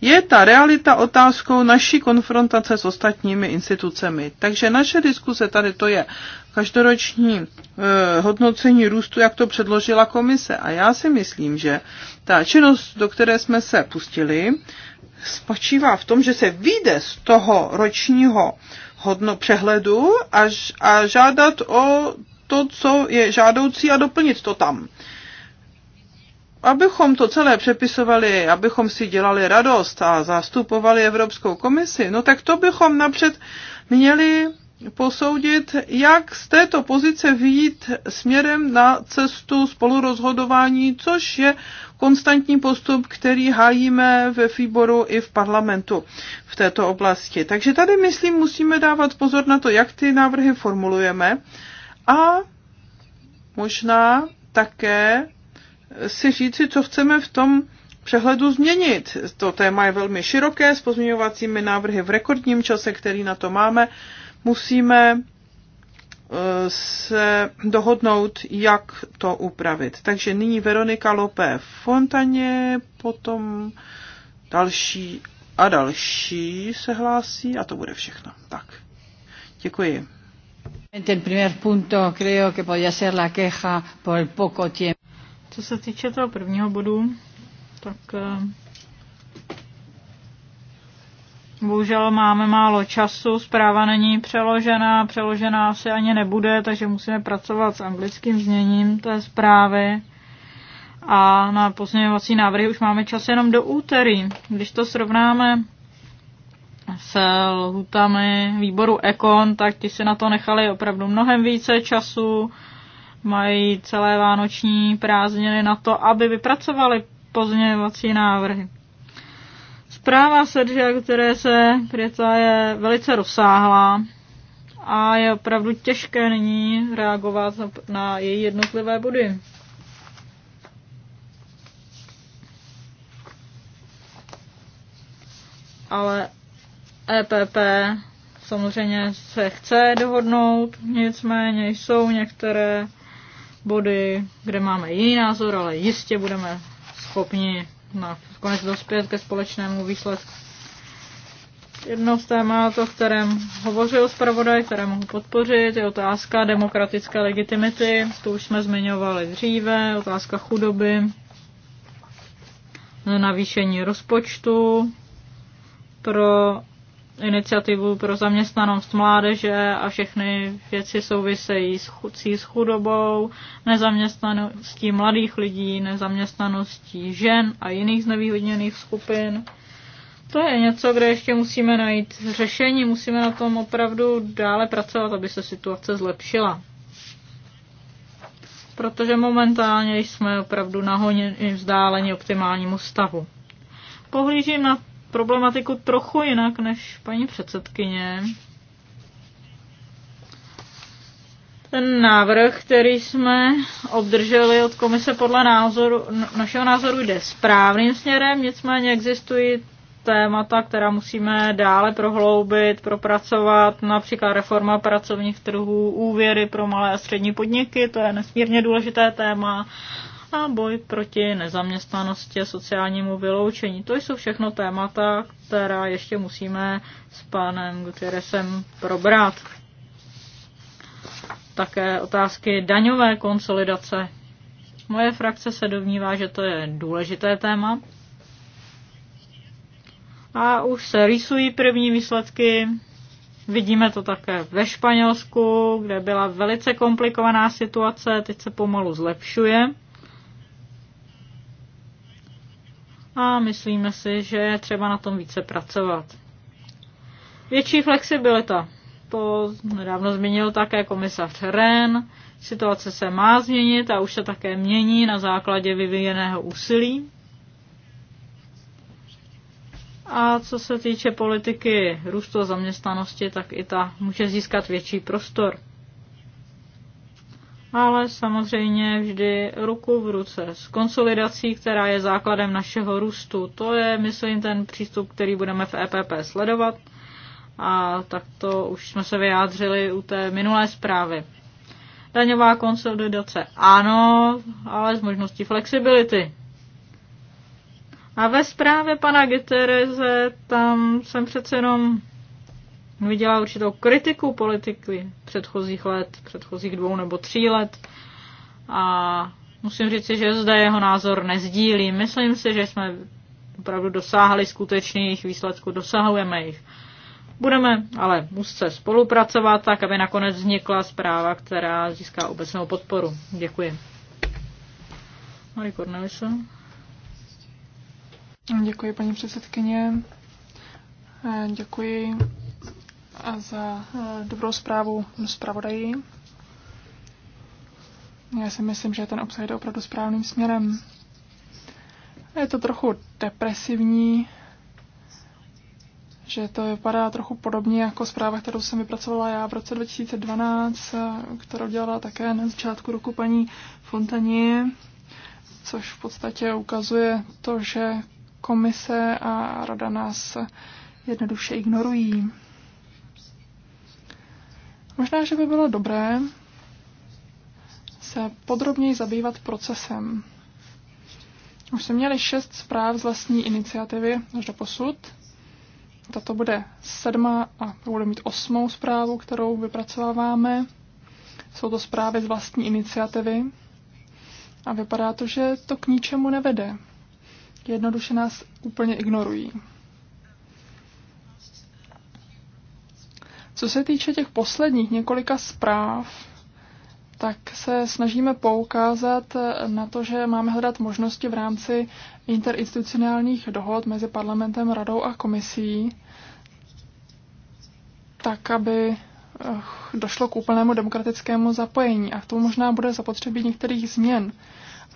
je ta realita otázkou naší konfrontace s ostatními institucemi. Takže naše diskuse tady to je každoroční Eh, hodnocení růstu, jak to předložila komise. A já si myslím, že ta činnost, do které jsme se pustili, spočívá v tom, že se vyjde z toho ročního hodno přehledu a, a žádat o to, co je žádoucí a doplnit to tam. Abychom to celé přepisovali, abychom si dělali radost a zastupovali Evropskou komisi, no tak to bychom napřed měli posoudit, jak z této pozice vyjít směrem na cestu spolurozhodování, což je konstantní postup, který hájíme ve výboru i v parlamentu v této oblasti. Takže tady, myslím, musíme dávat pozor na to, jak ty návrhy formulujeme a možná také si říci, co chceme v tom přehledu změnit. To téma je velmi široké, s pozměňovacími návrhy v rekordním čase, který na to máme musíme eh, se dohodnout, jak to upravit. Takže nyní Veronika Lopé Fontaně, potom další a další se hlásí a to bude všechno. Tak, děkuji. El primer punto creo que ser la queja por el poco tiempo. Co se týče toho prvního bodu, tak eh, Bohužel máme málo času, zpráva není přeložená, přeložená asi ani nebude, takže musíme pracovat s anglickým zněním té zprávy. A na pozměňovací návrhy už máme čas jenom do úterý. Když to srovnáme s lhutami výboru Ekon, tak ti si na to nechali opravdu mnohem více času. Mají celé vánoční prázdniny na to, aby vypracovali pozměňovací návrhy. Zpráva které Guterese Prieta je velice rozsáhlá a je opravdu těžké nyní reagovat na její jednotlivé body. Ale EPP samozřejmě se chce dohodnout, nicméně jsou některé body, kde máme jiný názor, ale jistě budeme schopni No, konec dospět ke společnému výsledku. Jedno z témat, o kterém hovořil zpravodaj, které mohu podpořit, je otázka demokratické legitimity. To už jsme zmiňovali dříve, otázka chudoby, navýšení rozpočtu pro iniciativu pro zaměstnanost mládeže a všechny věci souvisejí s chudobou, nezaměstnaností mladých lidí, nezaměstnaností žen a jiných znevýhodněných skupin. To je něco, kde ještě musíme najít řešení, musíme na tom opravdu dále pracovat, aby se situace zlepšila. Protože momentálně jsme opravdu nahoně vzdáleni optimálnímu stavu. Pohlížím na problematiku trochu jinak než paní předsedkyně. Ten návrh, který jsme obdrželi od komise podle názoru, našeho názoru jde správným směrem, nicméně existují témata, která musíme dále prohloubit, propracovat, například reforma pracovních trhů, úvěry pro malé a střední podniky, to je nesmírně důležité téma, a boj proti nezaměstnanosti a sociálnímu vyloučení. To jsou všechno témata, která ještě musíme s panem Gutierrezem probrat. Také otázky daňové konsolidace. Moje frakce se domnívá, že to je důležité téma. A už se rýsují první výsledky. Vidíme to také ve Španělsku, kde byla velice komplikovaná situace, teď se pomalu zlepšuje. a myslíme si, že je třeba na tom více pracovat. Větší flexibilita. To nedávno zmínil také komisař Ren. Situace se má změnit a už se také mění na základě vyvíjeného úsilí. A co se týče politiky růstu a zaměstnanosti, tak i ta může získat větší prostor ale samozřejmě vždy ruku v ruce s konsolidací, která je základem našeho růstu. To je, myslím, ten přístup, který budeme v EPP sledovat a tak to už jsme se vyjádřili u té minulé zprávy. Daňová konsolidace ano, ale s možností flexibility. A ve zprávě pana Gitereze tam jsem přece jenom viděla určitou kritiku politiky předchozích let, předchozích dvou nebo tří let. A musím říct, že zde jeho názor nezdílím. Myslím si, že jsme opravdu dosáhli skutečných výsledků, dosahujeme jich. Budeme ale úzce spolupracovat tak, aby nakonec vznikla zpráva, která získá obecnou podporu. Děkuji. Marie Cornelison. Děkuji, paní předsedkyně. Eh, děkuji a za eh, dobrou zprávu zpravodají. Já si myslím, že ten obsah jde opravdu správným směrem. Je to trochu depresivní, že to vypadá trochu podobně jako zpráva, kterou jsem vypracovala já v roce 2012, kterou dělala také na začátku roku paní Fontanie, což v podstatě ukazuje to, že komise a rada nás jednoduše ignorují. Možná, že by bylo dobré se podrobněji zabývat procesem. Už jsme měli šest zpráv z vlastní iniciativy až do posud. Tato bude sedma a bude mít osmou zprávu, kterou vypracováváme. Jsou to zprávy z vlastní iniciativy a vypadá to, že to k ničemu nevede. Jednoduše nás úplně ignorují. Co se týče těch posledních několika zpráv, tak se snažíme poukázat na to, že máme hledat možnosti v rámci interinstitucionálních dohod mezi parlamentem, radou a komisí, tak aby eh, došlo k úplnému demokratickému zapojení. A k tomu možná bude zapotřebí některých změn.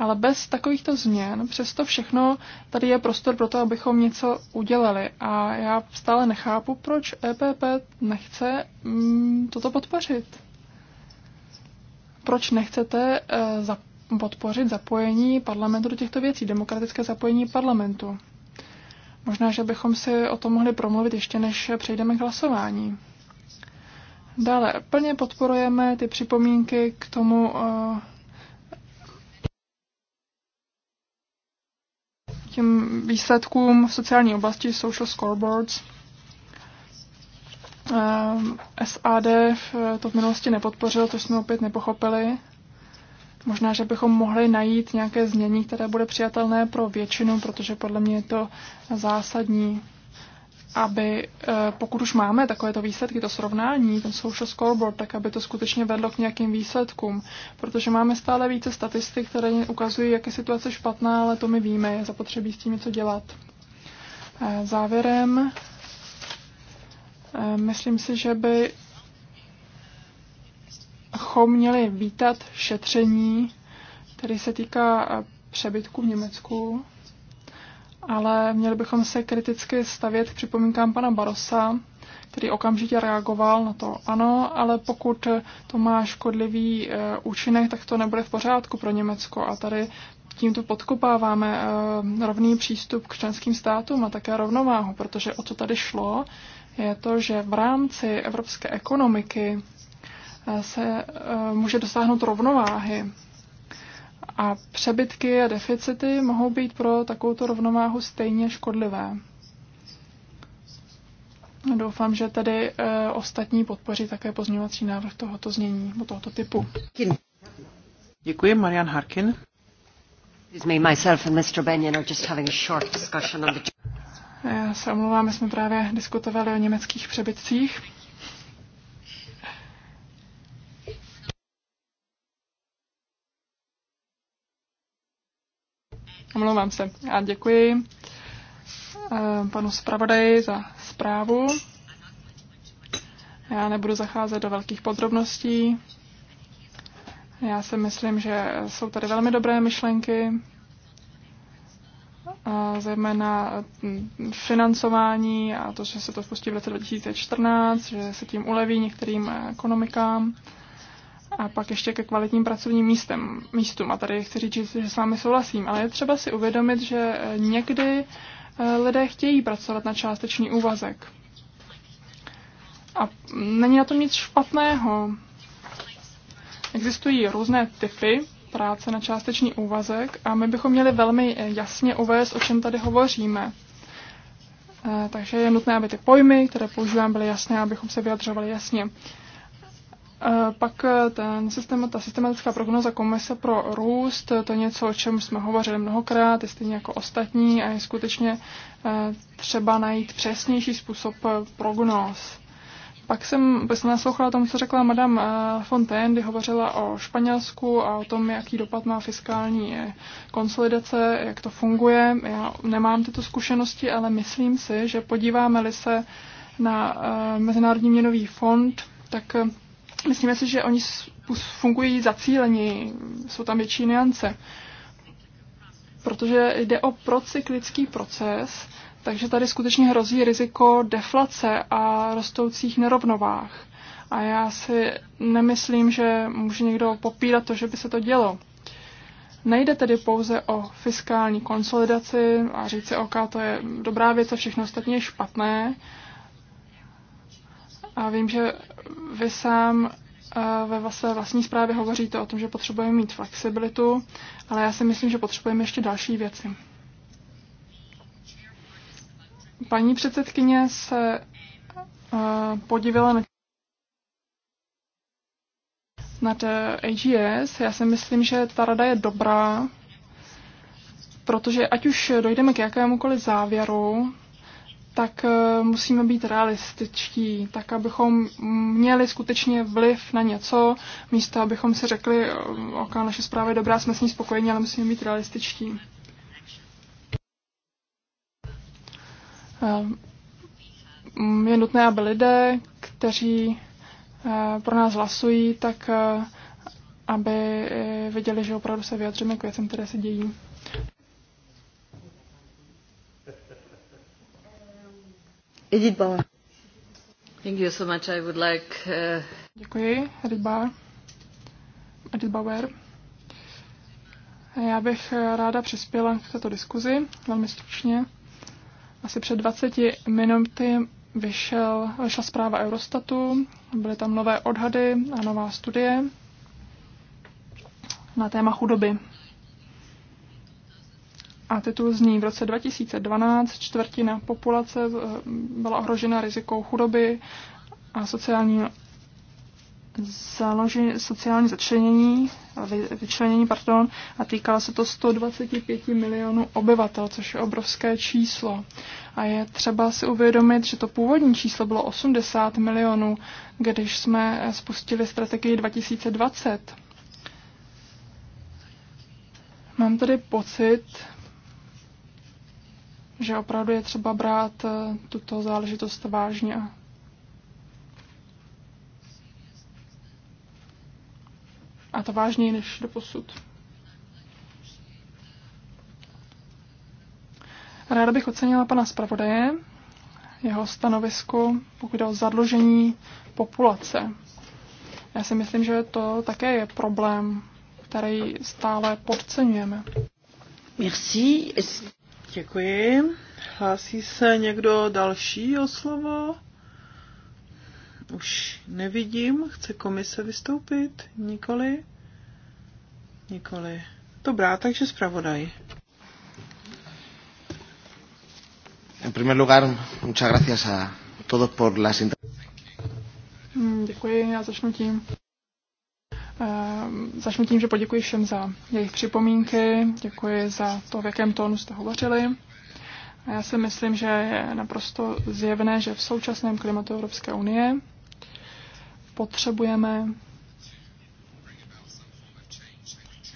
Ale bez takovýchto změn přesto všechno tady je prostor pro to, abychom něco udělali. A já stále nechápu, proč EPP nechce mm, toto podpořit. Proč nechcete e, za, podpořit zapojení parlamentu do těchto věcí, demokratické zapojení parlamentu? Možná, že bychom si o tom mohli promluvit ještě, než přejdeme k hlasování. Dále plně podporujeme ty připomínky k tomu, e, těm výsledkům v sociální oblasti social scoreboards. Eh, SAD eh, to v minulosti nepodpořil, to jsme opět nepochopili. Možná, že bychom mohli najít nějaké změní, které bude přijatelné pro většinu, protože podle mě je to zásadní aby eh, pokud už máme takovéto výsledky, to srovnání, ten social scoreboard, tak aby to skutečně vedlo k nějakým výsledkům. Protože máme stále více statistik, které ukazují, jak je situace špatná, ale to my víme, je zapotřebí s tím něco dělat. Eh, závěrem, eh, myslím si, že by chom měli vítat šetření, které se týká přebytku v Německu ale měli bychom se kriticky stavět k připomínkám pana Barosa, který okamžitě reagoval na to ano, ale pokud to má škodlivý e, účinek, tak to nebude v pořádku pro Německo. A tady tímto podkopáváme e, rovný přístup k členským státům a také rovnováhu, protože o co tady šlo, je to, že v rámci evropské ekonomiky eh, se e, může dosáhnout rovnováhy a přebytky a deficity mohou být pro takovouto rovnováhu stejně škodlivé. Doufám, že tedy e, ostatní podpoří také pozměňovací návrh tohoto znění, tohoto typu. Děkuji, Marian Harkin. Já se omlouvám, my jsme právě diskutovali o německých přebytcích. Omlouvám se. Já děkuji eh, panu zpravodaji za zprávu. Já nebudu zacházet do velkých podrobností. Já si myslím, že jsou tady velmi dobré myšlenky, zejména hm, financování a to, že se to spustí v roce 2014, že se tím uleví některým ekonomikám a pak ještě ke kvalitním pracovním místem, místům. A tady chci říct, že s vámi souhlasím, ale je třeba si uvědomit, že eh, někdy eh, lidé chtějí pracovat na částečný úvazek. A není na tom nic špatného. Existují různé typy práce na částečný úvazek a my bychom měli velmi eh, jasně uvést, o čem tady hovoříme. Takže je nutné, aby ty pojmy, které používám, byly jasné, abychom se vyjadřovali jasně. Eh, pak eh, ten systém, ta systematická prognoza komise pro růst, eh, to je něco, o čem jsme hovořili mnohokrát, je stejně jako ostatní a je skutečně třeba najít přesnější způsob prognóz. Pak jsem naslouchala tomu, co řekla Madame Fontaine, kdy hovořila o Španělsku a o tom, jaký dopad má fiskální konsolidace, jak to funguje. Já nemám tyto zkušenosti, ale myslím si, že podíváme-li se na Mezinárodní měnový fond, tak Myslíme si, že oni fungují zacílení, jsou tam větší niance. Protože jde o procyklický proces, takže tady skutečně hrozí riziko deflace a rostoucích nerovnovách. A já si nemyslím, že může někdo popírat to, že by se to dělo. Nejde tedy pouze o fiskální konsolidaci a říct si, OK, to je dobrá věc a všechno ostatně je špatné, a vím, že vy sám eh, ve své vlastní zprávě hovoříte o tom, že potřebujeme mít flexibilitu, ale já si myslím, že potřebujeme ještě další věci. Paní předsedkyně se eh, podívala na nad eh, AGS. Já si myslím, že ta rada je dobrá, protože ať už dojdeme k jakémukoliv závěru, tak eh, musíme být realističtí, tak abychom měli skutečně vliv na něco, místo abychom si řekli, eh, ok, naše zpráva je dobrá, jsme s ní spokojeni, ale musíme být realističtí. Eh, je nutné, aby lidé, kteří pro nás hlasují, tak aby viděli, že opravdu se vyjadřujeme k věcem, které se dějí. Uh, Děkuji, Edith Edith Bauer. Já bych ráda přispěla k této diskuzi, velmi stručně. Asi před 20 minuty vyšel, vyšla zpráva Eurostatu, byly tam nové odhady a nová studie na téma chudoby a titul zní v roce 2012 čtvrtina populace eh, byla ohrožena rizikou chudoby a sociální založení sociální začlenění, vy, vyčlenění, pardon, a týkala se to 125 milionů obyvatel, což je obrovské číslo. A je třeba si uvědomit, že to původní číslo bylo 80 milionů, když jsme eh, spustili strategii 2020. Mám tady pocit, že opravdu je třeba brát eh, tuto záležitost vážně. A to vážněji než do posud. Ráda bych ocenila pana zpravodaje, jeho stanovisku, pokud jde o zadlužení populace. Já si myslím, že to také je problém, který stále podceňujeme. Merci. Děkuji. Hlásí se někdo další o slovo? Už nevidím. Chce komise vystoupit? Nikoli? Nikoli. Dobrá, takže zpravodaj. En primer lugar, muchas gracias a todos por las Děkuji, já začnu tím. Eh, začnu tím, že poděkuji všem za jejich připomínky, děkuji za to, v jakém tónu jste hovořili. A já si myslím, že je naprosto zjevné, že v současném klimatu Evropské unie potřebujeme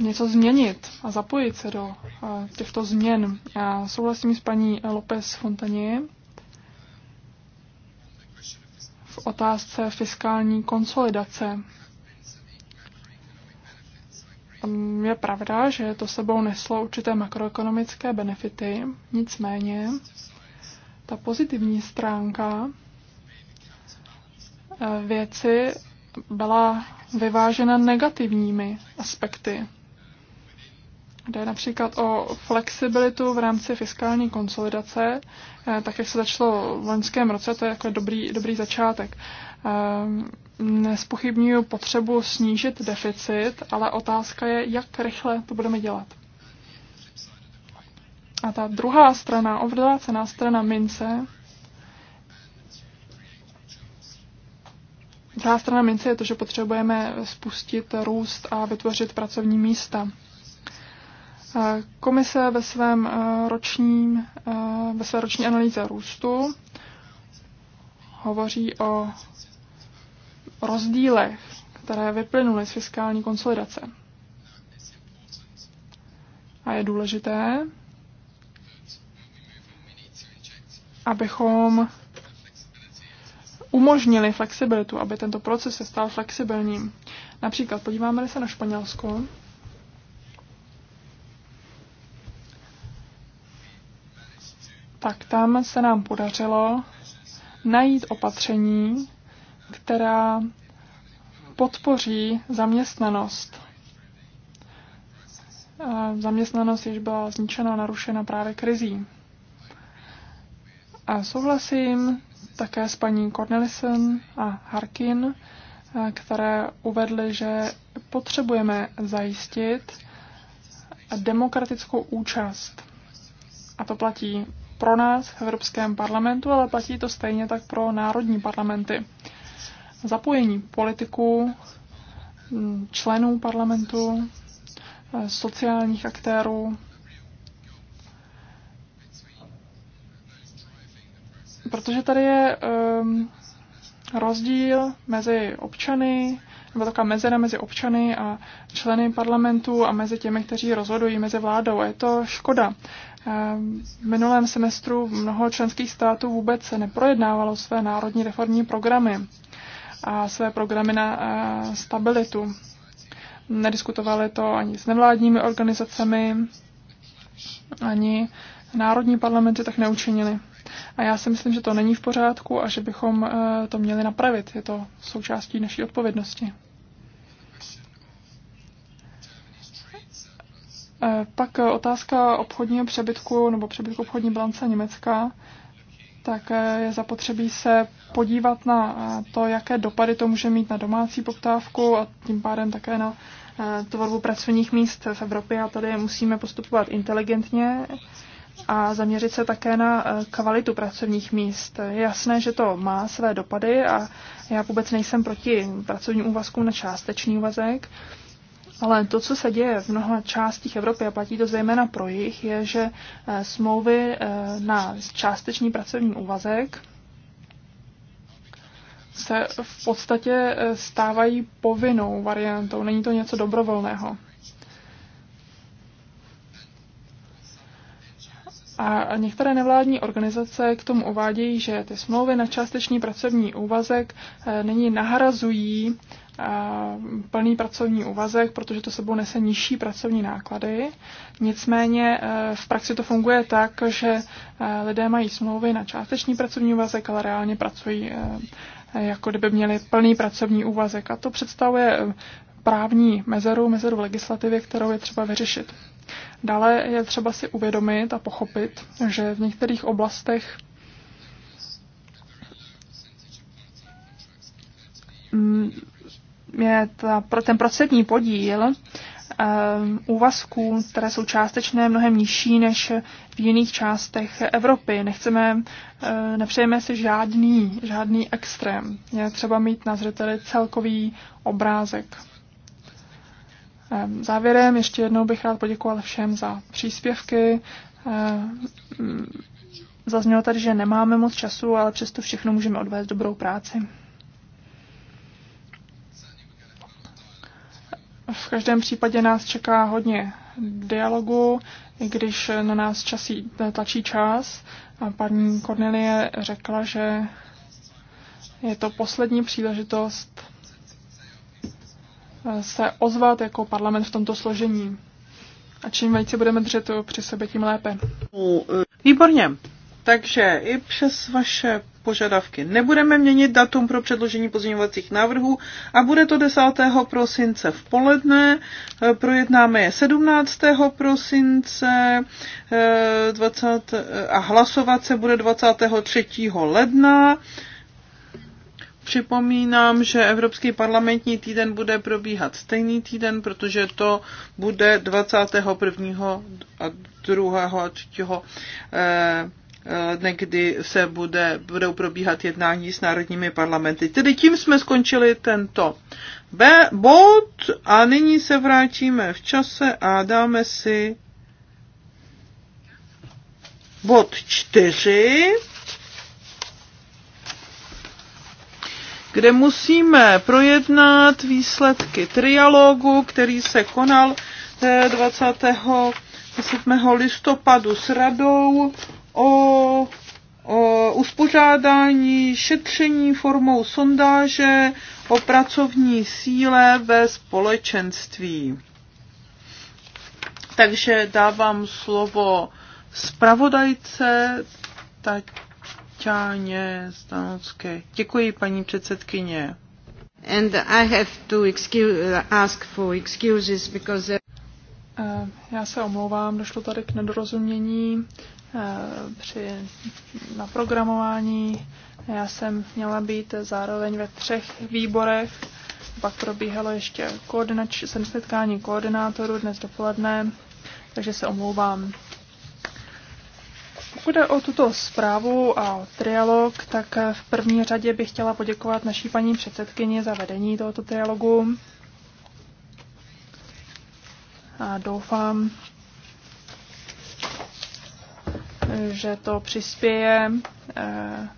něco změnit a zapojit se do eh, těchto změn. Já souhlasím s paní López Fontaní v otázce fiskální konsolidace je pravda, že to sebou neslo určité makroekonomické benefity, nicméně ta pozitivní stránka eh, věci byla vyvážena negativními aspekty. Jde například o flexibilitu v rámci fiskální konsolidace, eh, tak jak se začalo v loňském roce, to je jako dobrý, dobrý začátek. Ehm, nespochybnuju potřebu snížit deficit, ale otázka je, jak rychle to budeme dělat. A ta druhá strana, obrácená strana mince, druhá strana mince je to, že potřebujeme spustit růst a vytvořit pracovní místa. Komise ve, svém e, ročním, e, ve své roční analýze růstu hovoří o rozdílech, které vyplynuly z fiskální konsolidace. A je důležité, abychom umožnili flexibilitu, aby tento proces se stal flexibilním. Například podíváme se na Španělsko. Tak tam se nám podařilo najít opatření, která podpoří zaměstnanost. Zaměstnanost již byla zničena, narušena právě krizí. A souhlasím také s paní Cornelison a Harkin, které uvedly, že potřebujeme zajistit demokratickou účast. A to platí pro nás v Evropském parlamentu, ale platí to stejně tak pro národní parlamenty zapojení politiků, členů parlamentu, sociálních aktérů, protože tady je um, rozdíl mezi občany, nebo taková mezera mezi občany a členy parlamentu a mezi těmi, kteří rozhodují mezi vládou. A je to škoda. Ehm, v minulém semestru mnoho členských států vůbec se neprojednávalo své národní reformní programy a své programy na stabilitu. Nediskutovali to ani s nevládními organizacemi, ani národní parlamenty tak neučinili. A já si myslím, že to není v pořádku a že bychom e, to měli napravit. Je to součástí naší odpovědnosti. E, pak otázka obchodního přebytku nebo přebytku obchodní bilance Německa tak eh, je zapotřebí se podívat na eh, to, jaké dopady to může mít na domácí poptávku a tím pádem také na eh, tvorbu pracovních míst v Evropě a tady musíme postupovat inteligentně a zaměřit se také na kvalitu pracovních míst. Je jasné, že to má své dopady a já vůbec nejsem proti pracovním úvazkům na částečný úvazek, ale to, co se děje v mnoha částích Evropy, a platí to zejména pro jich, je, že eh, smlouvy eh, na částečný pracovní úvazek se v podstatě eh, stávají povinnou variantou. Není to něco dobrovolného. A některé nevládní organizace k tomu uvádějí, že ty smlouvy na částečný pracovní úvazek nyní nahrazují plný pracovní úvazek, protože to sebou nese nižší pracovní náklady. Nicméně e, v praxi to funguje tak, že e, lidé mají smlouvy na částečný pracovní úvazek, ale reálně pracují e, jako kdyby měli plný pracovní úvazek. A to představuje právní mezeru, mezeru v legislativě, kterou je třeba vyřešit. Dále je třeba si uvědomit a pochopit, že v některých oblastech je ta, pro ten procentní podíl eh, úvazků, které jsou částečné mnohem nižší než v jiných částech Evropy. Nechceme, eh, nepřejeme si žádný, žádný extrém. Je třeba mít na zřeteli celkový obrázek. Eh, závěrem ještě jednou bych rád poděkoval všem za příspěvky. Zaznělo tady, že nemáme moc času, ale přesto všechno můžeme odvést dobrou práci. V každém případě nás čeká hodně dialogu, i když na nás časí, tlačí čas. A paní Cornelie řekla, že je to poslední příležitost eh, se ozvat jako parlament v tomto složení. A čím více budeme držet při sobě, tím lépe. Výborně. Takže i přes vaše požadavky nebudeme měnit datum pro předložení pozměňovacích návrhů a bude to 10. prosince v poledne. Eh, projednáme je 17. prosince 20, eh, eh, a hlasovat se bude 23. ledna. Připomínám, že Evropský parlamentní týden bude probíhat stejný týden, protože to bude 21. a 2. a 3. Eh, někdy se bude, budou probíhat jednání s národními parlamenty. Tedy tím jsme skončili tento B bod a nyní se vrátíme v čase a dáme si bod čtyři, kde musíme projednat výsledky trialogu, který se konal 20. Eh, 7. listopadu s radou o, o uspořádání šetření formou sondáže o pracovní síle ve společenství. Takže dávám slovo zpravodajce Taťáně Stanocké. Děkuji, paní předsedkyně. And I have to excuse, ask for excuses because... Uh, eh, já se omlouvám, došlo tady k nedorozumění. Eh, při naprogramování. Já jsem měla být zároveň ve třech výborech, pak probíhalo ještě koordinač, jsem setkání koordinátorů dnes dopoledne, takže se omlouvám. Pokud jde o tuto zprávu a o trialog, tak v první řadě bych chtěla poděkovat naší paní předsedkyni za vedení tohoto trialogu. A doufám, že to přispěje eh,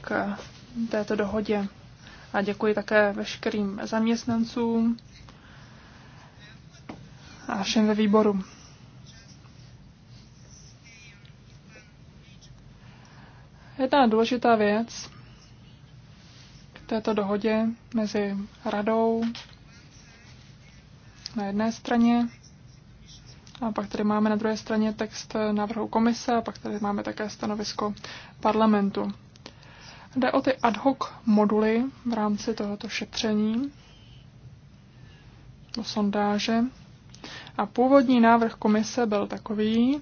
k této dohodě. A děkuji také veškerým zaměstnancům a všem ve výboru. Jedna důležitá věc k této dohodě mezi radou na jedné straně a pak tady máme na druhé straně text návrhu komise a pak tady máme také stanovisko parlamentu. Jde o ty ad hoc moduly v rámci tohoto šetření, do sondáže. A původní návrh komise byl takový,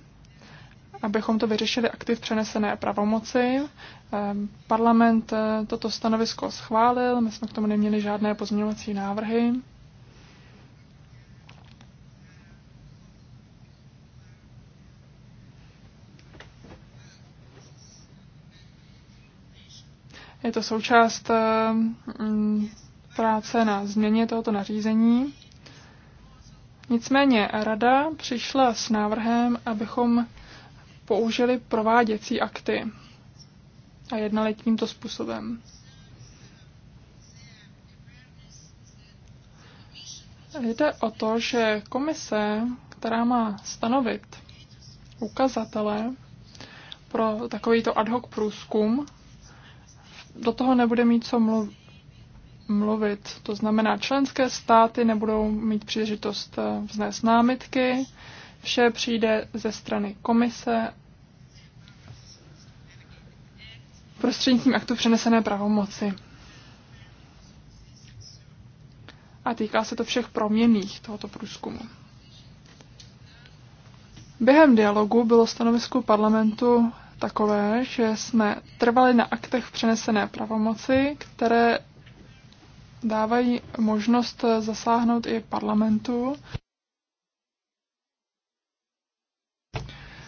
abychom to vyřešili aktiv přenesené pravomoci. Ehm, parlament eh, toto stanovisko schválil, my jsme k tomu neměli žádné pozměňovací návrhy. Je to součást ehm, mm, práce na změně tohoto nařízení. Nicméně Rada přišla s návrhem, abychom použili prováděcí akty a jednali tímto způsobem. Jde o to, že komise, která má stanovit ukazatele pro takovýto ad hoc průzkum, do toho nebude mít co mluvit. To znamená, členské státy nebudou mít příležitost eh, vznést námitky, vše přijde ze strany komise prostřednictvím aktu přenesené pravomoci. A týká se to všech proměných tohoto průzkumu. Během dialogu bylo stanovisko parlamentu takové, že jsme trvali na aktech přenesené pravomoci, které dávají možnost zasáhnout i parlamentu.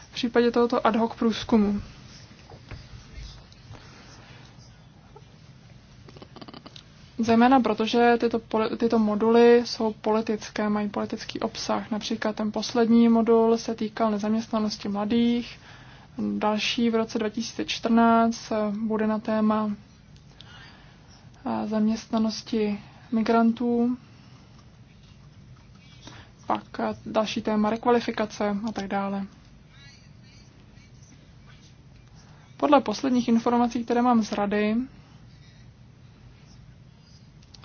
V případě tohoto ad hoc průzkumu. Zejména protože tyto, tyto moduly jsou politické, mají politický obsah. Například ten poslední modul se týkal nezaměstnanosti mladých, Další v roce 2014 eh, bude na téma eh, zaměstnanosti migrantů, pak eh, další téma rekvalifikace a tak dále. Podle posledních informací, které mám z rady,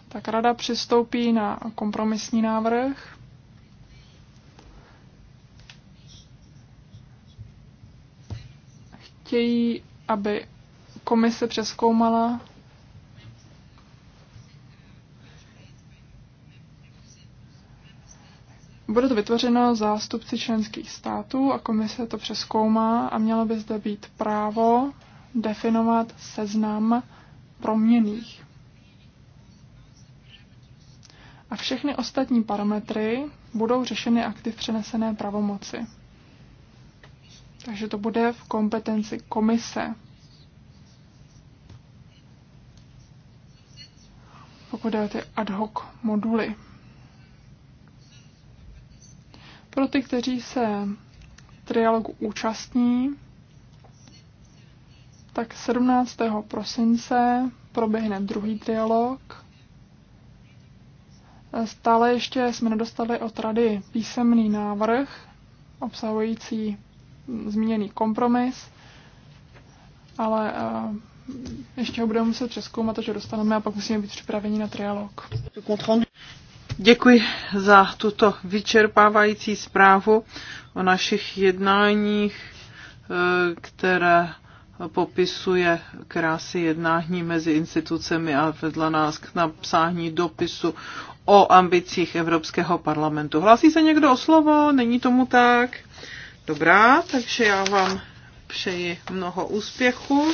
tak rada přistoupí na kompromisní návrh Chtějí, aby komise přeskoumala Bude to vytvořeno zástupci členských států a komise to přeskoumá a mělo by zde být právo definovat seznam proměných. A všechny ostatní parametry budou řešeny aktiv přenesené pravomoci. Takže to bude v kompetenci komise. Pokud je ty ad hoc moduly. Pro ty, kteří se trialogu účastní, tak 17. prosince proběhne druhý trialog. Stále ještě jsme nedostali od rady písemný návrh obsahující zmíněný kompromis, ale eh, ještě ho budeme muset přeskoumat, že dostaneme a pak musíme být připraveni na trialog. Děkuji za tuto vyčerpávající zprávu o našich jednáních, eh, které popisuje krásy jednání mezi institucemi a vedla nás k napsání dopisu o ambicích Evropského parlamentu. Hlásí se někdo o slovo? Není tomu tak? Dobrá, takže já vám přeji mnoho úspěchu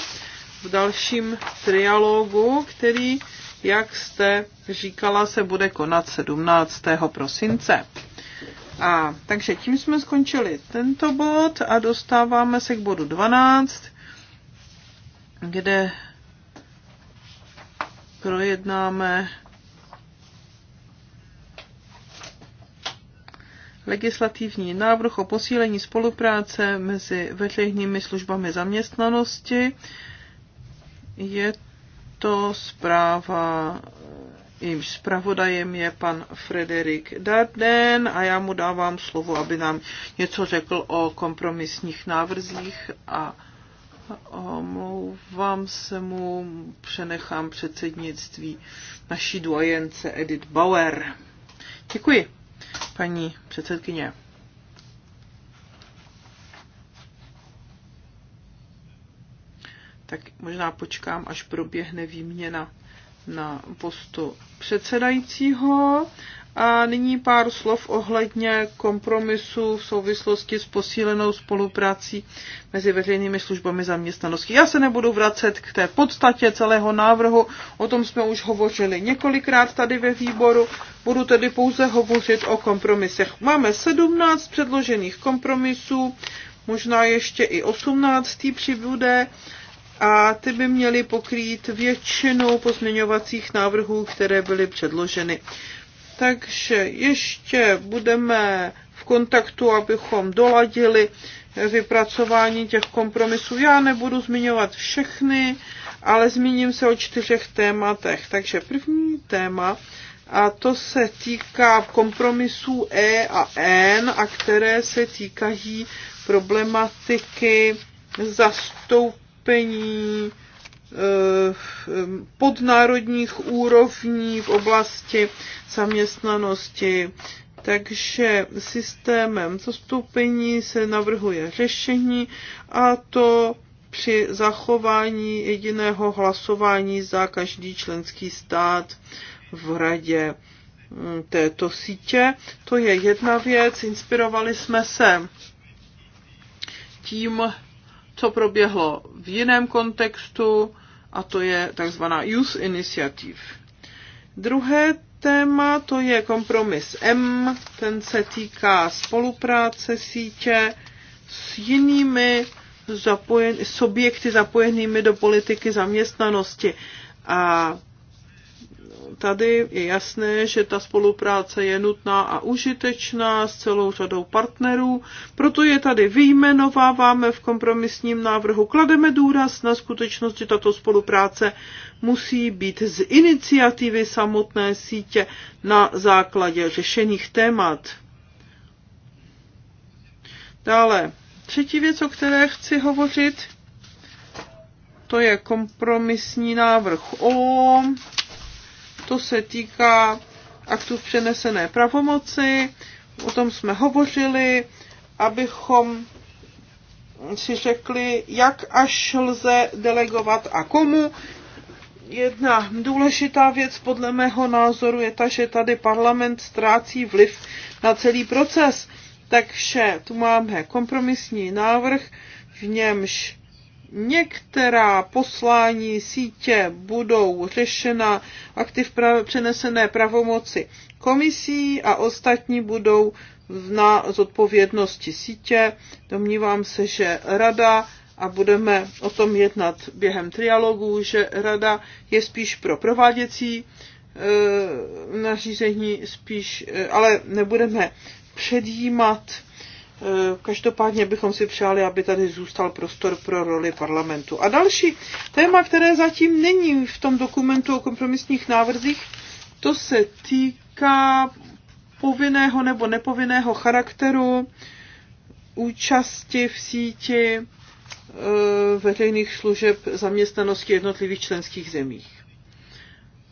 v dalším trialogu, který, jak jste říkala, se bude konat 17. prosince. A takže tím jsme skončili tento bod a dostáváme se k bodu 12, kde projednáme legislativní návrh o posílení spolupráce mezi veřejnými službami zaměstnanosti. Je to zpráva, jimž zpravodajem je pan Frederik Darden a já mu dávám slovo, aby nám něco řekl o kompromisních návrzích a omlouvám se mu, přenechám předsednictví naší dvojence Edith Bauer. Děkuji paní předsedkyně. Tak možná počkám, až proběhne výměna na postu předsedajícího a nyní pár slov ohledně kompromisu v souvislosti s posílenou spoluprací mezi veřejnými službami zaměstnanosti. Já se nebudu vracet k té podstatě celého návrhu, o tom jsme už hovořili několikrát tady ve výboru, budu tedy pouze hovořit o kompromisech. Máme 17 předložených kompromisů, možná ještě i 18. přibude a ty by měly pokrýt většinu pozměňovacích návrhů, které byly předloženy. Takže ještě budeme v kontaktu, abychom doladili vypracování těch kompromisů. Já nebudu zmiňovat všechny, ale zmíním se o čtyřech tématech. Takže první téma, a to se týká kompromisů E a N, a které se týkají problematiky zastoupení Eh, podnárodních úrovní v oblasti zaměstnanosti. Takže systémem zastoupení se navrhuje řešení a to při zachování jediného hlasování za každý členský stát v radě mm, této sítě. To je jedna věc. Inspirovali jsme se tím, co proběhlo v jiném kontextu, a to je takzvaná Youth Initiative. Druhé téma to je kompromis M, ten se týká spolupráce sítě s jinými zapojen, subjekty zapojenými do politiky zaměstnanosti. A tady je jasné, že ta spolupráce je nutná a užitečná s celou řadou partnerů, proto je tady vyjmenováváme v kompromisním návrhu, klademe důraz na skutečnost, že tato spolupráce musí být z iniciativy samotné sítě na základě řešených témat. Dále, třetí věc, o které chci hovořit, to je kompromisní návrh O, to se týká aktů přenesené pravomoci, o tom jsme hovořili, abychom si řekli, jak až lze delegovat a komu. Jedna důležitá věc podle mého názoru je ta, že tady parlament ztrácí vliv na celý proces. Takže tu máme kompromisní návrh, v němž Některá poslání sítě budou řešena aktiv pra- přenesené pravomoci komisí a ostatní budou na zodpovědnosti sítě. Domnívám se, že rada a budeme o tom jednat během trialogu, že rada je spíš pro prováděcí e, nařízení, spíš, e, ale nebudeme předjímat Eh, každopádně bychom si přáli, aby tady zůstal prostor pro roli parlamentu. A další téma, které zatím není v tom dokumentu o kompromisních návrzích, to se týká povinného nebo nepovinného charakteru účasti v síti eh, veřejných služeb zaměstnanosti jednotlivých členských zemích.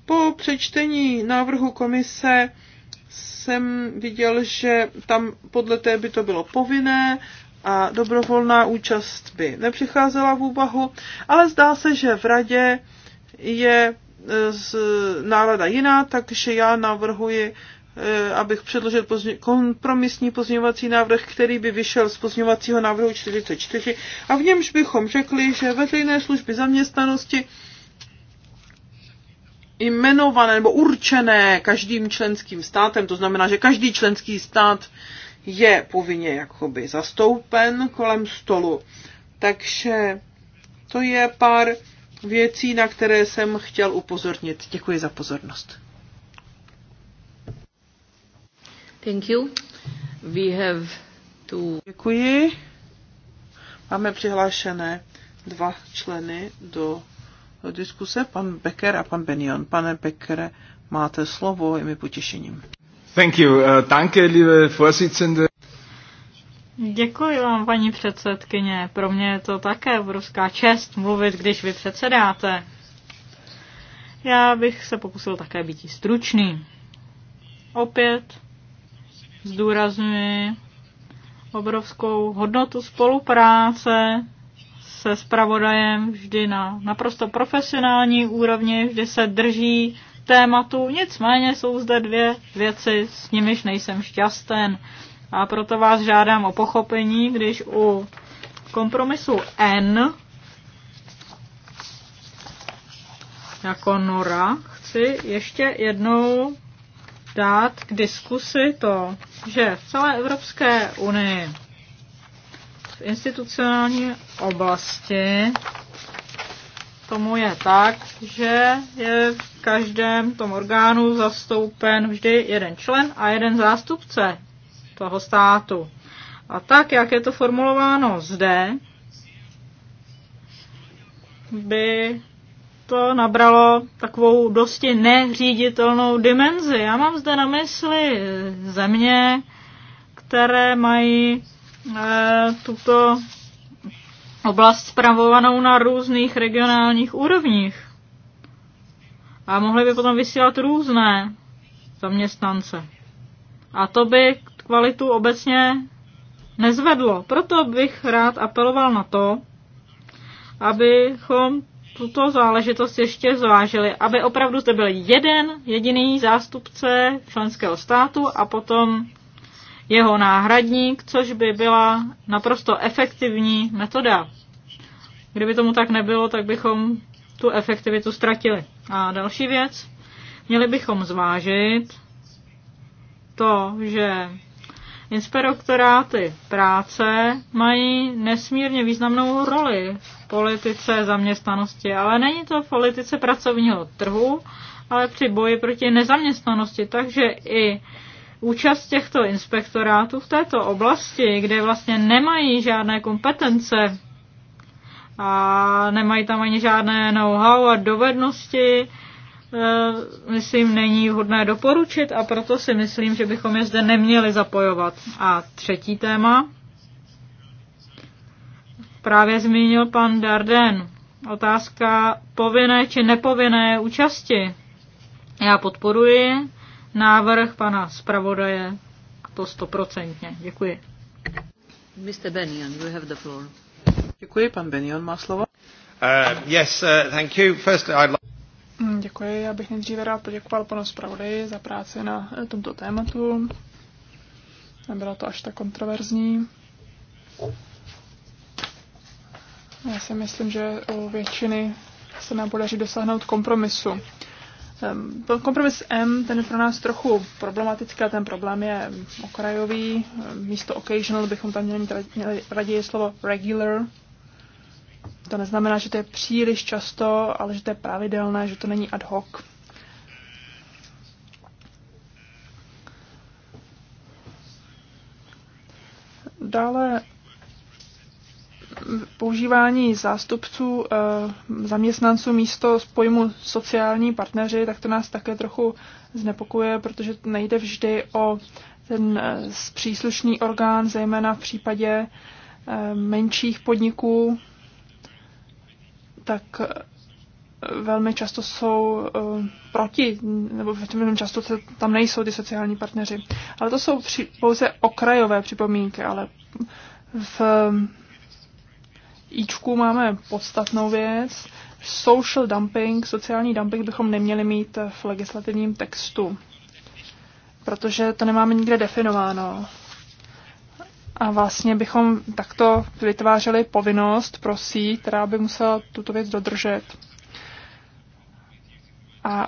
Po přečtení návrhu komise jsem viděl, že tam podle té by to bylo povinné a dobrovolná účast by nepřicházela v úvahu, ale zdá se, že v radě je e, z nálada jiná, takže já navrhuji, e, abych předložil pozně, kompromisní pozměňovací návrh, který by vyšel z pozměňovacího návrhu 44 a v němž bychom řekli, že veřejné služby zaměstnanosti jmenované nebo určené každým členským státem, to znamená, že každý členský stát je povinně jakoby zastoupen kolem stolu. Takže to je pár věcí, na které jsem chtěl upozornit. Děkuji za pozornost. Thank you. We have two... Děkuji. Máme přihlášené dva členy do diskuse pan Becker a pan Benion. Pane Becker máte slovo, je mi potěšením. Thank you. Uh, danke, liebe Vorsitzende. Děkuji vám, paní předsedkyně. Pro mě je to také obrovská čest mluvit, když vy předsedáte. Já bych se pokusil také být stručný. Opět zdůraznuji obrovskou hodnotu spolupráce se spravodajem vždy na naprosto profesionální úrovni, vždy se drží tématu, nicméně jsou zde dvě věci, s nimiž nejsem šťasten. A proto vás žádám o pochopení, když u kompromisu N jako Nora chci ještě jednou dát k diskusi to, že v celé Evropské unii v institucionální oblasti tomu je tak, že je v každém tom orgánu zastoupen vždy jeden člen a jeden zástupce toho státu. A tak, jak je to formulováno zde, by to nabralo takovou dosti neříditelnou dimenzi. Já mám zde na mysli země, které mají Eh, tuto oblast spravovanou na různých regionálních úrovních. A mohli by potom vysílat různé zaměstnance. A to by kvalitu obecně nezvedlo. Proto bych rád apeloval na to, abychom tuto záležitost ještě zvážili, aby opravdu zde byl jeden jediný zástupce členského státu a potom jeho náhradník, což by byla naprosto efektivní metoda. Kdyby tomu tak nebylo, tak bychom tu efektivitu ztratili. A další věc, měli bychom zvážit to, že inspektoráty práce mají nesmírně významnou roli v politice zaměstnanosti, ale není to v politice pracovního trhu, ale při boji proti nezaměstnanosti. Takže i účast těchto inspektorátů v této oblasti, kde vlastně nemají žádné kompetence a nemají tam ani žádné know-how a dovednosti, eh, myslím, není hodné doporučit a proto si myslím, že bychom je zde neměli zapojovat. A třetí téma právě zmínil pan Darden. Otázka povinné či nepovinné účasti. Já podporuji návrh pana zpravodaje, a to stoprocentně. Děkuji. Mr. Benion, you have the floor. Děkuji, pan Benion má slovo. Uh, yes, uh, thank you. First, I'd like... Mm, děkuji, já bych nejdříve rád poděkoval panu zpravodaji za práci na eh, tomto tématu. Nebylo to až tak kontroverzní. Já si myslím, že u většiny se nám podaří dosáhnout kompromisu. Kompromis M, ten je pro nás trochu problematický, ten problém je okrajový. Místo occasional bychom tam měli měli raději slovo regular. To neznamená, že to je příliš často, ale že to je pravidelné, že to není ad hoc. Dále používání zástupců eh, zaměstnanců místo spojmu sociální partneři, tak to nás také trochu znepokuje, protože nejde vždy o ten eh, příslušný orgán, zejména v případě eh, menších podniků, tak velmi často jsou proti, nebo velmi často tam nejsou ty sociální partneři. Ale to jsou při, pouze okrajové připomínky, ale v Ičku máme podstatnou věc. Social dumping, sociální dumping bychom neměli mít v legislativním textu, protože to nemáme nikde definováno. A vlastně bychom takto vytvářeli povinnost pro sí, která by musela tuto věc dodržet. A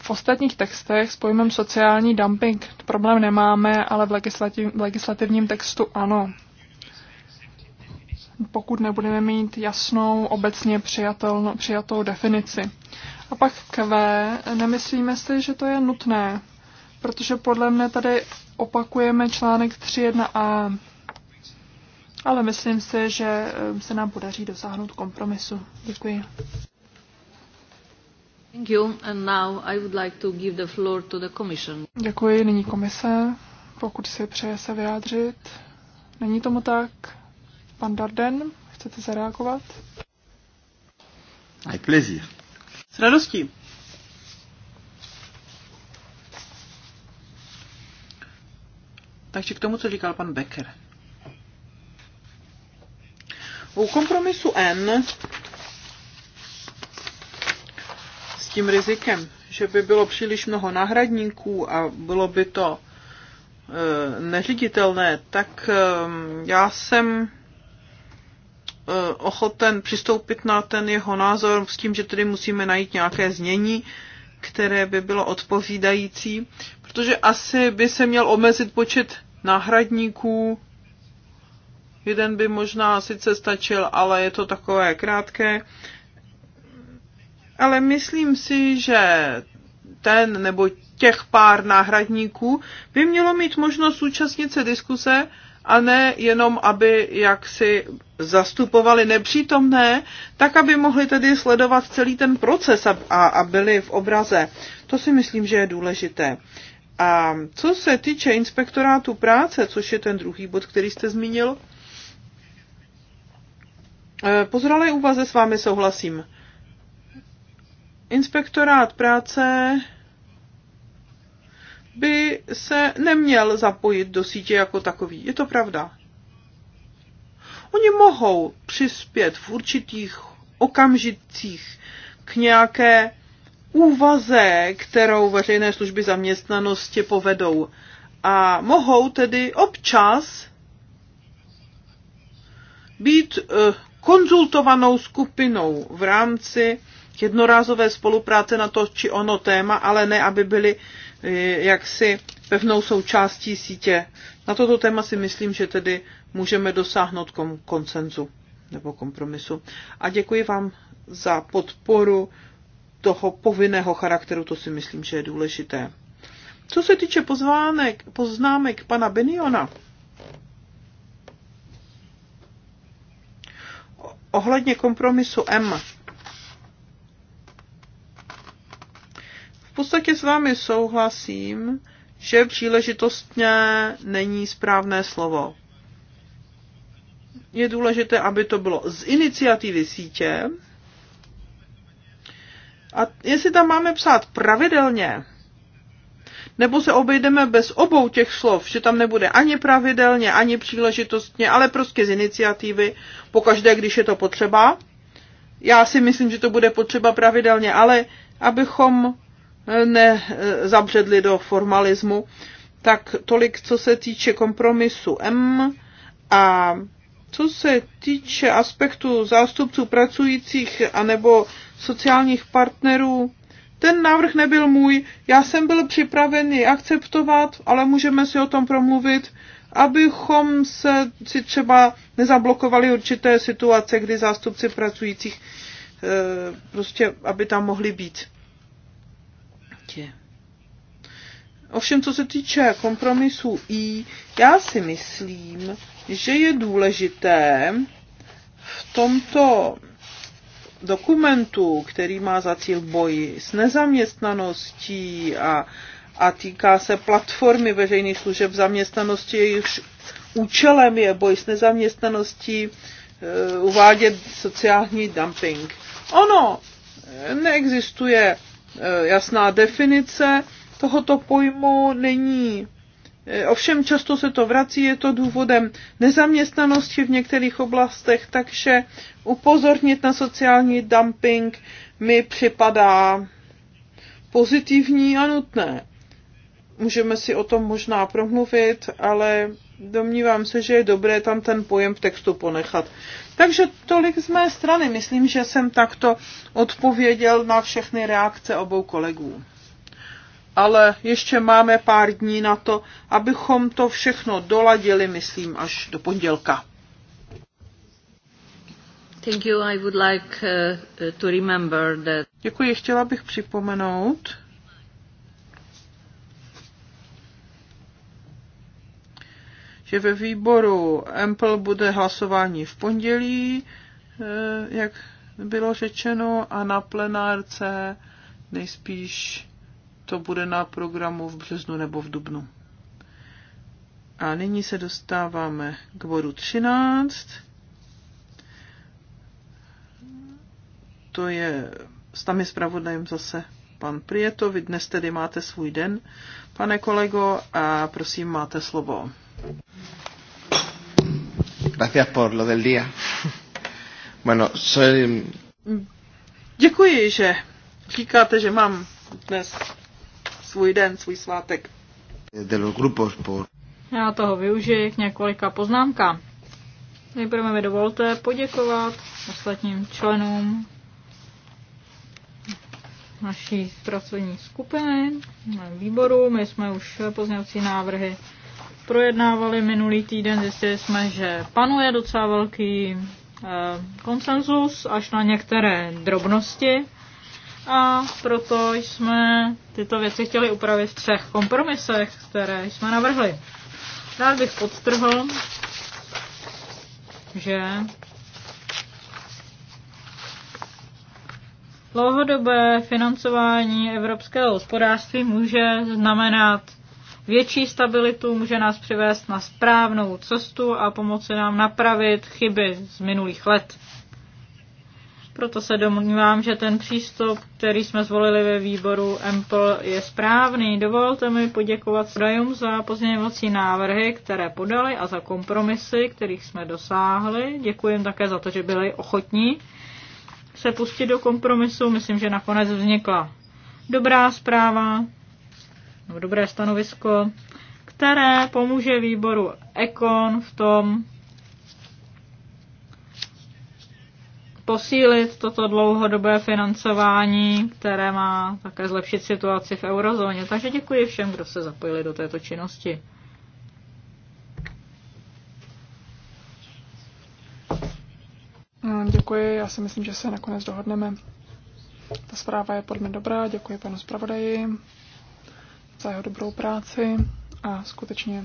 v ostatních textech s pojmem sociální dumping problém nemáme, ale v legislativ, legislativním textu ano pokud nebudeme mít jasnou, obecně přijatou definici. A pak Q, nemyslíme si, že to je nutné, protože podle mne tady opakujeme článek 3.1a, ale myslím si, že eh, se nám podaří dosáhnout kompromisu. Děkuji. Thank you. And now I would like to give the floor to the commission. Děkuji. Nyní komise, pokud si přeje se vyjádřit. Není tomu tak. Pan Darden, chcete zareagovat? Aj plezír. S radostí. Takže k tomu, co říkal pan Becker. U kompromisu N s tím rizikem, že by bylo příliš mnoho náhradníků a bylo by to e, eh, neřiditelné, tak e, já jsem Eh, ochoten přistoupit na ten jeho názor s tím, že tedy musíme najít nějaké znění, které by bylo odpovídající, protože asi by se měl omezit počet náhradníků. Jeden by možná sice stačil, ale je to takové krátké. Ale myslím si, že ten nebo těch pár náhradníků by mělo mít možnost účastnit se diskuse a ne jenom, aby jaksi zastupovali nepřítomné, tak aby mohli tedy sledovat celý ten proces a, a, a byli v obraze. To si myslím, že je důležité. A co se týče inspektorátu práce, což je ten druhý bod, který jste zmínil, eh, po úvaze s vámi souhlasím. Inspektorát práce by se neměl zapojit do sítě jako takový. Je to pravda. Oni mohou přispět v určitých okamžicích k nějaké úvaze, kterou veřejné služby zaměstnanosti povedou. A mohou tedy občas být eh, konzultovanou skupinou v rámci jednorázové spolupráce na to či ono téma, ale ne, aby byli Eh, jaksi pevnou součástí sítě. Na toto téma si myslím, že tedy můžeme dosáhnout kom- koncenzu nebo kompromisu. A děkuji vám za podporu toho povinného charakteru, to si myslím, že je důležité. Co se týče pozvánek, poznámek pana Beniona, ohledně kompromisu M, podstatě s vámi souhlasím, že příležitostně není správné slovo. Je důležité, aby to bylo z iniciativy sítě. A jestli tam máme psát pravidelně, nebo se obejdeme bez obou těch slov, že tam nebude ani pravidelně, ani příležitostně, ale prostě z iniciativy, pokaždé, když je to potřeba. Já si myslím, že to bude potřeba pravidelně, ale abychom nezabředli eh, do formalismu. Tak tolik, co se týče kompromisu M a co se týče aspektu zástupců pracujících anebo sociálních partnerů, ten návrh nebyl můj, já jsem byl připraven ji akceptovat, ale můžeme si o tom promluvit, abychom se si třeba nezablokovali určité situace, kdy zástupci pracujících eh, prostě, aby tam mohli být dítě. Ovšem, co se týče kompromisu I, já si myslím, že je důležité v tomto dokumentu, který má za cíl boj s nezaměstnaností a, a týká se platformy veřejných služeb zaměstnanosti, jejichž účelem je boj s nezaměstnaností, eh, uvádět sociální dumping. Ono neexistuje Eh, jasná definice tohoto pojmu není. Eh, ovšem často se to vrací, je to důvodem nezaměstnanosti v některých oblastech, takže upozornit na sociální dumping mi připadá pozitivní a nutné. Můžeme si o tom možná promluvit, ale domnívám se, že je dobré tam ten pojem v textu ponechat. Takže tolik z mé strany. Myslím, že jsem takto odpověděl na všechny reakce obou kolegů. Ale ještě máme pár dní na to, abychom to všechno doladili, myslím, až do pondělka. Uh, Děkuji, chtěla bych připomenout, že ve výboru Empl bude hlasování v pondělí, eh, jak bylo řečeno, a na plenárce nejspíš to bude na programu v březnu nebo v dubnu. A nyní se dostáváme k bodu 13. To je, tam je zpravodajem zase pan Prieto. Vy dnes tedy máte svůj den, pane kolego, a prosím, máte slovo. Gracias por lo del día. Bueno, soy... Děkuji, že říkáte, že mám dnes svůj den, svůj svátek. De los grupos por... Já toho využiji k několika poznámkám. Nejprve mi dovolte poděkovat ostatním členům naší pracovní skupiny, výboru. My jsme už pozněvací návrhy projednávali minulý týden, zjistili jsme, že panuje docela velký eh, konsenzus až na některé drobnosti a proto jsme tyto věci chtěli upravit v třech kompromisech, které jsme navrhli. Rád bych podtrhl, že dlouhodobé financování evropského hospodářství může znamenat Větší stabilitu může nás přivést na správnou cestu a pomoci nám napravit chyby z minulých let. Proto se domnívám, že ten přístup, který jsme zvolili ve výboru MPL, je správný. Dovolte mi poděkovat zdrojům za pozměňovací návrhy, které podali a za kompromisy, kterých jsme dosáhli. Děkuji jim také za to, že byli ochotní se pustit do kompromisu. Myslím, že nakonec vznikla dobrá zpráva, nebo dobré stanovisko, které pomůže výboru Ekon v tom posílit toto dlouhodobé financování, které má také zlepšit situaci v eurozóně. Takže děkuji všem, kdo se zapojili do této činnosti. Ehm, děkuji, já si myslím, že se nakonec dohodneme. Ta zpráva je podle mě dobrá, děkuji panu zpravodaji za jeho dobrou práci a skutečně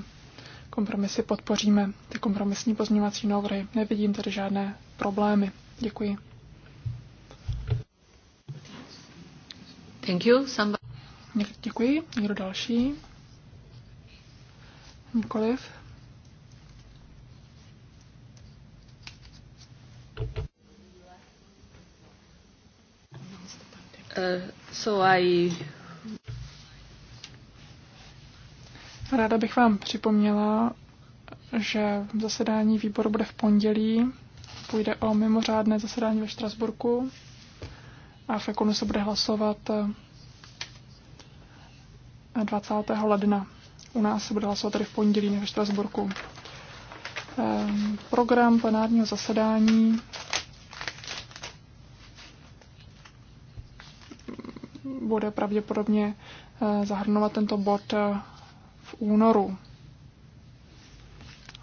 kompromisy podpoříme. Ty kompromisní pozměňovací návrhy. Nevidím tady žádné problémy. Děkuji. Thank you. Somebody... Děkuji. Někdo další? Nikoliv. Uh, so I Ráda bych vám připomněla, že zasedání výboru bude v pondělí. Půjde o mimořádné zasedání ve Štrasburku a v Ekonu se bude hlasovat 20. Eh, ledna. U nás se bude hlasovat tady v pondělí ve Štrasburku. Eh, program plenárního zasedání eh, bude pravděpodobně zahrnovat tento bod únoru.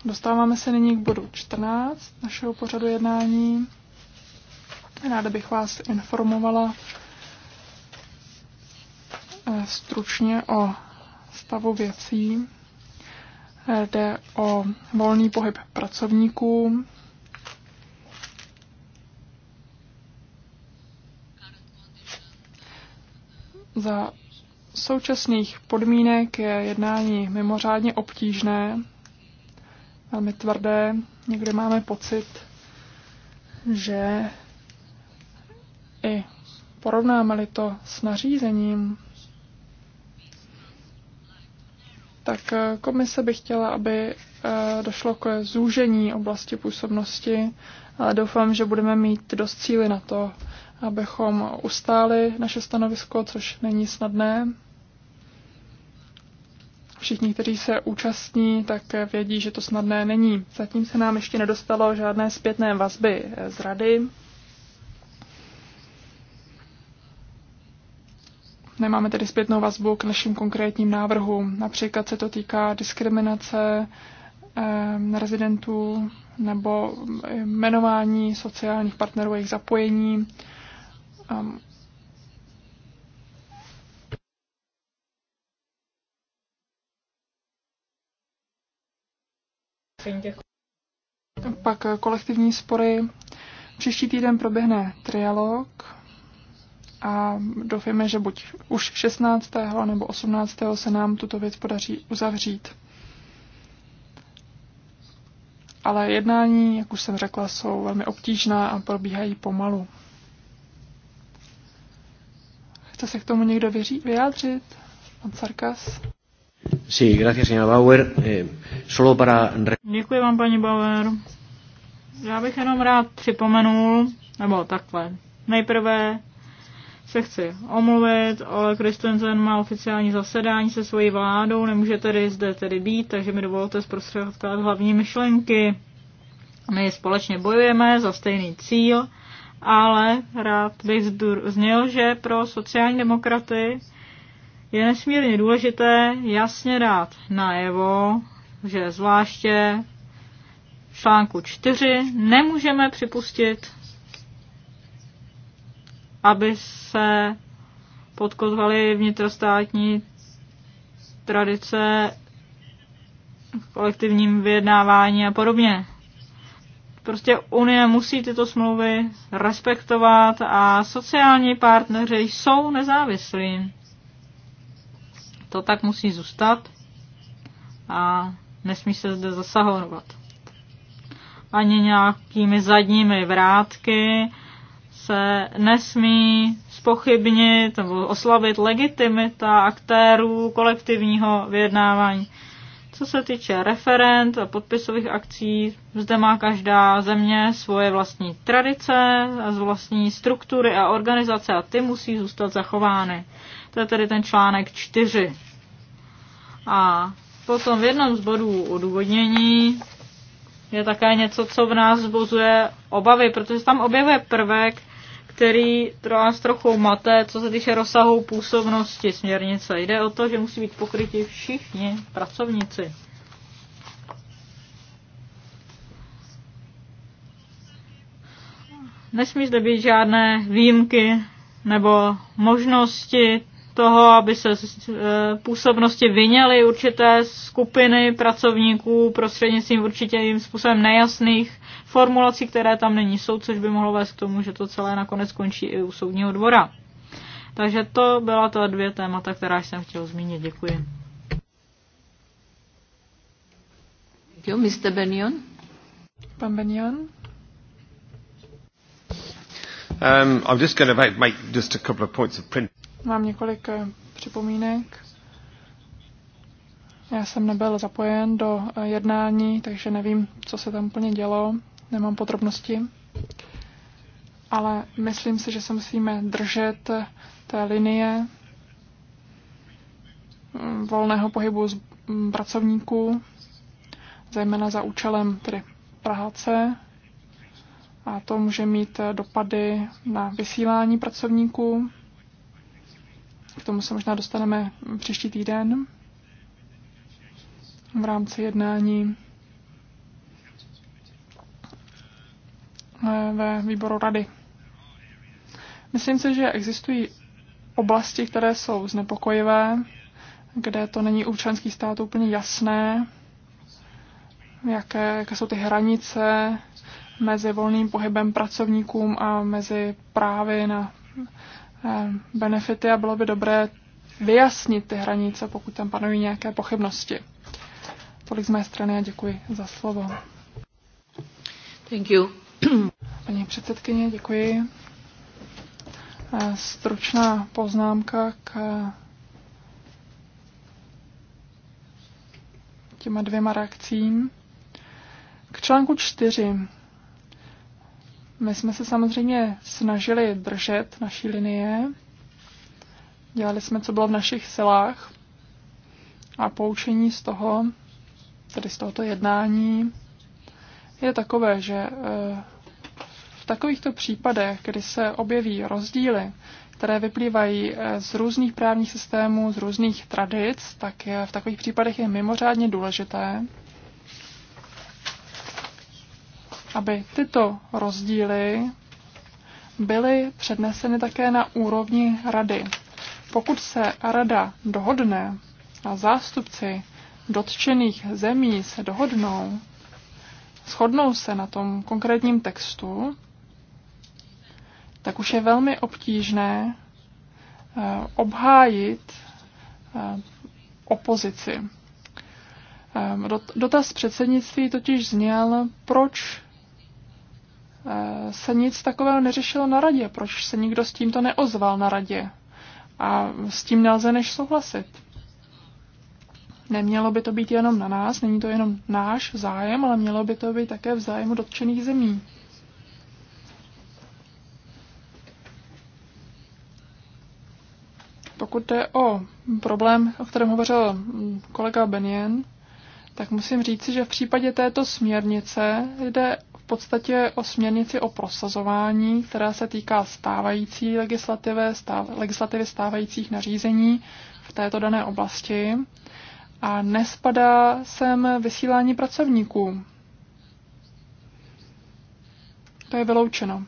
Dostáváme se nyní k bodu 14 našeho pořadu jednání. Ráda bych vás informovala eh, stručně o stavu věcí. Eh, jde o volný pohyb pracovníků. Za současných podmínek je jednání mimořádně obtížné, velmi tvrdé. Někde máme pocit, že i porovnáme-li to s nařízením, tak eh, komise by chtěla, aby eh, došlo k zúžení oblasti působnosti, ale doufám, že budeme mít dost cíly na to, abychom ustáli naše stanovisko, což není snadné. Všichni, kteří se účastní, tak vědí, že to snadné není. Zatím se nám ještě nedostalo žádné zpětné vazby z rady. Nemáme tedy zpětnou vazbu k našim konkrétním návrhům. Například se to týká diskriminace eh, rezidentů nebo jmenování sociálních partnerů, jejich zapojení, um, Pak eh, kolektivní spory. Příští týden proběhne trialog a doufáme, že buď už 16. nebo 18. se nám tuto věc podaří uzavřít. Ale jednání, jak už jsem řekla, jsou velmi obtížná a probíhají pomalu. Chce se k tomu někdo vyjádřit? Pan Sarkas? Sí, gracias, señora Bauer. Eh, solo para... Děkuji vám, paní Bauer. Já bych jenom rád připomenul, nebo takhle. Nejprve se chci omluvit, ale Kristensen má oficiální zasedání se svojí vládou, nemůže tedy zde tedy být, takže mi dovolte zprostředkovat hlavní myšlenky. My společně bojujeme za stejný cíl, ale rád bych zdůraznil, že pro sociální demokraty je nesmírně důležité jasně dát najevo, že zvláště v článku 4 nemůžeme připustit, aby se podkozvaly vnitrostátní tradice v kolektivním vyjednávání a podobně. Prostě Unie musí tyto smlouvy respektovat a sociální partneři jsou nezávislí. To tak musí zůstat a nesmí se zde zasahovat. Ani nějakými zadními vrátky se nesmí spochybnit nebo oslabit legitimita aktérů kolektivního vyjednávání. Co se týče referent a podpisových akcí, zde má každá země svoje vlastní tradice, vlastní struktury a organizace a ty musí zůstat zachovány. To je tedy ten článek 4. A potom v jednom z bodů odůvodnění je také něco, co v nás zbozuje obavy, protože tam objevuje prvek, který pro nás trochu mate, co se týče rozsahu působnosti směrnice. Jde o to, že musí být pokryti všichni pracovníci. Nesmí zde být žádné výjimky nebo možnosti toho, aby se z e, působnosti vyněly určité skupiny pracovníků prostřednictvím určitě jim způsobem nejasných formulací, které tam není jsou, což by mohlo vést k tomu, že to celé nakonec skončí i u soudního dvora. Takže to byla to dvě témata, která jsem chtěl zmínit. Děkuji. Jo, Mr. Benion. Pan Benion. Um, I'm just going to make, make just a couple of points of print. Mám několik eh, připomínek. Já jsem nebyl zapojen do eh, jednání, takže nevím, co se tam úplně dělo, nemám podrobnosti. Ale myslím si, že se musíme držet eh, té linie mm, volného pohybu z mm, pracovníků, zejména za účelem tedy práce. A to může mít dopady na vysílání pracovníků, k tomu se možná dostaneme příští týden v rámci jednání ve výboru rady. Myslím si, že existují oblasti, které jsou znepokojivé, kde to není u členských států úplně jasné, jaké, jaké jsou ty hranice mezi volným pohybem pracovníkům a mezi právy na Eh, benefity a bylo by dobré vyjasnit ty hranice, pokud tam panují nějaké pochybnosti. Tolik z mé strany a děkuji za slovo. Thank you. Paní předsedkyně, děkuji. Eh, stručná poznámka k eh, těma dvěma reakcím. K článku čtyři my jsme se samozřejmě snažili držet naší linie. Dělali jsme, co bylo v našich silách. A poučení z toho, tedy z tohoto jednání, je takové, že eh, v takovýchto případech, kdy se objeví rozdíly, které vyplývají eh, z různých právních systémů, z různých tradic, tak je, v takových případech je mimořádně důležité, aby tyto rozdíly byly předneseny také na úrovni rady. Pokud se rada dohodne a zástupci dotčených zemí se dohodnou, shodnou se na tom konkrétním textu, tak už je velmi obtížné eh, obhájit eh, opozici. Eh, dotaz předsednictví totiž zněl, proč Eh, se nic takového neřešilo na radě. Proč se nikdo s tímto neozval na radě? A s tím nelze než souhlasit. Nemělo by to být jenom na nás, není to jenom náš zájem, ale mělo by to být také v zájmu dotčených zemí. Pokud jde o problém, o kterém hovořil kolega Benjen, tak musím říci, že v případě této směrnice jde podstatě o směrnici o prosazování, která se týká stávající legislativy, stáv, legislativy stávajících nařízení v této dané oblasti a nespadá sem vysílání pracovníků. To je vyloučeno.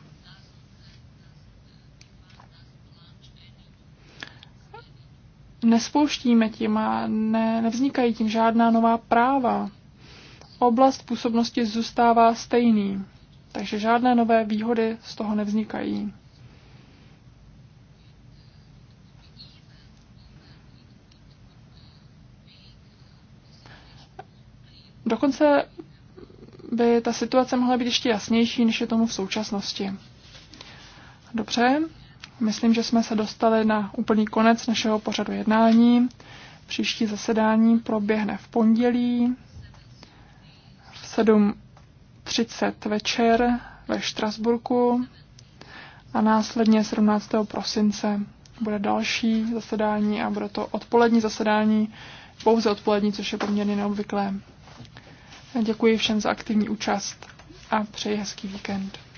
Nespouštíme tím a ne, nevznikají tím žádná nová práva oblast působnosti zůstává stejný, takže žádné nové výhody z toho nevznikají. Dokonce by ta situace mohla být ještě jasnější, než je tomu v současnosti. Dobře, myslím, že jsme se dostali na úplný konec našeho pořadu jednání. Příští zasedání proběhne v pondělí 7.30 večer ve Štrasburku a následně 17. prosince bude další zasedání a bude to odpolední zasedání, pouze odpolední, což je poměrně neobvyklé. Děkuji všem za aktivní účast a přeji hezký víkend.